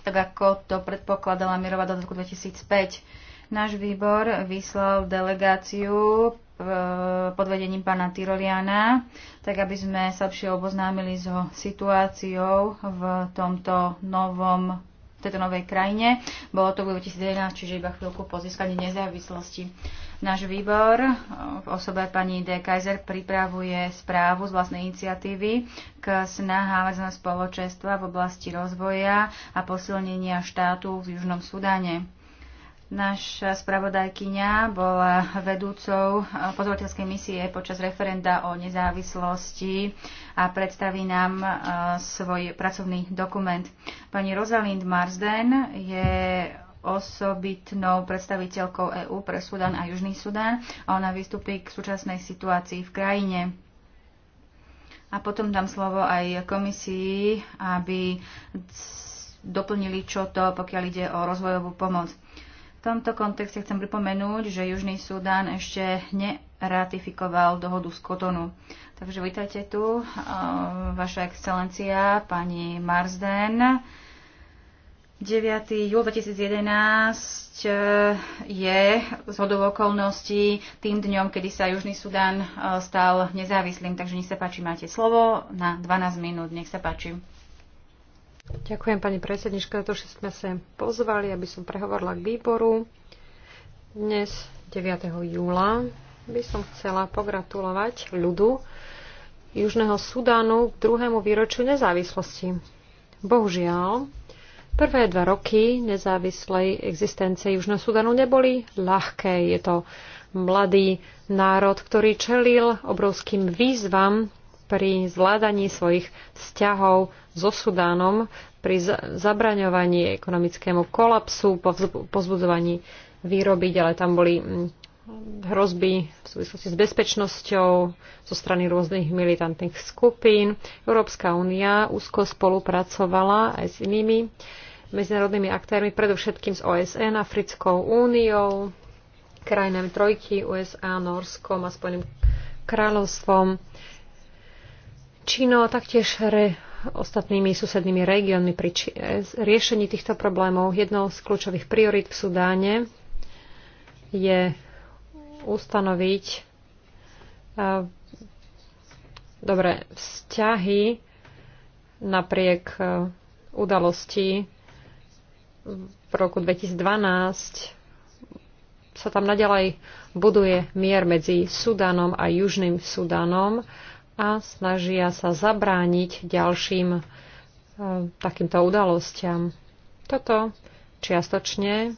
tak ako to predpokladala Mirova do roku 2005. Náš výbor vyslal delegáciu pod vedením pána Tyroliana, tak aby sme sa lepšie oboznámili s situáciou v tomto novom v tejto novej krajine. Bolo to v 2011, čiže iba chvíľku po získaní nezávislosti. Náš výbor eh, v osobe pani D. Kaiser pripravuje správu z vlastnej iniciatívy k snahám medzinárodného spoločenstva v oblasti rozvoja a posilnenia štátu v Južnom Sudáne. Naša spravodajkyňa bola vedúcou pozorovateľskej misie počas referenda o nezávislosti a predstaví nám e, svoj pracovný dokument. Pani Rosalind Marsden je osobitnou predstaviteľkou EÚ pre Sudan a Južný Sudan a ona vystupí k súčasnej situácii v krajine. A potom dám slovo aj komisii, aby doplnili čo to, pokiaľ ide o rozvojovú pomoc tomto kontexte chcem pripomenúť, že Južný Sudán ešte neratifikoval dohodu z Kotonu. Takže vítajte tu, eh, vaša excelencia, pani Marsden. 9. júl 2011 eh, je z hodou okolností tým dňom, kedy sa Južný Sudán eh, stal nezávislým. Takže nech sa páči, máte slovo na 12 minút. Nech sa páči. Ďakujem, pani predsedníčka, to, že sme sa pozvali, aby som prehovorila k výboru. Dnes, 9. júla, by som chcela pogratulovať ľudu Južného Sudánu k druhému výročiu nezávislosti. Bohužiaľ, prvé dva roky nezávislej existencie Južného Sudánu neboli ľahké. Je to mladý národ, ktorý čelil obrovským výzvam pri zvládaní svojich vzťahov so Sudánom, pri zabraňovaní ekonomickému kolapsu, pozbudzovaní výroby, ale tam boli mm, hrozby v súvislosti s bezpečnosťou zo strany rôznych militantných skupín. Európska únia úzko spolupracovala aj s inými medzinárodnými aktérmi, predovšetkým s OSN, Africkou úniou, krajinami Trojky, USA, Norskom a Spojeným kráľovstvom. Čínou a taktiež re, ostatnými susednými regiónmi pri či, e, riešení týchto problémov. Jednou z kľúčových priorit v Sudáne je ustanoviť e, dobre vzťahy napriek e, udalosti v roku 2012 sa tam naďalej buduje mier medzi Sudanom a Južným Sudanom a snažia sa zabrániť ďalším e, takýmto udalostiam. Toto čiastočne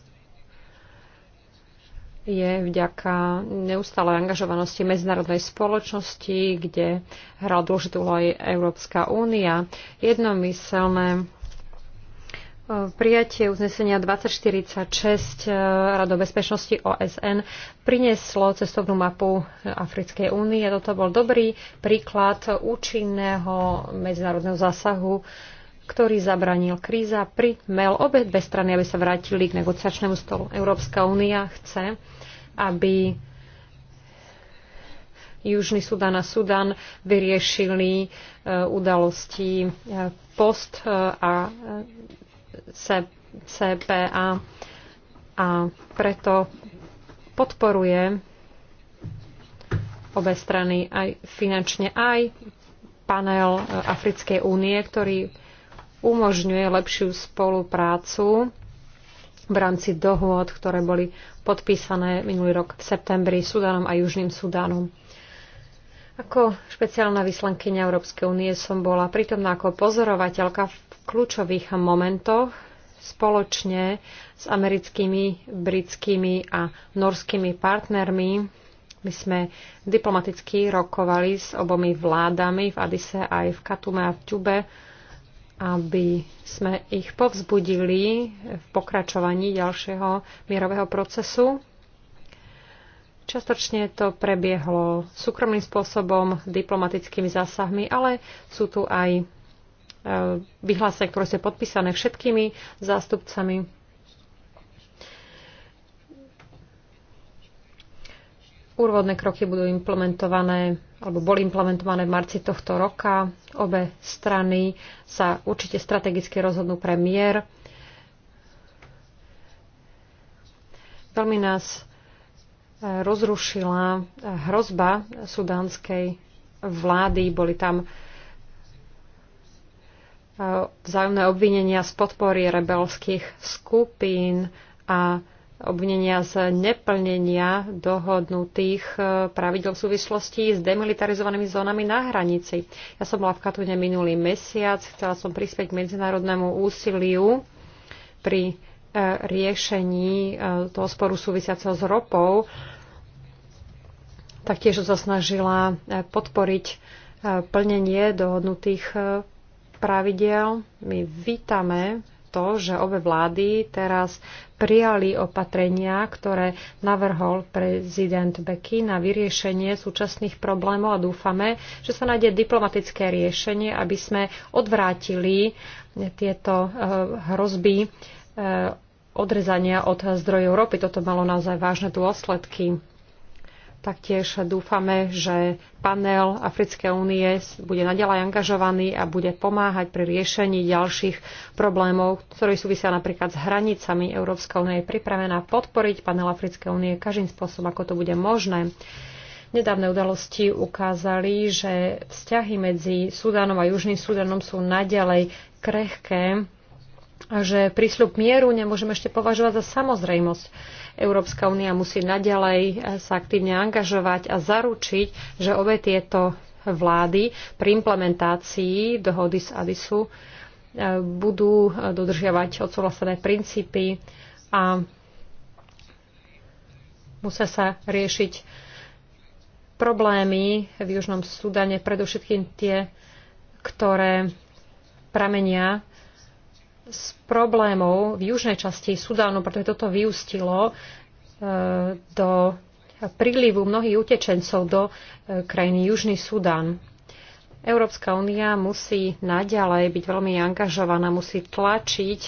je vďaka neustálej angažovanosti medzinárodnej spoločnosti, kde hrá dôležitú aj Európska únia. Jednomyselné Prijatie uznesenia 2046 eh, Rado bezpečnosti OSN prinieslo cestovnú mapu Africkej únie. Toto bol dobrý príklad účinného medzinárodného zásahu, ktorý zabranil kríza. Primel obe dve strany, aby sa vrátili k negociačnému stolu. Európska únia chce, aby Južný Sudan a Sudan vyriešili eh, udalosti eh, post a CPA a preto podporuje obe strany aj finančne, aj panel e, Africkej únie, ktorý umožňuje lepšiu spoluprácu v rámci dohôd, ktoré boli podpísané minulý rok v septembri Sudanom a Južným Sudanom. Ako špeciálna vyslankyňa Európskej únie som bola pritomná ako pozorovateľka v kľúčových momentoch spoločne s americkými, britskými a norskými partnermi. My sme diplomaticky rokovali s obomi vládami v Adise aj v Katume a v Ťube, aby sme ich povzbudili v pokračovaní ďalšieho mierového procesu. Častočne to prebiehlo súkromným spôsobom, diplomatickými zásahmi, ale sú tu aj E, vyhlásenie, ktoré sú podpísané všetkými zástupcami. Úrvodné kroky budú implementované, alebo boli implementované v marci tohto roka. Obe strany sa určite strategicky rozhodnú pre mier. Veľmi nás e, rozrušila hrozba sudánskej vlády. Boli tam vzájomné obvinenia z podpory rebelských skupín a obvinenia z neplnenia dohodnutých e, pravidel v súvislosti s demilitarizovanými zónami na hranici. Ja som bola v Katune minulý mesiac, chcela som prispieť k medzinárodnému úsiliu pri e, riešení e, toho sporu súvisiaceho s ropou. Taktiež sa snažila podporiť plnenie dohodnutých pravidel my vítame to, že obe vlády teraz prijali opatrenia, ktoré navrhol prezident Beky na vyriešenie súčasných problémov a dúfame, že sa nájde diplomatické riešenie, aby sme odvrátili tieto eh, hrozby eh, odrezania od zdrojov ropy. Toto malo naozaj vážne dôsledky. Taktiež dúfame, že panel Africkej únie bude naďalej angažovaný a bude pomáhať pri riešení ďalších problémov, ktoré súvisia napríklad s hranicami. Európska únie je pripravená podporiť panel Africkej únie každým spôsobom, ako to bude možné. Nedávne udalosti ukázali, že vzťahy medzi Sudánom a Južným Sudánom sú naďalej krehké a že prísľub mieru nemôžeme ešte považovať za samozrejmosť. Európska únia musí naďalej eh, sa aktívne angažovať a zaručiť, že obe tieto vlády pri implementácii dohody z Adisu eh, budú eh, dodržiavať odsúhlasené princípy a musia sa riešiť problémy v Južnom Sudane, predovšetkým tie, ktoré pramenia z problémov v južnej časti Sudánu, pretože toto vyústilo e, do prílivu mnohých utečencov do e, krajiny Južný Sudán. Európska únia musí naďalej byť veľmi angažovaná, musí tlačiť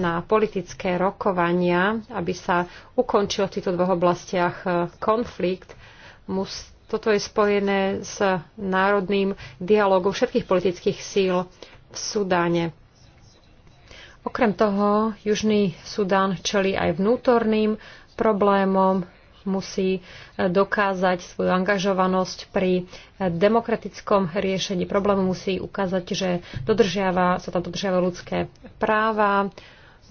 na politické rokovania, aby sa ukončil v týchto dvoch oblastiach e, konflikt. toto je spojené s národným dialogom všetkých politických síl v Sudáne. Okrem toho, Južný Sudán čelí aj vnútorným problémom, musí e, dokázať svoju angažovanosť pri e, demokratickom riešení problému, musí ukázať, že dodržiava, sa tam dodržiava ľudské práva,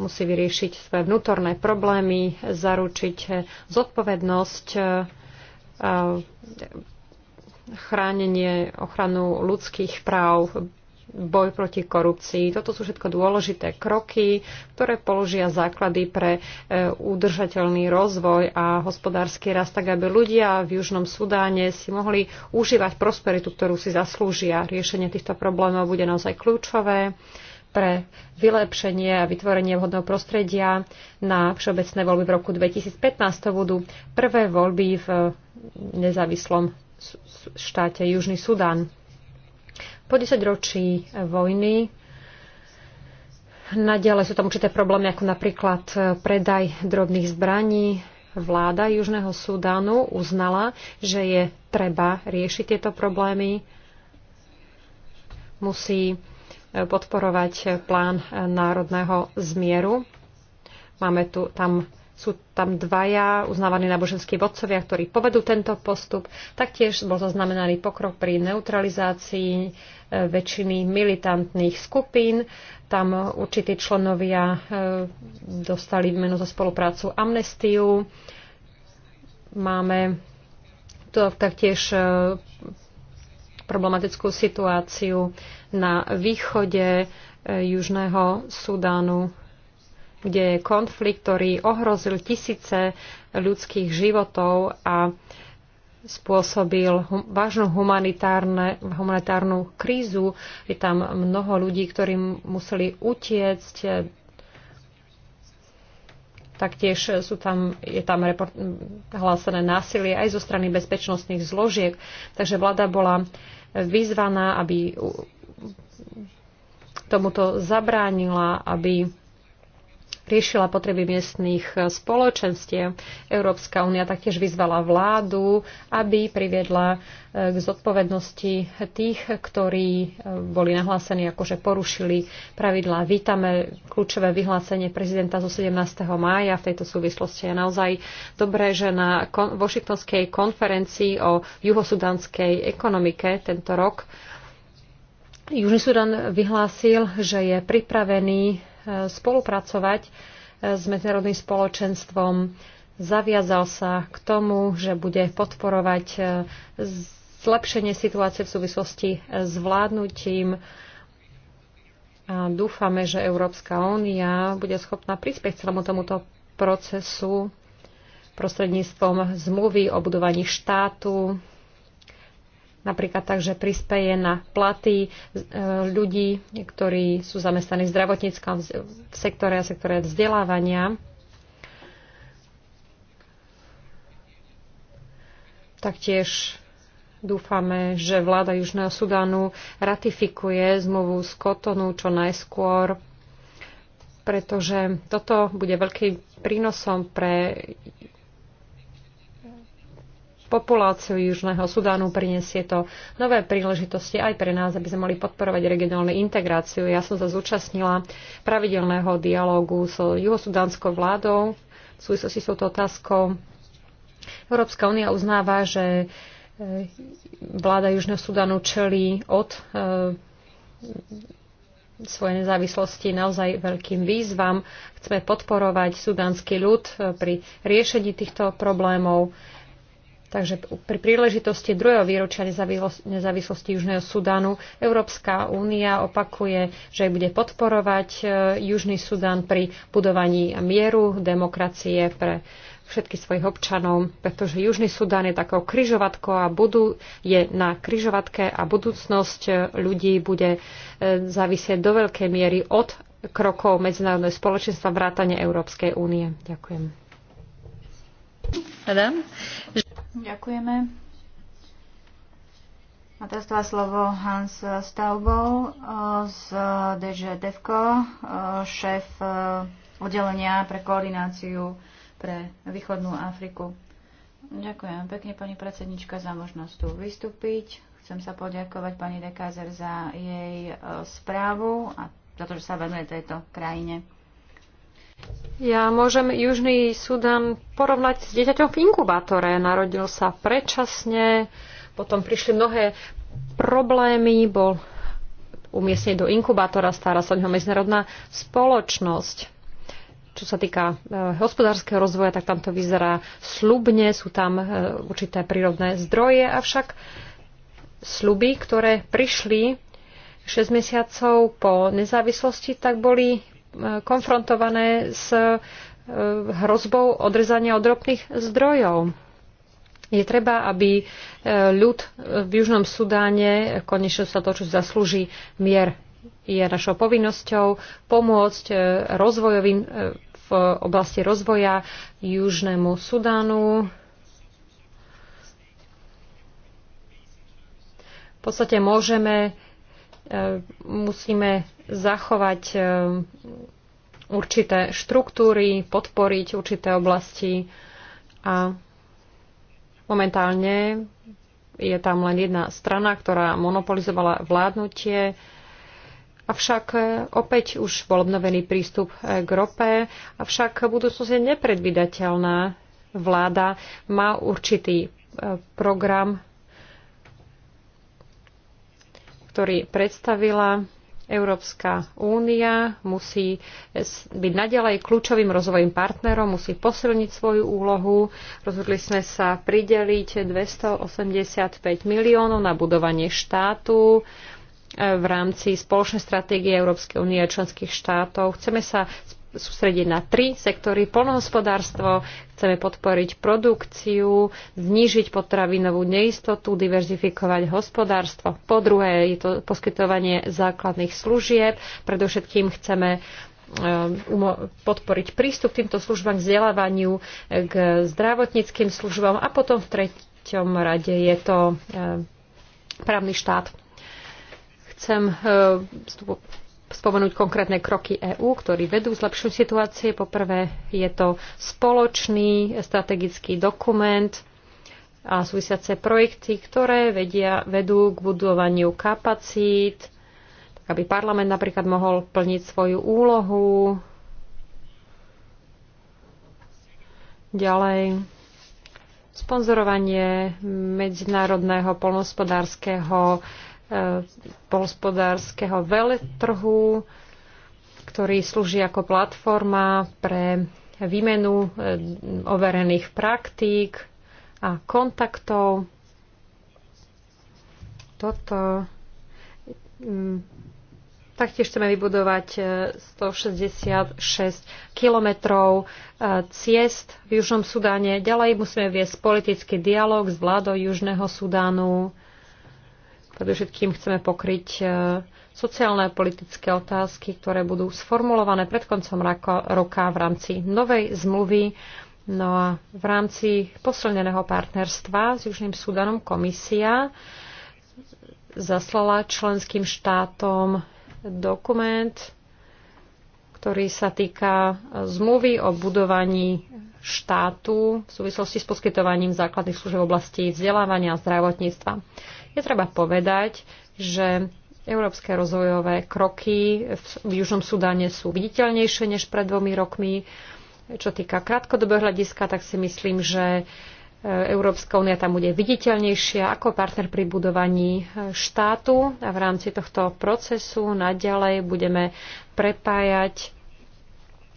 musí vyriešiť svoje vnútorné problémy, zaručiť e, zodpovednosť, chránenie, ochranu ľudských práv, boj proti korupcii. Toto sú všetko dôležité kroky, ktoré položia základy pre e, udržateľný rozvoj a hospodársky rast, tak aby ľudia v Južnom Sudáne si mohli užívať prosperitu, ktorú si zaslúžia. Riešenie týchto problémov bude naozaj kľúčové pre vylepšenie a vytvorenie vhodného prostredia na všeobecné voľby v roku 2015. To budú prvé voľby v e, nezávislom štáte Južný Sudán. Po 10 ročí e, vojny naďalej sú tam určité problémy, ako napríklad e, predaj drobných zbraní. Vláda Južného Sudánu uznala, že je treba riešiť tieto problémy. Musí e, podporovať plán národného zmieru. Máme tu tam sú tam dvaja uznávaní náboženskí vodcovia, ktorí povedú tento postup. Taktiež bol zaznamenaný pokrok pri neutralizácii e, väčšiny militantných skupín. Tam určití členovia e, dostali výmenu za spoluprácu amnestiu. Máme to taktiež e, problematickú situáciu na východe Južného Sudánu kde je konflikt, ktorý ohrozil tisíce ľudských životov a spôsobil hum, vážnu humanitárnu krízu. Je tam mnoho ľudí, ktorí museli utiecť. Taktiež sú tam, je tam report, hlásené násilie aj zo strany bezpečnostných zložiek. Takže vláda bola vyzvaná, aby tomuto zabránila, aby riešila potreby miestných eh, spoločenstiev. Európska únia taktiež vyzvala vládu, aby priviedla eh, k zodpovednosti tých, ktorí eh, boli nahlásení ako, že porušili pravidlá. Vítame kľúčové vyhlásenie prezidenta zo 17. mája v tejto súvislosti. Je naozaj dobré, že na kon- Washingtonskej konferencii o juhosudanskej ekonomike tento rok Južný Sudan vyhlásil, že je pripravený spolupracovať e, s medzinárodným spoločenstvom. Zaviazal sa k tomu, že bude podporovať e, zlepšenie situácie v súvislosti e, s vládnutím. A dúfame, že Európska únia bude schopná prispieť celému tomuto procesu prostredníctvom zmluvy o budovaní štátu, napríklad tak, že prispeje na platy e, ľudí, ktorí sú zamestnaní v zdravotníckom v sektore a sektore vzdelávania. Taktiež dúfame, že vláda Južného Sudánu ratifikuje zmluvu z Kotonu čo najskôr, pretože toto bude veľkým prínosom pre populáciu Južného Sudánu, prinesie to nové príležitosti aj pre nás, aby sme mohli podporovať regionálnu integráciu. Ja som sa zúčastnila pravidelného dialógu s so juhosudánskou vládou v súvislosti s touto otázkou. Európska únia uznáva, že eh, vláda Južného Sudánu čelí od eh, svojej nezávislosti naozaj veľkým výzvam. Chceme podporovať sudánsky ľud eh, pri riešení týchto problémov. Takže pri príležitosti druhého výročia nezávislosti Južného Sudánu Európska únia opakuje, že bude podporovať e, Južný Sudán pri budovaní mieru, demokracie pre všetkých svojich občanov, pretože Južný Sudán je takou kryžovatkou a budú, je na kryžovatke a budúcnosť e, ľudí bude e, závisieť do veľkej miery od krokov medzinárodného spoločenstva vrátane Európskej únie. Ďakujem. Adam. Ďakujeme. A teraz to slovo Hans Staubov eh, z DŽ DEVKO, eh, šéf eh, oddelenia pre koordináciu pre východnú Afriku. Ďakujem pekne, pani predsednička, za možnosť tu vystúpiť. Chcem sa poďakovať pani Dekázer za jej správu a za to, že sa venuje tejto krajine. Ja môžem Južný Sudan porovnať s dieťaťom v inkubátore. Narodil sa predčasne, potom prišli mnohé problémy, bol umiestnený do inkubátora, stará sa o neho medzinárodná spoločnosť. Čo sa týka e, hospodárskeho rozvoja, tak tam to vyzerá slubne, sú tam e, určité prírodné zdroje, avšak sluby, ktoré prišli 6 mesiacov po nezávislosti, tak boli konfrontované s e, hrozbou odrezania od ropných zdrojov. Je treba, aby e, ľud v Južnom Sudáne konečne sa to, čo zaslúži mier. Je našou povinnosťou pomôcť e, rozvojovým v oblasti rozvoja Južnému Sudánu. V podstate môžeme E, musíme zachovať e, určité štruktúry, podporiť určité oblasti a momentálne je tam len jedna strana, ktorá monopolizovala vládnutie. Avšak e, opäť už bol obnovený prístup k rope, avšak budúcnosť je nepredvydateľná. Vláda má určitý program ktorý predstavila, Európska únia musí byť naďalej kľúčovým rozvojím partnerom, musí posilniť svoju úlohu. Rozhodli sme sa prideliť 285 miliónov na budovanie štátu e, v rámci spoločnej stratégie Európskej únie a členských štátov. Chceme sa sústrediť na tri sektory. Polnohospodárstvo, chceme podporiť produkciu, znížiť potravinovú neistotu, diverzifikovať hospodárstvo. Po druhé je to poskytovanie základných služieb. Predovšetkým chceme eh, podporiť prístup k týmto službám, k vzdelávaniu, k zdravotníckým službám a potom v treťom rade je to eh, právny štát. Chcem eh, spomenúť konkrétne kroky EÚ, ktorí vedú k zlepšiu situácie. Poprvé je to spoločný strategický dokument a súvisiace projekty, ktoré vedia, vedú k budovaniu kapacít, tak aby parlament napríklad mohol plniť svoju úlohu. Ďalej sponzorovanie medzinárodného polnospodárskeho polspodárskeho veletrhu, ktorý slúži ako platforma pre výmenu e, overených praktík a kontaktov. Toto mm, Taktiež chceme vybudovať 166 e, kilometrov e, ciest v Južnom Sudáne. Ďalej musíme viesť politický dialog s vládou Južného Sudánu Predovšetkým chceme pokryť e, sociálne a politické otázky, ktoré budú sformulované pred koncom roka v rámci novej zmluvy. No a v rámci posilneného partnerstva s Južným Sudanom komisia zaslala členským štátom dokument, ktorý sa týka zmluvy o budovaní štátu v súvislosti s poskytovaním základných služieb v oblasti vzdelávania a zdravotníctva. Je treba povedať, že Európske rozvojové kroky v Južnom Sudáne sú viditeľnejšie než pred dvomi rokmi. Čo týka krátkodobého hľadiska, tak si myslím, že e, Európska únia tam bude viditeľnejšia ako partner pri budovaní e, štátu a v rámci tohto procesu naďalej budeme prepájať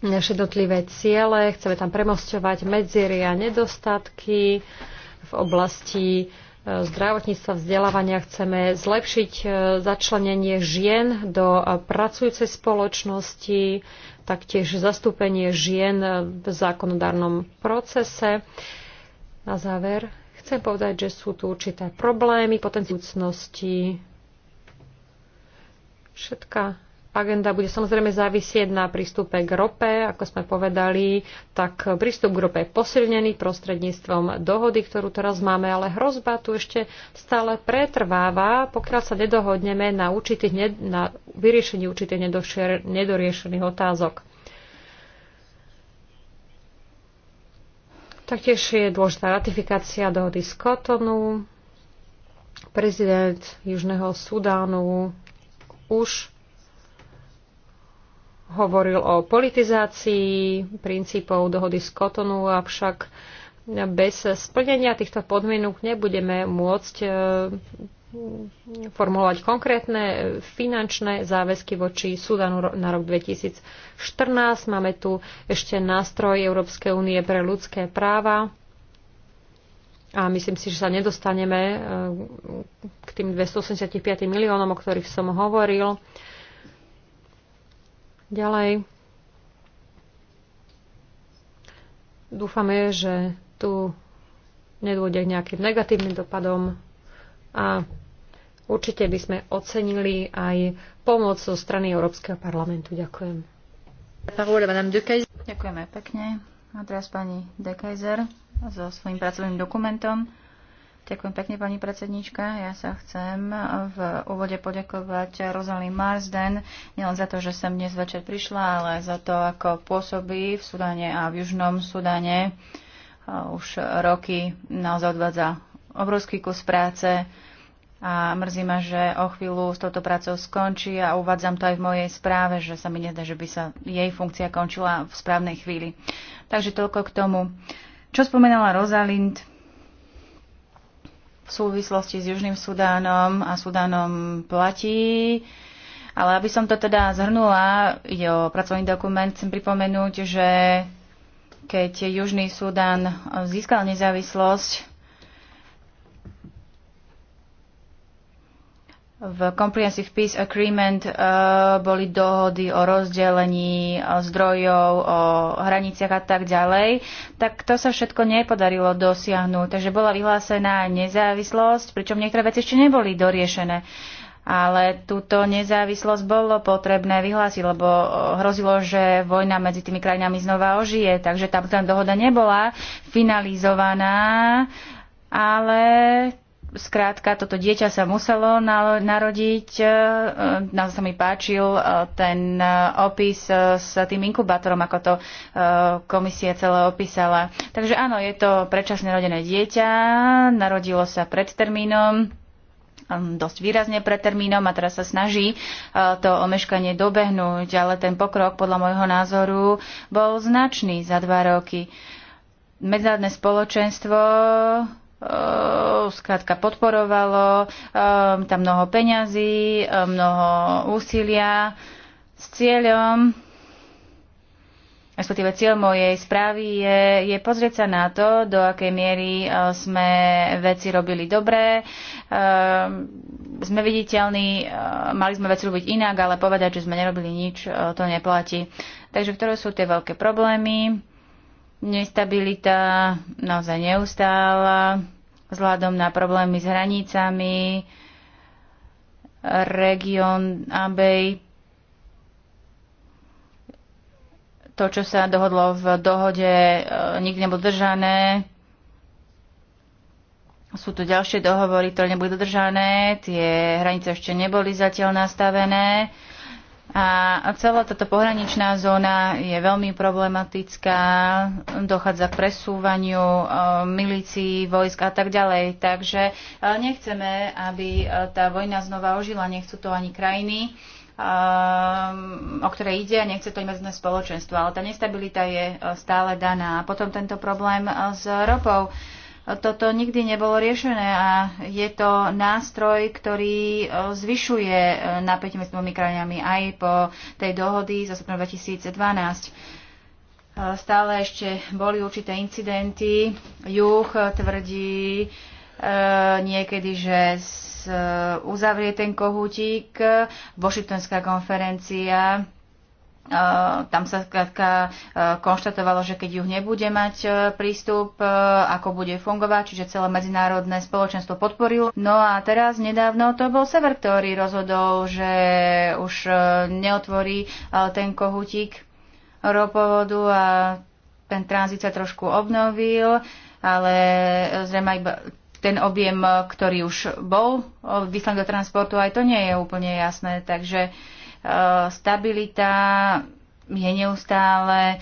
naše jednotlivé ciele, chceme tam premostovať medzery a nedostatky v oblasti zdravotníctva, vzdelávania chceme zlepšiť e, začlenenie žien do e, pracujúcej spoločnosti, taktiež zastúpenie žien e, v zákonodárnom procese. Na záver chcem povedať, že sú tu určité problémy, potenciálnosti. Všetka agenda bude samozrejme závisieť na prístupe k rope, ako sme povedali, tak prístup k rope je posilnený prostredníctvom dohody, ktorú teraz máme, ale hrozba tu ešte stále pretrváva, pokiaľ sa nedohodneme na, určitých, na vyriešení určitých nedoriešených otázok. Taktiež je dôležitá ratifikácia dohody z Kotonu. Prezident Južného Sudánu už hovoril o politizácii princípov dohody z Kotonu, avšak bez splnenia týchto podmienok nebudeme môcť e, formulovať konkrétne finančné záväzky voči Sudanu na rok 2014. Máme tu ešte nástroj Európskej únie pre ľudské práva a myslím si, že sa nedostaneme e, k tým 285 miliónom, o ktorých som hovoril. Ďalej. Dúfame, že tu nedôjde k nejakým negatívnym dopadom a určite by sme ocenili aj pomoc zo strany Európskeho parlamentu. Ďakujem. Ďakujeme pekne. A teraz pani Dekajzer so svojím pracovným dokumentom. Ďakujem pekne, pani predsednička. Ja sa chcem v úvode poďakovať Rosalie Marsden, nielen za to, že som dnes večer prišla, ale za to, ako pôsobí v Sudane a v Južnom Sudane. Už roky naozaj odvádza obrovský kus práce a mrzí ma, že o chvíľu s touto prácou skončí a uvádzam to aj v mojej správe, že sa mi nedá, že by sa jej funkcia končila v správnej chvíli. Takže toľko k tomu. Čo spomenala Rosalind, v súvislosti s Južným Sudánom a Sudánom platí. Ale aby som to teda zhrnula, ide o pracovný dokument, chcem pripomenúť, že keď Južný Sudán získal nezávislosť, v Comprehensive Peace Agreement e, boli dohody o rozdelení o e, zdrojov, o hraniciach a tak ďalej, tak to sa všetko nepodarilo dosiahnuť. Takže bola vyhlásená nezávislosť, pričom niektoré veci ešte neboli doriešené. Ale túto nezávislosť bolo potrebné vyhlásiť, lebo e, hrozilo, že vojna medzi tými krajinami znova ožije, takže tam tá dohoda nebola finalizovaná, ale Skrátka, toto dieťa sa muselo narodiť. E, e, na sa mi páčil e, ten opis s tým inkubátorom, ako to komisia celé opísala. Takže áno, je to predčasne rodené dieťa, narodilo sa pred termínom dosť výrazne pred termínom a teraz sa snaží to omeškanie dobehnúť, ale ten pokrok podľa môjho názoru bol značný za dva roky. Medzinárodné spoločenstvo Ehm, skrátka podporovalo, ehm, tam mnoho peňazí, ehm, mnoho úsilia s cieľom, respektíve cieľ mojej správy je, je pozrieť sa na to, do akej miery sme veci robili dobre, sme viditeľní, mali sme veci robiť inak, ale povedať, že sme nerobili nič, to neplatí. Takže ktoré sú tie veľké problémy? nestabilita naozaj neustála vzhľadom na problémy s hranicami. Región Abej to, čo sa dohodlo v dohode, e, nikdy nebolo držané. Sú tu ďalšie dohovory, ktoré nebudú dodržané, tie hranice ešte neboli zatiaľ nastavené. A celá táto pohraničná zóna je veľmi problematická, dochádza k presúvaniu e, milícií, vojsk a tak ďalej. Takže e, nechceme, aby e, tá vojna znova ožila, nechcú to ani krajiny o ktoré ide a nechce to medzné spoločenstvo. Ale tá nestabilita je stále daná. A potom tento problém s ropou toto nikdy nebolo riešené a je to nástroj, ktorý e, zvyšuje e, napätie medzi dvomi krajinami aj po tej dohody za september 2012. E, stále ešte boli určité incidenty. Juh tvrdí niekedy, že uzavrie ten kohútik. Washingtonská konferencia tam sa skrátka e, konštatovalo, že keď juh nebude mať e, prístup, e, ako bude fungovať, čiže celé medzinárodné spoločenstvo podporilo. No a teraz nedávno to bol sever, ktorý rozhodol, že už neotvorí ten kohutík ropovodu a ten tranzit sa trošku obnovil, ale zrejme iba ten objem, ktorý už bol vyslaný do transportu, aj to nie je úplne jasné. Takže uh, Eh, stabilita je neustále eh,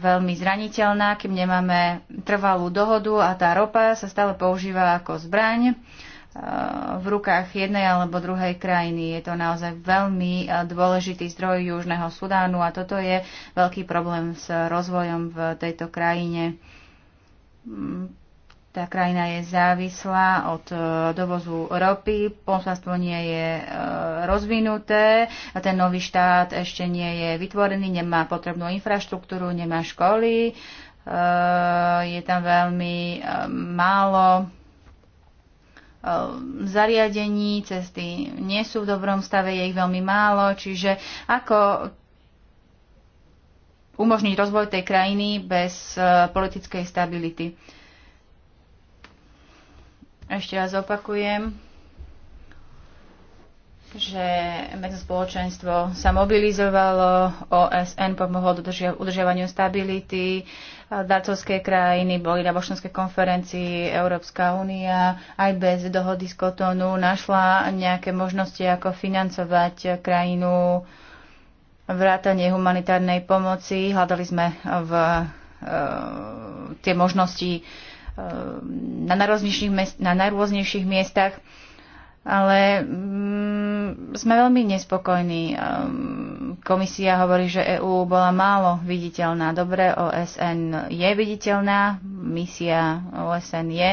veľmi zraniteľná, kým nemáme trvalú dohodu a tá ropa sa stále používa ako zbraň eh, v rukách jednej alebo druhej krajiny. Je to naozaj veľmi dôležitý zdroj Južného Sudánu a toto je veľký problém s rozvojom v tejto krajine mm, tá krajina je závislá od e, dovozu ropy, poslanstvo nie je e, rozvinuté, a ten nový štát ešte nie je vytvorený, nemá potrebnú infraštruktúru, nemá školy, e, je tam veľmi málo zariadení, cesty nie sú v dobrom stave, je ich veľmi málo, čiže ako umožniť rozvoj tej krajiny bez politickej stability. Ešte raz opakujem, že medzispoločenstvo sa mobilizovalo, OSN pomohlo udržiavaniu stability, darcovské krajiny boli na boštonskej konferencii, Európska únia aj bez dohody z Kotonu našla nejaké možnosti, ako financovať krajinu vrátanie humanitárnej pomoci. Hľadali sme v, e, tie možnosti Ehm, na najrôznejších, na najrôznejších miestach, ale mm, sme veľmi nespokojní. Ehm, komisia hovorí, že EÚ bola málo viditeľná. Dobre, OSN je viditeľná, misia OSN je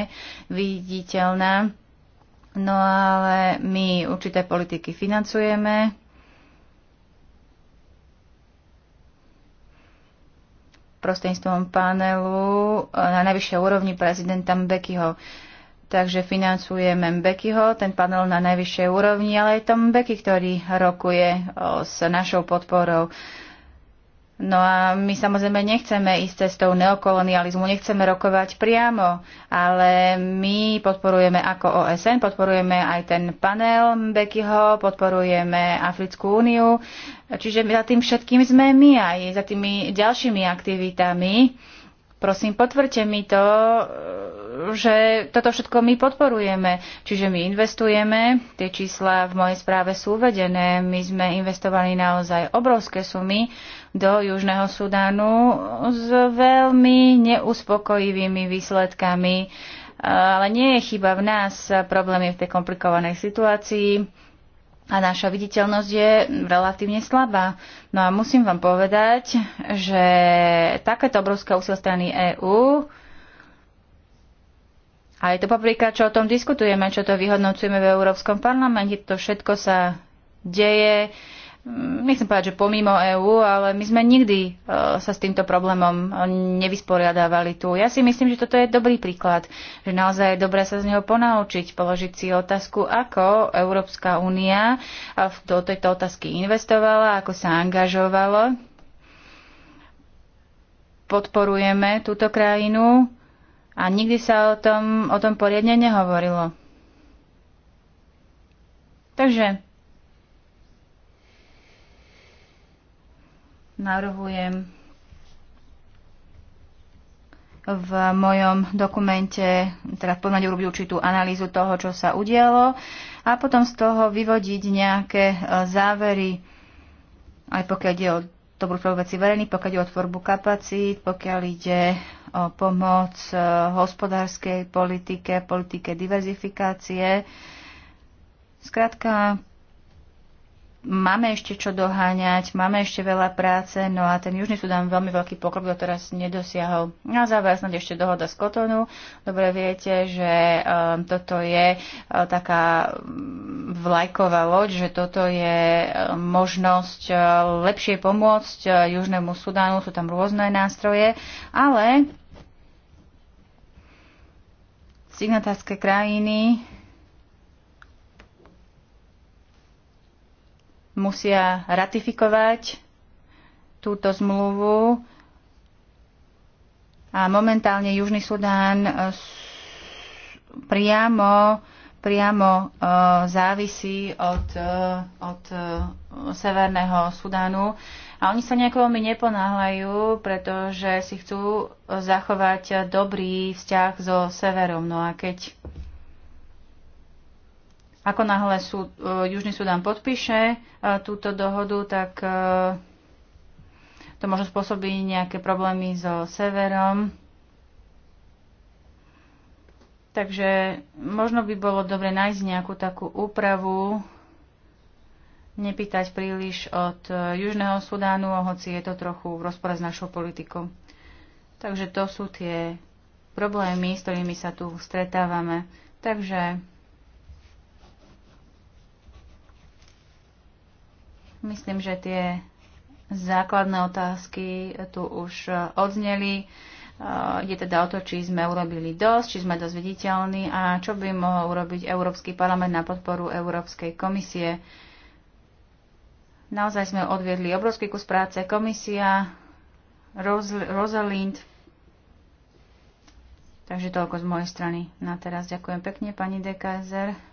viditeľná, no ale my určité politiky financujeme, prostredníctvom panelu e, na najvyššej úrovni prezidenta Mbekyho. Takže financujeme Mbekyho, ten panel na najvyššej úrovni, ale je to Mbeky, ktorý rokuje e, s našou podporou. No a my samozrejme nechceme ísť cestou neokolonializmu, nechceme rokovať priamo, ale my podporujeme ako OSN, podporujeme aj ten panel Bekyho, podporujeme Africkú úniu, čiže za tým všetkým sme my aj za tými ďalšími aktivitami. Prosím, potvrďte mi to, že toto všetko my podporujeme. Čiže my investujeme, tie čísla v mojej správe sú uvedené, my sme investovali naozaj obrovské sumy do Južného Sudánu s veľmi neuspokojivými výsledkami. Ale nie je chyba v nás, problém je v tej komplikovanej situácii a naša viditeľnosť je relatívne slabá. No a musím vám povedať, že takéto obrovské úsilie strany EÚ a je to paprika, čo o tom diskutujeme, čo to vyhodnocujeme v Európskom parlamente, to všetko sa deje nechcem povedať, že pomimo EÚ, ale my sme nikdy e, sa s týmto problémom e, nevysporiadávali tu. Ja si myslím, že toto je dobrý príklad, že naozaj je dobré sa z neho ponaučiť, položiť si otázku, ako Európska únia e, do tejto otázky investovala, ako sa angažovala, Podporujeme túto krajinu a nikdy sa o tom, o tom poriadne nehovorilo. Takže Navrhujem v mojom dokumente, teda v podľade urobiť určitú analýzu toho, čo sa udialo a potom z toho vyvodiť nejaké e, závery, aj pokiaľ ide o dobrú tvorbu veci verejný, pokiaľ ide o tvorbu kapacít, pokiaľ ide o pomoc e, hospodárskej politike, politike diverzifikácie. Skrátka, máme ešte čo doháňať, máme ešte veľa práce, no a ten Južný Sudán veľmi veľký pokrok doteraz nedosiahol. Na záver snad ešte dohoda z Kotonu. Dobre viete, že um, toto je uh, taká mm, vlajková loď, že toto je uh, možnosť uh, lepšie pomôcť uh, Južnému Sudánu, sú tam rôzne nástroje, ale signatárske krajiny musia ratifikovať túto zmluvu a momentálne Južný Sudán e, priamo, priamo e, závisí od, e, od Severného Sudánu. A oni sa nejako veľmi neponáhľajú, pretože si chcú zachovať dobrý vzťah so severom. No a keď ako náhle sú, e, Južný Sudán podpíše e, túto dohodu, tak e, to môže spôsobiť nejaké problémy so severom. Takže možno by bolo dobre nájsť nejakú takú úpravu, nepýtať príliš od Južného Sudánu, hoci je to trochu v rozpore s našou politikou. Takže to sú tie problémy, s ktorými sa tu stretávame. Takže Myslím, že tie základné otázky tu už e, odzneli. E, je teda o to, či sme urobili dosť, či sme dosť viditeľní a čo by mohol urobiť Európsky parlament na podporu Európskej komisie. Naozaj sme odviedli obrovský kus práce. Komisia, Ros- Rosalind. Takže toľko z mojej strany. Na teraz ďakujem pekne, pani Dekajzer.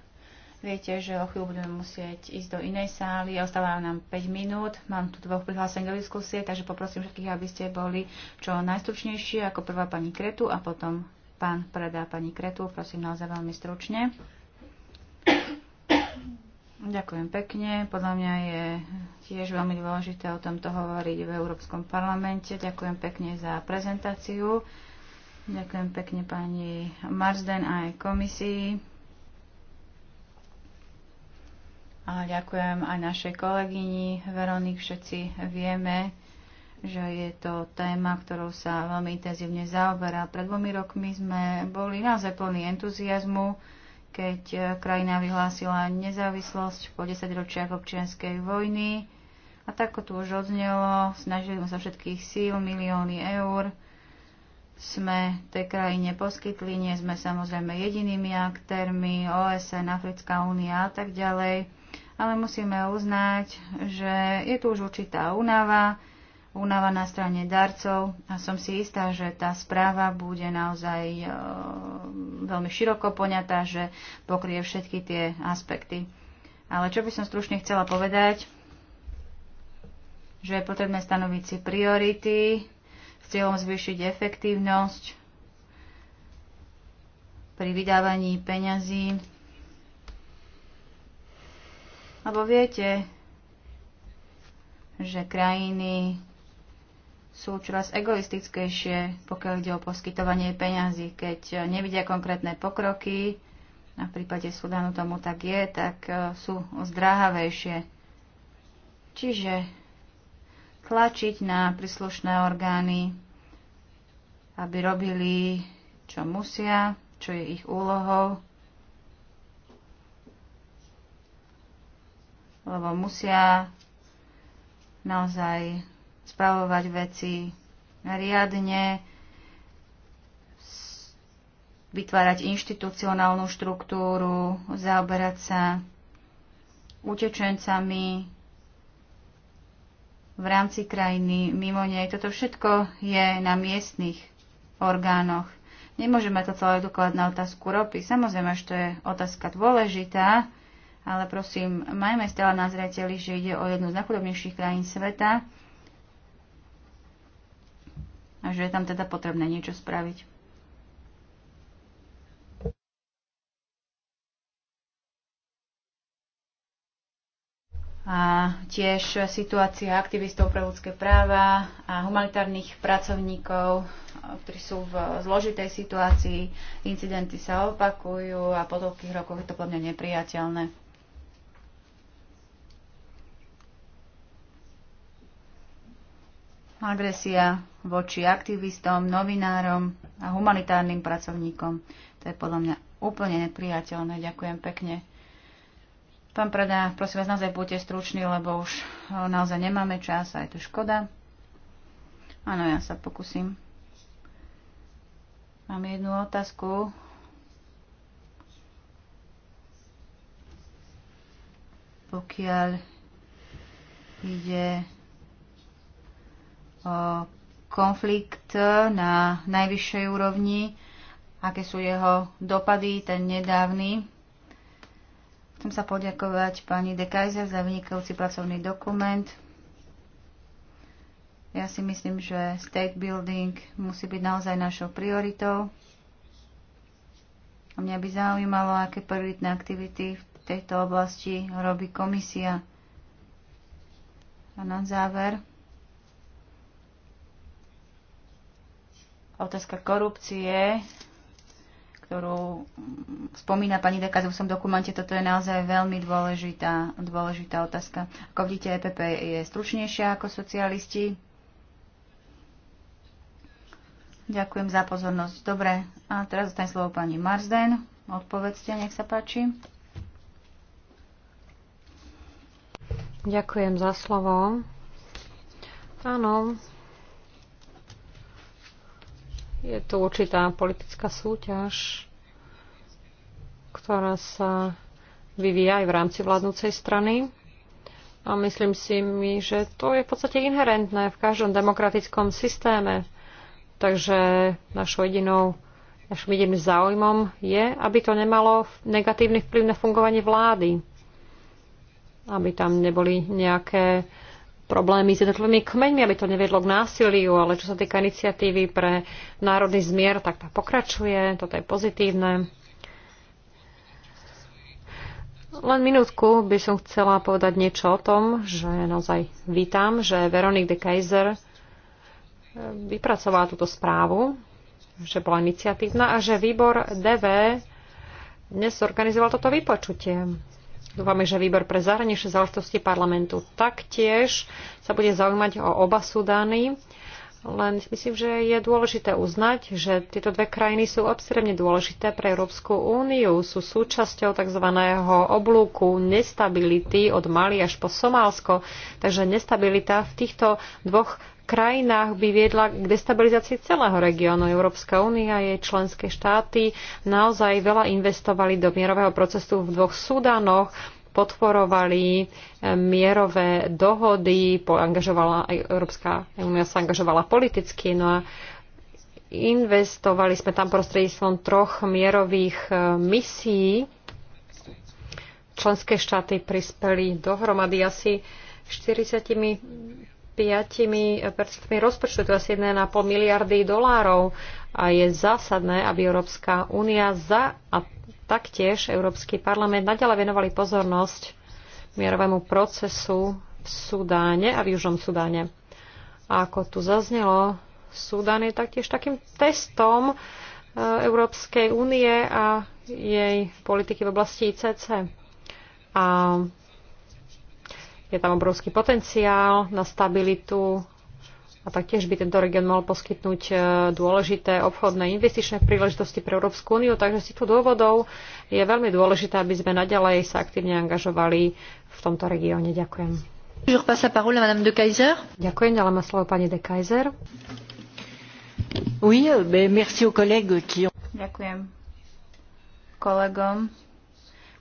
Viete, že o chvíľu budeme musieť ísť do inej sály. Ostáva nám 5 minút. Mám tu dvoch prihlásení do diskusie, takže poprosím všetkých, aby ste boli čo najstručnejšie, ako prvá pani Kretu a potom pán predá pani Kretu. Prosím naozaj veľmi stručne. Ďakujem pekne. Podľa mňa je tiež veľmi dôležité o tomto hovoriť v Európskom parlamente. Ďakujem pekne za prezentáciu. Ďakujem pekne pani Marsden a aj komisii. A ďakujem aj našej kolegyni Veronik. Všetci vieme, že je to téma, ktorou sa veľmi intenzívne zaoberá. Pred dvomi rokmi sme boli naozaj plní entuziasmu, keď krajina vyhlásila nezávislosť po 10 ročiach občianskej vojny. A tak to už odznelo, snažili sme sa všetkých síl, milióny eur sme tej krajine poskytli, nie sme samozrejme jedinými aktérmi, OSN, Africká únia a tak ďalej ale musíme uznať, že je tu už určitá únava, únava na strane darcov a som si istá, že tá správa bude naozaj e, veľmi široko poňatá, že pokrie všetky tie aspekty. Ale čo by som stručne chcela povedať, že je potrebné stanoviť si priority s cieľom zvýšiť efektívnosť pri vydávaní peňazí lebo viete, že krajiny sú čoraz egoistickejšie, pokiaľ ide o poskytovanie peňazí. Keď nevidia konkrétne pokroky, a v prípade Sudanu tomu tak je, tak e, sú zdráhavejšie. Čiže tlačiť na príslušné orgány, aby robili, čo musia, čo je ich úlohou, lebo musia naozaj spravovať veci riadne, vytvárať inštitucionálnu štruktúru, zaoberať sa utečencami v rámci krajiny, mimo nej. Toto všetko je na miestnych orgánoch. Nemôžeme to celé dokladať na otázku ropy. Samozrejme, že to je otázka dôležitá, ale prosím, majme stále na zreteli, že ide o jednu z najchudobnejších krajín sveta a že je tam teda potrebné niečo spraviť. a tiež situácia aktivistov pre ľudské práva a humanitárnych pracovníkov, ktorí sú v zložitej situácii, incidenty sa opakujú a po toľkých rokoch je to podľa mňa nepriateľné. agresia voči aktivistom, novinárom a humanitárnym pracovníkom. To je podľa mňa úplne nepriateľné. Ďakujem pekne. Pán Preda, prosím vás, naozaj buďte stručný, lebo už eh, naozaj nemáme čas a je to škoda. Áno, ja sa pokúsim. Mám jednu otázku. Pokiaľ ide konflikt na najvyššej úrovni, aké sú jeho dopady, ten nedávny. Chcem sa poďakovať pani De Kaiser za vynikajúci pracovný dokument. Ja si myslím, že state building musí byť naozaj našou prioritou. A mňa by zaujímalo, aké prioritné aktivity v tejto oblasti robí komisia. A na záver, otázka korupcie, ktorú spomína pani Dekaz v svojom dokumente, toto je naozaj veľmi dôležitá, dôležitá otázka. Ako vidíte, EPP je stručnejšia ako socialisti. Ďakujem za pozornosť. Dobre, a teraz zostane slovo pani Marsden. Odpovedzte, nech sa páči. Ďakujem za slovo. Áno, je tu určitá politická súťaž, ktorá sa vyvíja aj v rámci vládnúcej strany. A myslím si mi, že to je v podstate inherentné v každom demokratickom systéme. Takže našou jedinou, našim jediným záujmom je, aby to nemalo negatívny vplyv na fungovanie vlády. Aby tam neboli nejaké problémy s jednotlivými kmeňmi, aby to neviedlo k násiliu, ale čo sa týka iniciatívy pre národný zmier, tak tá pokračuje, toto je pozitívne. Len minútku by som chcela povedať niečo o tom, že naozaj vítam, že Veronik de Kaiser vypracovala túto správu, že bola iniciatívna a že výbor DV dnes organizoval toto vypočutie. Dúfame, že výbor pre zahraničné záležitosti parlamentu taktiež sa bude zaujímať o oba Sudány. Len myslím, že je dôležité uznať, že tieto dve krajiny sú extrémne dôležité pre Európsku úniu. Sú súčasťou tzv. oblúku nestability od Mali až po Somálsko. Takže nestabilita v týchto dvoch krajinách by viedla k destabilizácii celého regiónu. Európska únia a jej členské štáty naozaj veľa investovali do mierového procesu v dvoch Sudanoch, podporovali eh, mierové dohody, angažovala, eh, Európska únia sa angažovala politicky, no a investovali sme tam prostredníctvom troch mierových eh, misií. Členské štáty prispeli dohromady asi 40 5% rozpočtu, to asi 1,5 miliardy dolárov a je zásadné, aby Európska únia za a taktiež Európsky parlament naďalej venovali pozornosť mierovému procesu v Sudáne a v Južnom Sudáne. A ako tu zaznelo, Sudán je taktiež takým testom e, Európskej únie a jej politiky v oblasti ICC. A je tam obrovský potenciál na stabilitu a taktiež by tento región mal poskytnúť e, dôležité obchodné investičné príležitosti pre Európsku úniu, takže z týchto dôvodov je veľmi dôležité, aby sme naďalej sa aktívne angažovali v tomto regióne. Ďakujem. Ďakujem, ale má slovo pani de Kaiser. Oui, euh, merci aux collègues qui ont... Ďakujem kolegom,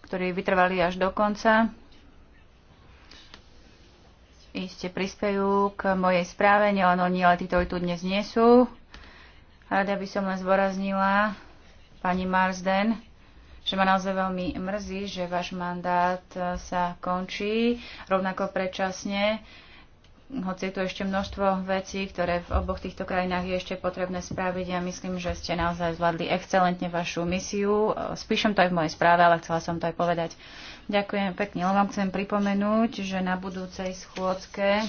ktorí vytrvali až do konca iste prispejú k mojej správe, nielen oni, ale tí, tu dnes nie sú. Rada by som len zvoraznila pani Marsden, že ma naozaj veľmi mrzí, že váš mandát sa končí rovnako predčasne, hoci je tu ešte množstvo vecí, ktoré v oboch týchto krajinách je ešte potrebné spraviť. Ja myslím, že ste naozaj zvládli excelentne vašu misiu. Spíšem to aj v mojej správe, ale chcela som to aj povedať. Ďakujem pekne. Len vám chcem pripomenúť, že na budúcej schôdzke,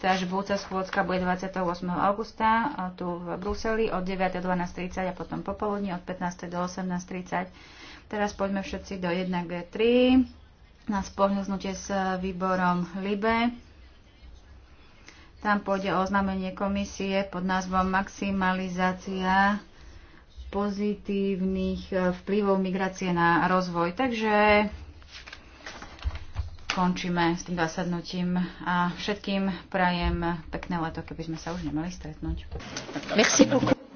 teda že budúca schôdzka bude 28. augusta tu v Bruseli od 9. do 12.30 a potom popoludní od 15. do 18.30. Teraz poďme všetci do 1G3 na spolhnutie s výborom LIBE. Tam pôjde o oznámenie komisie pod názvom Maximalizácia pozitívnych eh, vplyvov migrácie na rozvoj. Takže končíme s tým zasadnutím a všetkým prajem pekné leto, keby sme sa už nemali stretnúť. Merci beaucoup.